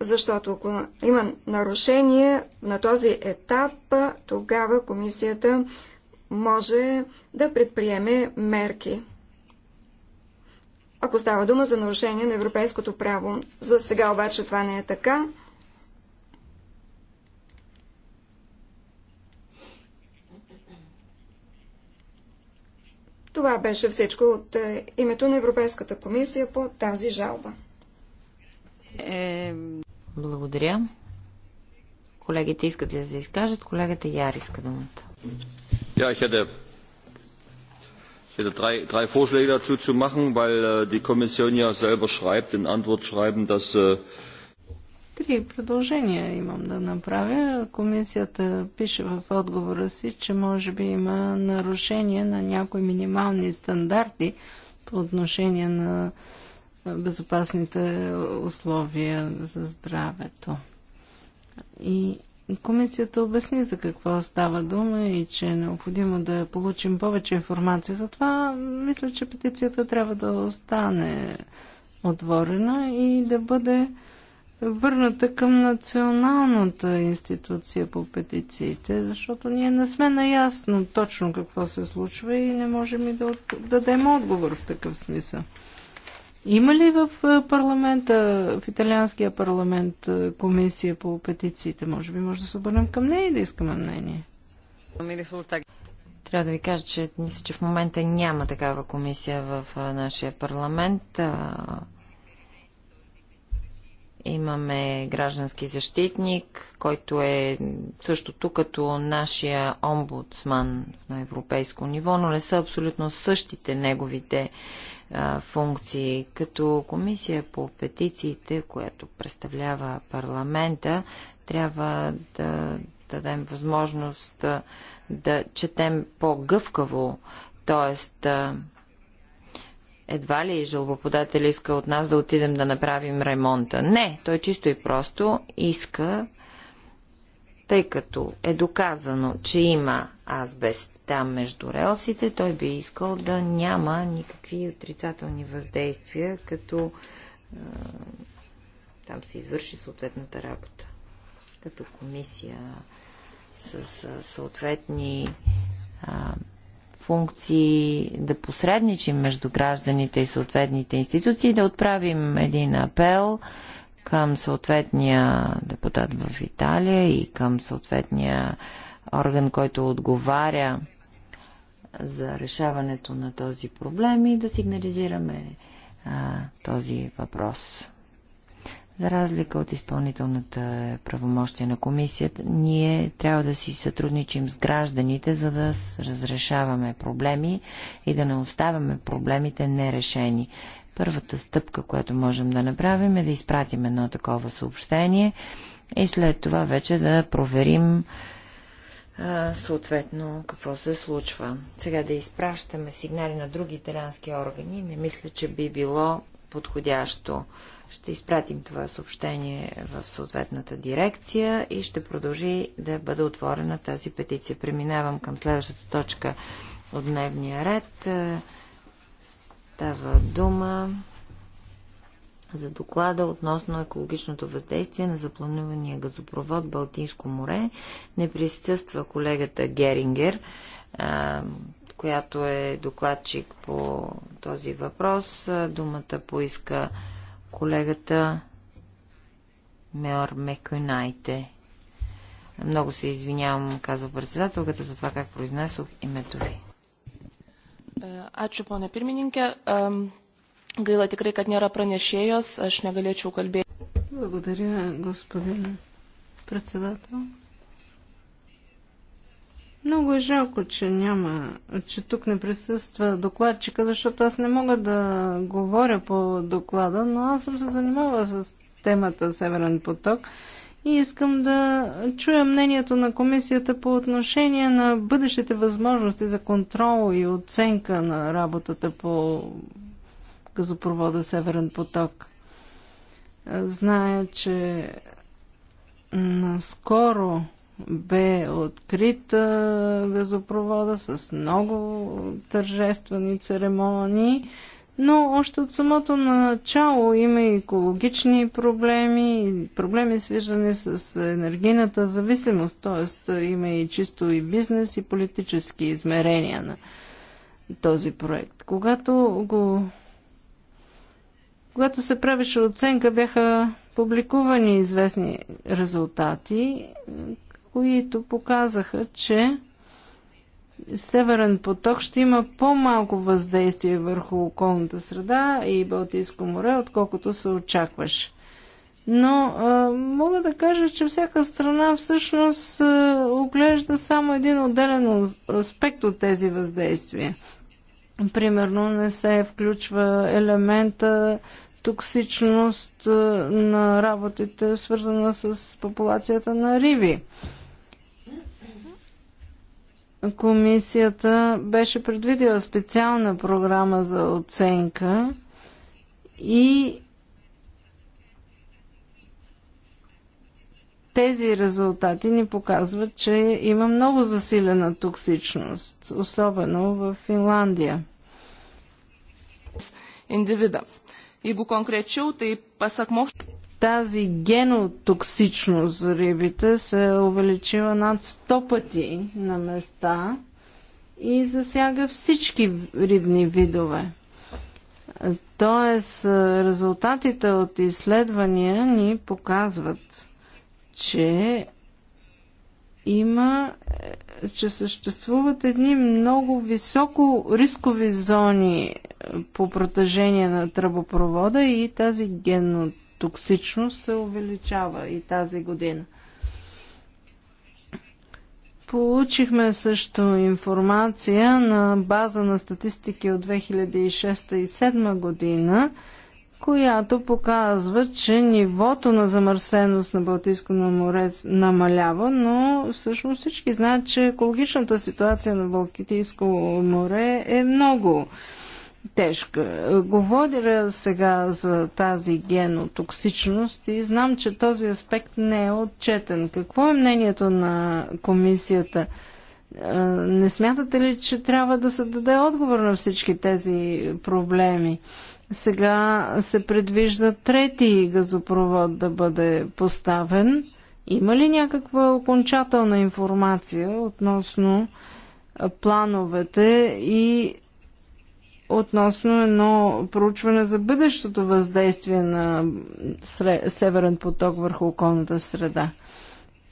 защото ако има нарушение на този етап, тогава комисията може да предприеме мерки. Ако става дума за нарушение на европейското право. За сега обаче това не е така. Това беше всичко от е, името на Европейската комисия по тази жалба. Е... Благодаря. Колегите искат ли да се изкажат? Колегата Яр иска думата. Ja, ich hätte, ich hätte drei, drei Vorschläge dazu zu machen, weil äh, die Kommission ja selber schreibt, in Antwort schreiben, dass... Äh Три предложения имам да направя. Комисията пише в отговора си, че може би има нарушение на някои минимални стандарти по отношение на безопасните условия за здравето. И комисията обясни за какво става дума и че е необходимо да получим повече информация. Затова мисля, че петицията трябва да остане отворена и да бъде върната към националната институция по петициите, защото ние не сме наясно точно какво се случва и не можем и да дадем отговор в такъв смисъл. Има ли в парламента, в италианския парламент, комисия по петициите? Може би може да се обърнем към нея и да искаме мнение. Трябва да ви кажа, че мисля, че в момента няма такава комисия в нашия парламент. Имаме граждански защитник, който е същото като нашия омбудсман на европейско ниво, но не са абсолютно същите неговите а, функции. Като комисия по петициите, която представлява парламента, трябва да дадем възможност да четем по-гъвкаво, т.е. едва ли жалбоподател иска от нас да отидем да направим ремонта. Не, той чисто и просто иска, тъй като е доказано, че има азбест там между релсите, той би искал да няма никакви отрицателни въздействия, като е, там се извърши съответната работа. Като комисия с, с съответни е, функции да посредничим между гражданите и съответните институции, да отправим един апел към съответния депутат в Италия и към съответния орган, който отговаря за решаването на този проблем и да сигнализираме а, този въпрос. За разлика от изпълнителната правомощия на комисията, ние трябва да си сътрудничим с гражданите, за да разрешаваме проблеми и да не оставяме проблемите нерешени. Първата стъпка, която можем да направим е да изпратим едно такова съобщение и след това вече да проверим съответно какво се случва. Сега да изпращаме сигнали на други италянски органи, не мисля, че би било подходящо. Ще изпратим това съобщение в съответната дирекция и ще продължи да бъде отворена тази петиция. Преминавам към следващата точка от дневния ред. Става дума за доклада относно екологичното въздействие на запланувания газопровод Балтийско море. Не присъства колегата Герингер, която е докладчик по този въпрос. Думата поиска колегата Меор Мекунайте. Много се извинявам, казва председателката, за това как произнесох името ви. Е, Ачо, поне Gaila tikrai, kad nėra pranešėjos, aš negalėčiau kalbėti. Благодаря, господин председател. Много е жалко, че няма, че тук не присъства докладчика, защото аз не мога да говоря по доклада, но аз съм се занимавала с темата Северен поток и искам да чуя мнението на комисията по отношение на бъдещите възможности за контрол и оценка на работата по газопровода Северен поток. Е, зная, че наскоро бе открит газопровода с много тържествени церемонии, но още от самото начало има и екологични проблеми, проблеми свиждани с енергийната зависимост, т.е. има и чисто и бизнес и политически измерения на този проект. Когато го когато се правеше оценка, бяха публикувани известни резултати, които показаха, че Северен поток ще има по-малко въздействие върху околната среда и Балтийско море, отколкото се очакваше. Но а, мога да кажа, че всяка страна всъщност а, оглежда само един отделен аспект от тези въздействия. Примерно не се включва елемента токсичност на работите, свързана с популацията на риби. Комисията беше предвидила специална програма за оценка и тези резултати ни показват, че има много засилена токсичност, особено в Финландия. Jeigu konkrečiau, tai pasak mokslininkų. Тази генотоксичност за рибите се увеличила над 100 пъти на места и засяга всички рибни видове. Тоест, резултатите от изследвания ни показват, че има, че съществуват едни много високо рискови зони по протежение на тръбопровода и тази генотоксичност се увеличава и тази година. Получихме също информация на база на статистики от 2006 и 2007 година, която показва, че нивото на замърсеност на Балтийско море намалява, но всъщност всички знаят, че екологичната ситуация на Балтийско море е много тежка. Говоря сега за тази генотоксичност и знам, че този аспект не е отчетен. Какво е мнението на комисията? Е, не смятате ли, че трябва да се даде отговор на всички тези проблеми? Сега се предвижда трети газопровод да бъде поставен. Има ли някаква окончателна информация относно плановете и относно едно проучване за бъдещото въздействие на Северен поток върху околната среда.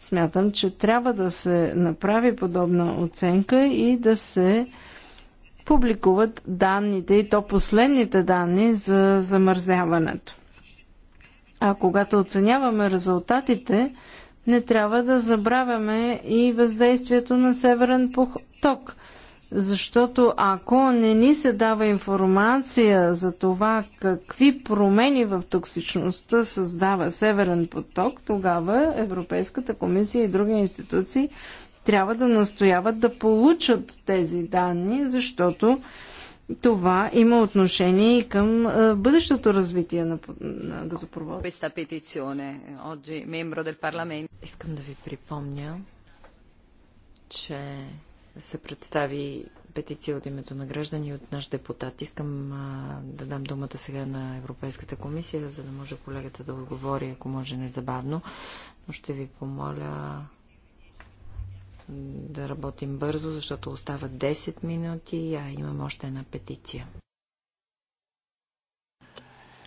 Смятам, че трябва да се направи подобна оценка и да се публикуват данните и то последните данни за замързяването. А когато оценяваме резултатите, не трябва да забравяме и въздействието на Северен поток. Защото ако не ни се дава информация за това какви промени в токсичността създава Северен поток, тогава Европейската комисия и други институции трябва да настояват да получат тези данни, защото това има отношение и към е, бъдещото развитие на, на газопровода. Искам да ви припомня, че се представи петиция от името на граждани и от наш депутат. Искам а, да дам думата сега на Европейската комисия, за да може колегата да отговори, ако може незабавно. Но ще ви помоля да работим бързо, защото остават 10 минути, а имам още една петиция.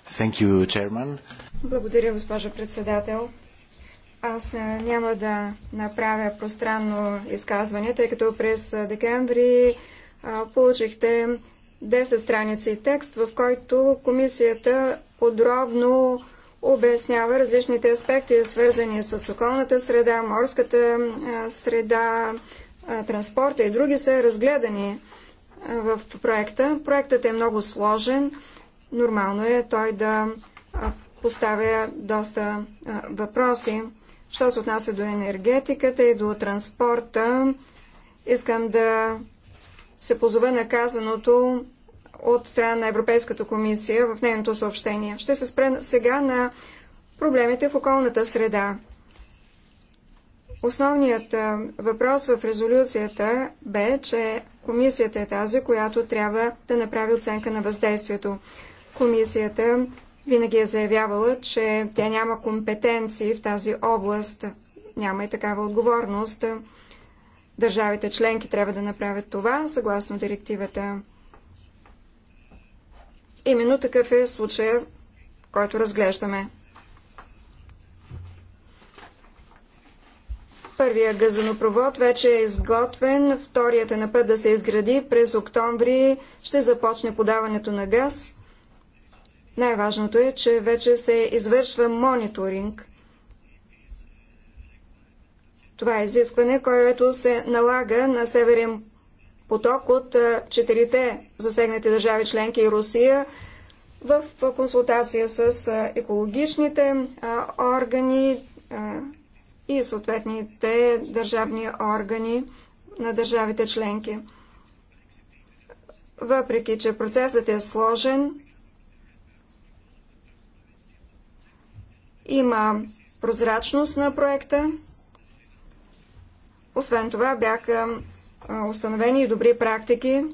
Thank you, chairman. Благодаря, госпожа председател. Аз няма да направя пространно изказване, тъй като през декември получихте 10 страници текст, в който комисията подробно обяснява различните аспекти, свързани с околната среда, морската среда, транспорта и други са разгледани в проекта. Проектът е много сложен. Нормално е той да поставя доста въпроси. Що се отнася до енергетиката и до транспорта, искам да се позова на казаното от страна на Европейската комисия в нейното съобщение. Ще се спре сега на проблемите в околната среда. Основният въпрос в резолюцията бе, че комисията е тази, която трябва да направи оценка на въздействието. Комисията винаги е заявявала, че тя няма компетенции в тази област. Няма и такава отговорност. Държавите членки трябва да направят това, съгласно директивата. Именно такъв е случая, който разглеждаме. Първия газонопровод вече е изготвен, вторият е на път да се изгради. През октомври ще започне подаването на газ. Най-важното е, че вече се извършва мониторинг. Това е изискване, което се налага на Северен поток от четирите засегнати държави членки и Русия в консултация с екологичните органи и съответните държавни органи на държавите членки. Въпреки, че процесът е сложен, Има прозрачност на проекта. Освен това бяха установени и добри практики.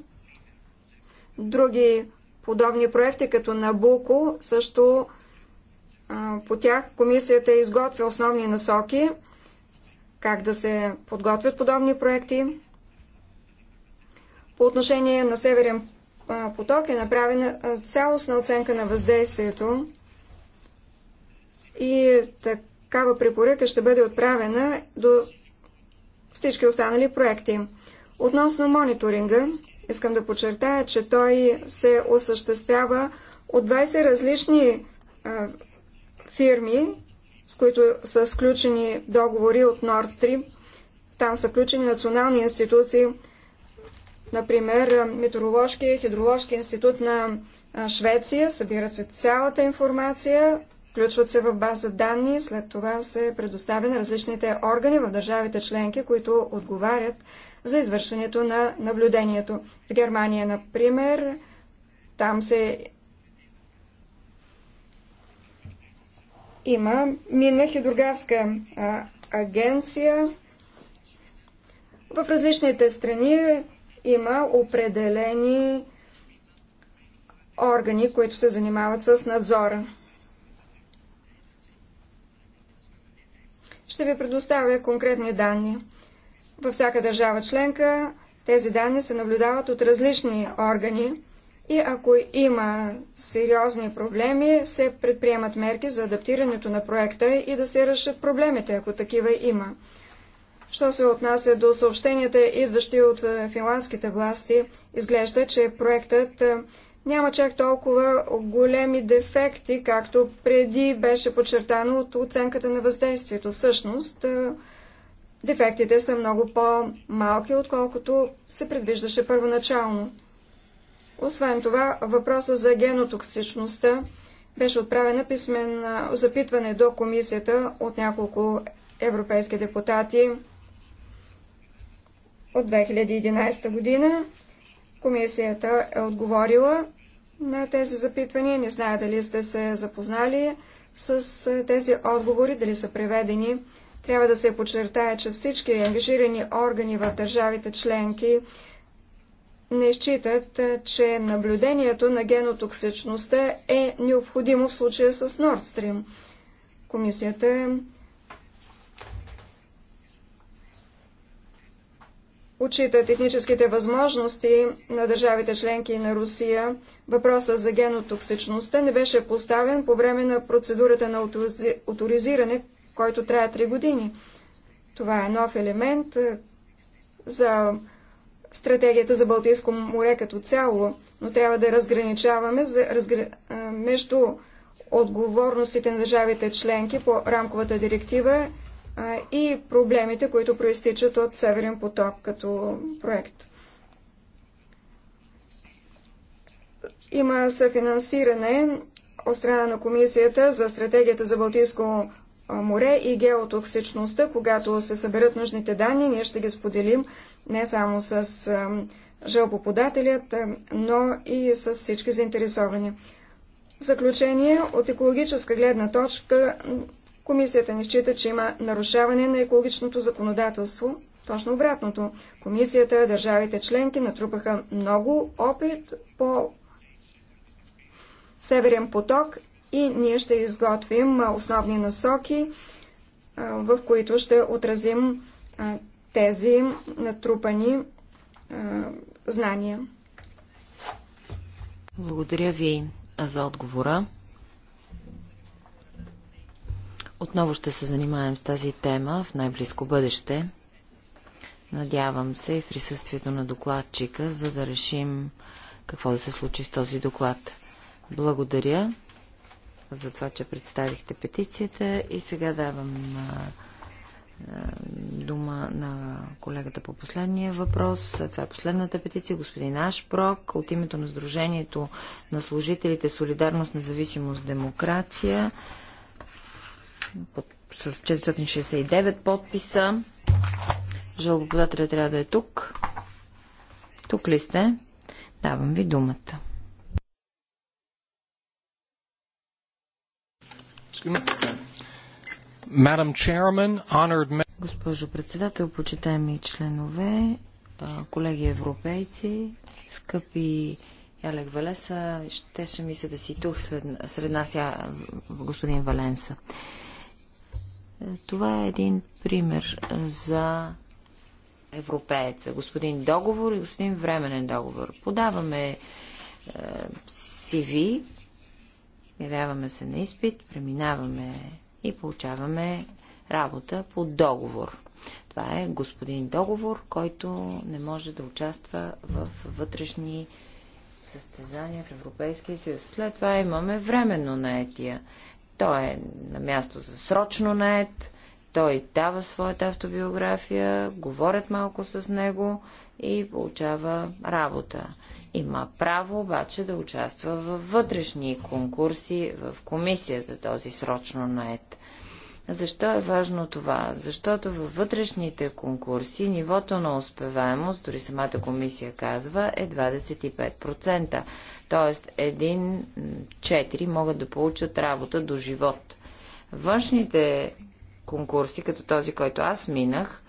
Други подобни проекти, като Набуко, също по тях комисията изготвя основни насоки, как да се подготвят подобни проекти. По отношение на Северен поток е направена цялостна оценка на въздействието и такава препоръка ще бъде отправена до всички останали проекти. Относно мониторинга, искам да подчертая, че той се осъществява от 20 различни а, фирми, с които са сключени договори от Nord Stream. Там са включени национални институции, например Метеорологския и Хидроложки институт на Швеция. Събира се цялата информация включват се в база данни, след това се предоставя на различните органи в държавите членки, които отговарят за извършването на наблюдението. В Германия, например, там се има минна хидрографска агенция. В различните страни има определени органи, които се занимават с надзора. Ще ви предоставя конкретни данни. Във всяка държава членка тези данни се наблюдават от различни органи и ако има сериозни проблеми, се предприемат мерки за адаптирането на проекта и да се решат проблемите, ако такива има. Що се отнася до съобщенията, идващи от финландските власти, изглежда, че проектът няма чак толкова големи дефекти, както преди беше подчертано от оценката на въздействието. Всъщност, дефектите са много по-малки, отколкото се предвиждаше първоначално. Освен това, въпроса за генотоксичността беше отправена на запитване до комисията от няколко европейски депутати от 2011 година. Комисията е отговорила на тези запитвания. Не зная дали сте се запознали с тези отговори, дали са преведени. Трябва да се подчертая, че всички ангажирани органи в държавите членки не считат, че наблюдението на генотоксичността е необходимо в случая с Nord Stream. Комисията отчита техническите възможности на държавите членки на Русия. Въпроса за генотоксичността не беше поставен по време на процедурата на авторизиране, който трая 3 години. Това е нов елемент за стратегията за Балтийско море като цяло, но трябва да разграничаваме за, разгр... между отговорностите на държавите членки по рамковата директива и проблемите, които проистичат от Северен поток като проект. Има съфинансиране от страна на Комисията за стратегията за Балтийско море и геотоксичността. Когато се съберат нужните данни, ние ще ги споделим не само с жалбоподателят, но и с всички заинтересовани. В заключение, от екологическа гледна точка Комисията не счита, че има нарушаване на екологичното законодателство. Точно обратното. Комисията, държавите членки натрупаха много опит по Северен поток и ние ще изготвим основни насоки, в които ще отразим тези натрупани знания. Благодаря ви за отговора. Отново ще се занимаем с тази тема в най-близко бъдеще. Надявам се и в присъствието на докладчика, за да решим какво да се случи с този доклад. Благодаря за това, че представихте петицията и сега давам дума на колегата по последния въпрос. Това е последната петиция. Господин Ашпрок от името на Сдружението на служителите Солидарност, независимост, демокрация с 469 подписа. Жалбоподателя трябва да е тук. Тук ли сте? Давам ви думата. Госпожо председател, почитаеми членове, колеги европейци, скъпи Ялек Валеса, щеше ми се да си тук сред, сред нас, я, господин Валенса. Е, това е един пример е, за европееца. Господин договор и господин временен договор. Подаваме е, CV, явяваме се на изпит, преминаваме и получаваме работа по договор. Това е господин договор, който не може да участва в вътрешни състезания в Европейския съюз. След това имаме временно наетия той е на място за срочно наед, той дава своята автобиография, говорят малко с него и получава работа. Има право обаче да участва в вътрешни конкурси в комисията този срочно наед. Защо е важно това? Защото във вътрешните конкурси нивото на успеваемост, дори самата комисия казва, е 25%. Тоест, един, четири могат да получат работа до живот. Външните конкурси, като този, който аз минах,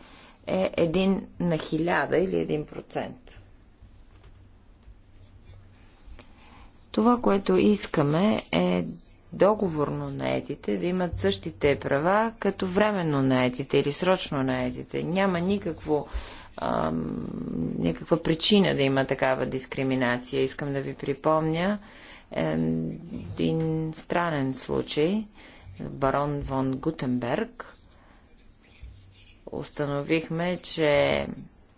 е един на хиляда или един процент. Това, което искаме е договорно наетите да имат същите права като временно наетите или срочно наетите. Няма никакво а, някаква причина да има такава дискриминация. Искам да ви припомня един странен случай. Барон Вон Гутенберг установихме, че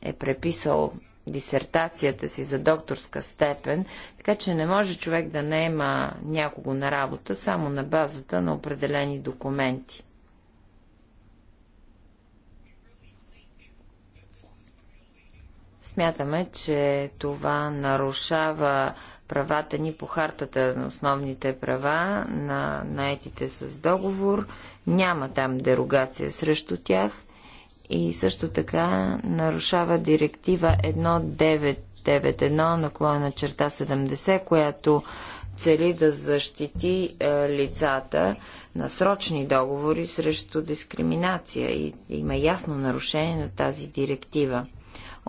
е преписал дисертацията си за докторска степен, така че не може човек да има някого на работа само на базата на определени документи. Смятаме, че това нарушава правата ни по хартата на основните права на наетите с договор. Няма там дерогация срещу тях и също така нарушава директива 1991 наклона черта 70, която цели да защити е, лицата на срочни договори срещу дискриминация и има ясно нарушение на тази директива.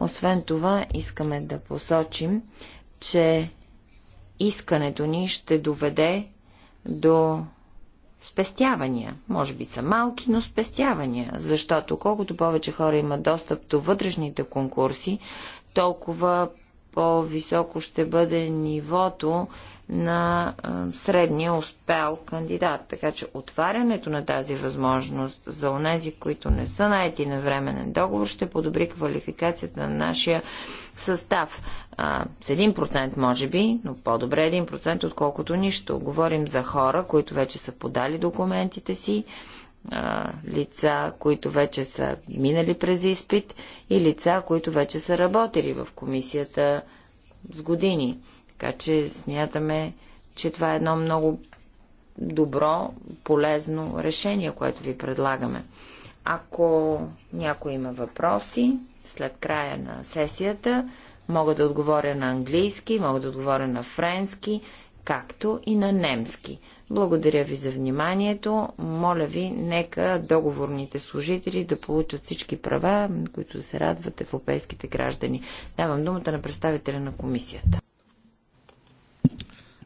Освен това, искаме да посочим, че искането ни ще доведе до спестявания. Може би са малки, но спестявания, защото колкото повече хора имат достъп до вътрешните конкурси, толкова по-високо ще бъде нивото на средния успял кандидат. Така че отварянето на тази възможност за онези, които не са наети на временен договор, ще подобри квалификацията на нашия състав. с 1% може би, но по-добре 1% е отколкото нищо. Говорим за хора, които вече са подали документите си, лица, които вече са минали през изпит и лица, които вече са работили в комисията с години. Така че смятаме, че това е едно много добро, полезно решение, което ви предлагаме. Ако някой има въпроси, след края на сесията, мога да отговоря на английски, мога да отговоря на френски, както и на немски. Благодаря ви за вниманието. Моля ви, нека договорните служители да получат всички права, които се радват европейските граждани. Давам думата на представителя на комисията.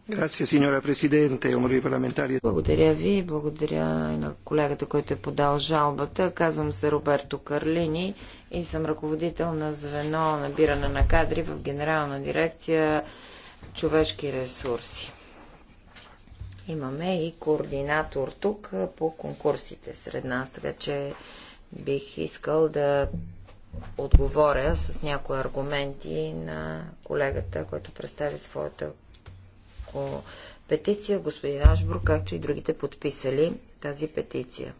Благодаря ви. и Благодаря и на колегата, който е подал жалбата. Казвам се Роберто Карлини и съм ръководител на звено набиране на кадри в Генерална дирекция човешки ресурси. Имаме и координатор тук по конкурсите сред нас, така че бих искал да отговоря с някои аргументи на колегата, който представи своята по петиция, господин Ашбро, както и другите подписали тази петиция.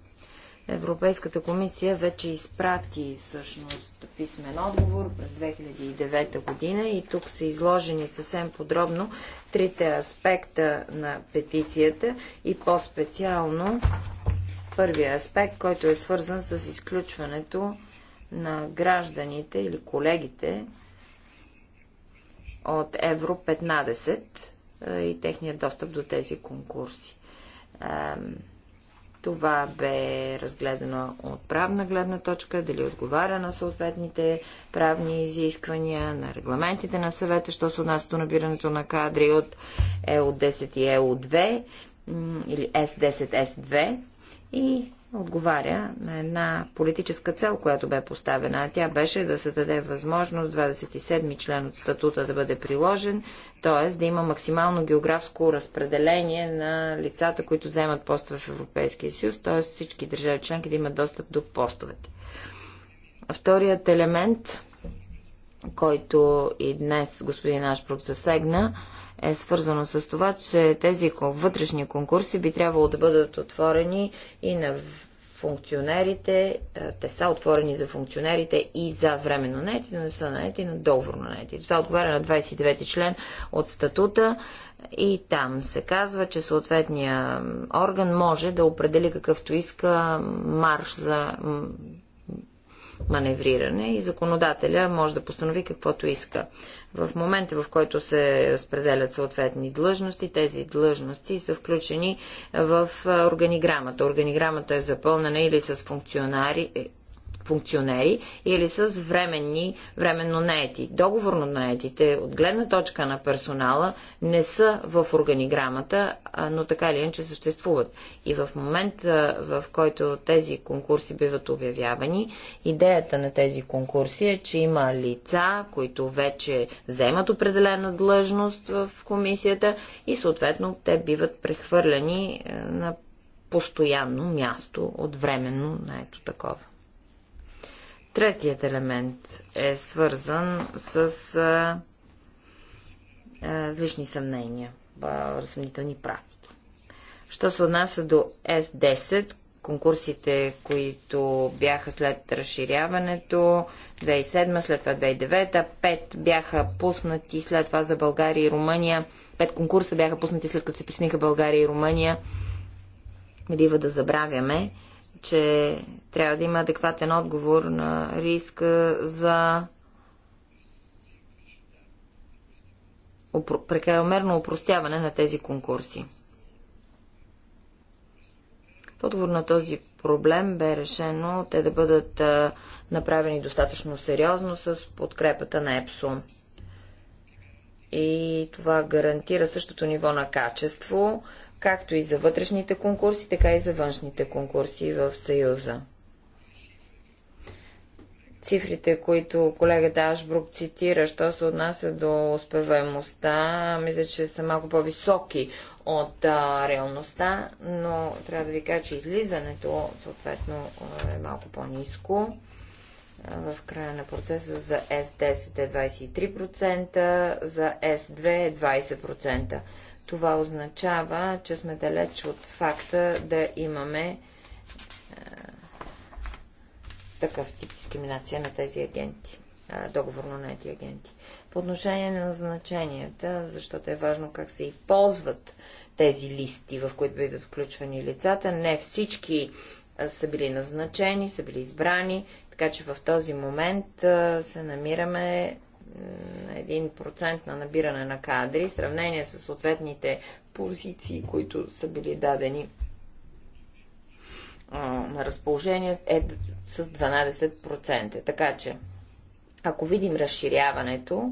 Европейската комисия вече изпрати всъщност писмен отговор през 2009 година и тук са изложени съвсем подробно трите аспекта на петицията и по-специално първия аспект, който е свързан с изключването на гражданите или колегите от Евро 15 и техния достъп до тези конкурси. Това бе разгледано от правна гледна точка, дали отговаря на съответните правни изисквания, на регламентите на съвета, що се отнася до набирането на кадри от ЕО10 и ЕО2 или С10, С2 и отговаря на една политическа цел, която бе поставена. А тя беше да се даде възможност 27 член от статута да бъде приложен, т.е. да има максимално географско разпределение на лицата, които вземат постове в Европейския съюз, т.е. всички държави членки да имат достъп до постовете. Вторият елемент, който и днес господин Ашпрок засегна, е свързано с това, че тези вътрешни конкурси би трябвало да бъдат отворени и на функционерите, е, те са отворени за функционерите и за временно наети, но не са наети, на договорно наети. Това отговаря на 29 член от статута и там се казва, че съответния орган може да определи какъвто иска марш за маневриране и законодателя може да постанови каквото иска. В момента, в който се разпределят съответни длъжности, тези длъжности са включени в органиграмата. Органиграмата е запълнена или с функционари, е, функционери или с временни, временно наети. Договорно наетите от гледна точка на персонала не са в органиграмата, но така или иначе съществуват. И в момента, в който тези конкурси биват обявявани, идеята на тези конкурси е, че има лица, които вече вземат определена длъжност в комисията и съответно те биват прехвърлени на постоянно място от временно на ето такова. Третият елемент е свързан с а, а, лични съмнения, а, разсъмнителни практики. Що се отнася до S10, конкурсите, които бяха след разширяването, 2007, след това 2009, пет бяха пуснати след това за България и Румъния, пет конкурса бяха пуснати след като се присниха България и Румъния. Не бива да забравяме, че трябва да има адекватен отговор на риска за прекалено упростяване на тези конкурси. В отговор на този проблем бе решено те да бъдат направени достатъчно сериозно с подкрепата на ЕПСО. И това гарантира същото ниво на качество, както и за вътрешните конкурси, така и за външните конкурси в Съюза. Цифрите, които колегата Ашбрук цитира, що се отнася до успеваемостта, мисля, че са малко по-високи от а, реалността, но трябва да ви кажа, че излизането съответно е малко по-низко в края на процеса за S10 е 23%, за S2 е 20%. Това означава, че сме далеч от факта да имаме е, такъв тип дискриминация на тези агенти, е, договорно на тези агенти. По отношение на назначенията, защото е важно как се и ползват тези листи, в които бъдат включвани лицата, не всички е, са били назначени, са били избрани, така че в този момент се намираме един процент на набиране на кадри, в сравнение с съответните позиции, които са били дадени на разположение, е с 12%. Така че, ако видим разширяването,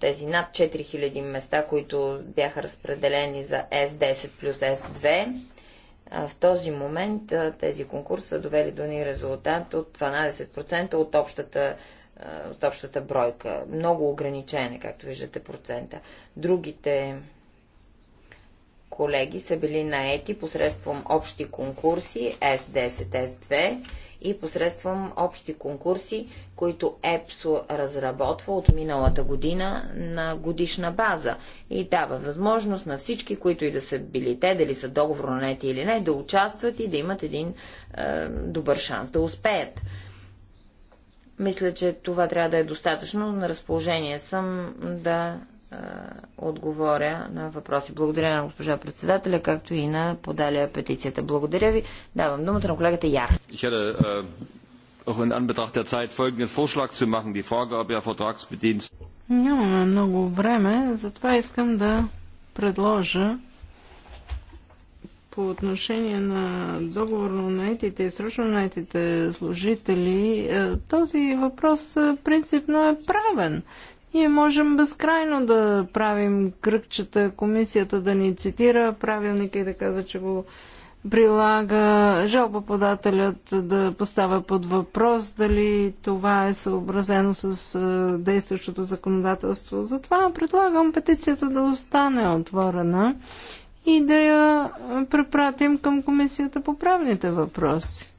тези над 4000 места, които бяха разпределени за S10 плюс S2, в този момент тези конкурси са довели до ни резултат от 12% от общата от общата бройка. Много ограничен е, както виждате, процента. Другите колеги са били наети посредством общи конкурси S10, S2 и посредством общи конкурси, които EPSO разработва от миналата година на годишна база и дава възможност на всички, които и да са били те, дали са договорно нети или не, да участват и да имат един е, добър шанс да успеят. Мисля, че това трябва да е достатъчно. На разположение съм да е, отговоря на въпроси. Благодаря на госпожа председателя, както и на подалия петицията. Благодаря ви. Давам думата на колегата Яр. Auch in Anbetracht der Zeit folgenden Vorschlag zu machen, die Frage, ob er Нямаме много време, затова искам да предложа по отношение на договорно наетите и срочно наетите служители, е, този въпрос е, принципно е правен. Ние можем безкрайно да правим кръгчета, комисията да ни цитира правилника и да казва, че го прилага, жалбоподателят да поставя под въпрос дали това е съобразено с е, действащото законодателство. Затова предлагам петицията да остане отворена и да я препратим към Комисията по правните въпроси.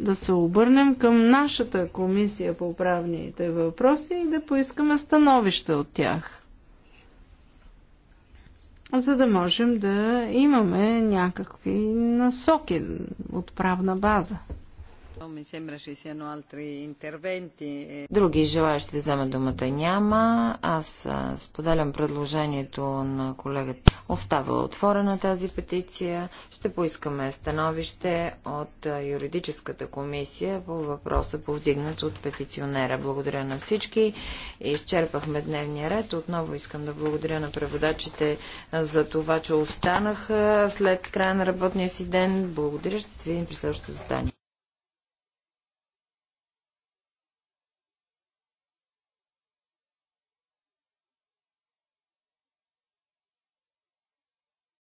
Да се обърнем към нашата Комисия по правните въпроси и да поискаме становище от тях. За да можем да имаме някакви насоки от правна база. Други желаящи да вземат думата няма. Аз споделям предложението на колегата. Остава отворена тази петиция. Ще поискаме становище от юридическата комисия по въпроса повдигнат от петиционера. Благодаря на всички. Изчерпахме дневния ред. Отново искам да благодаря на преводачите за това, че останаха след края на работния си ден. Благодаря. Ще се видим при следващото застание.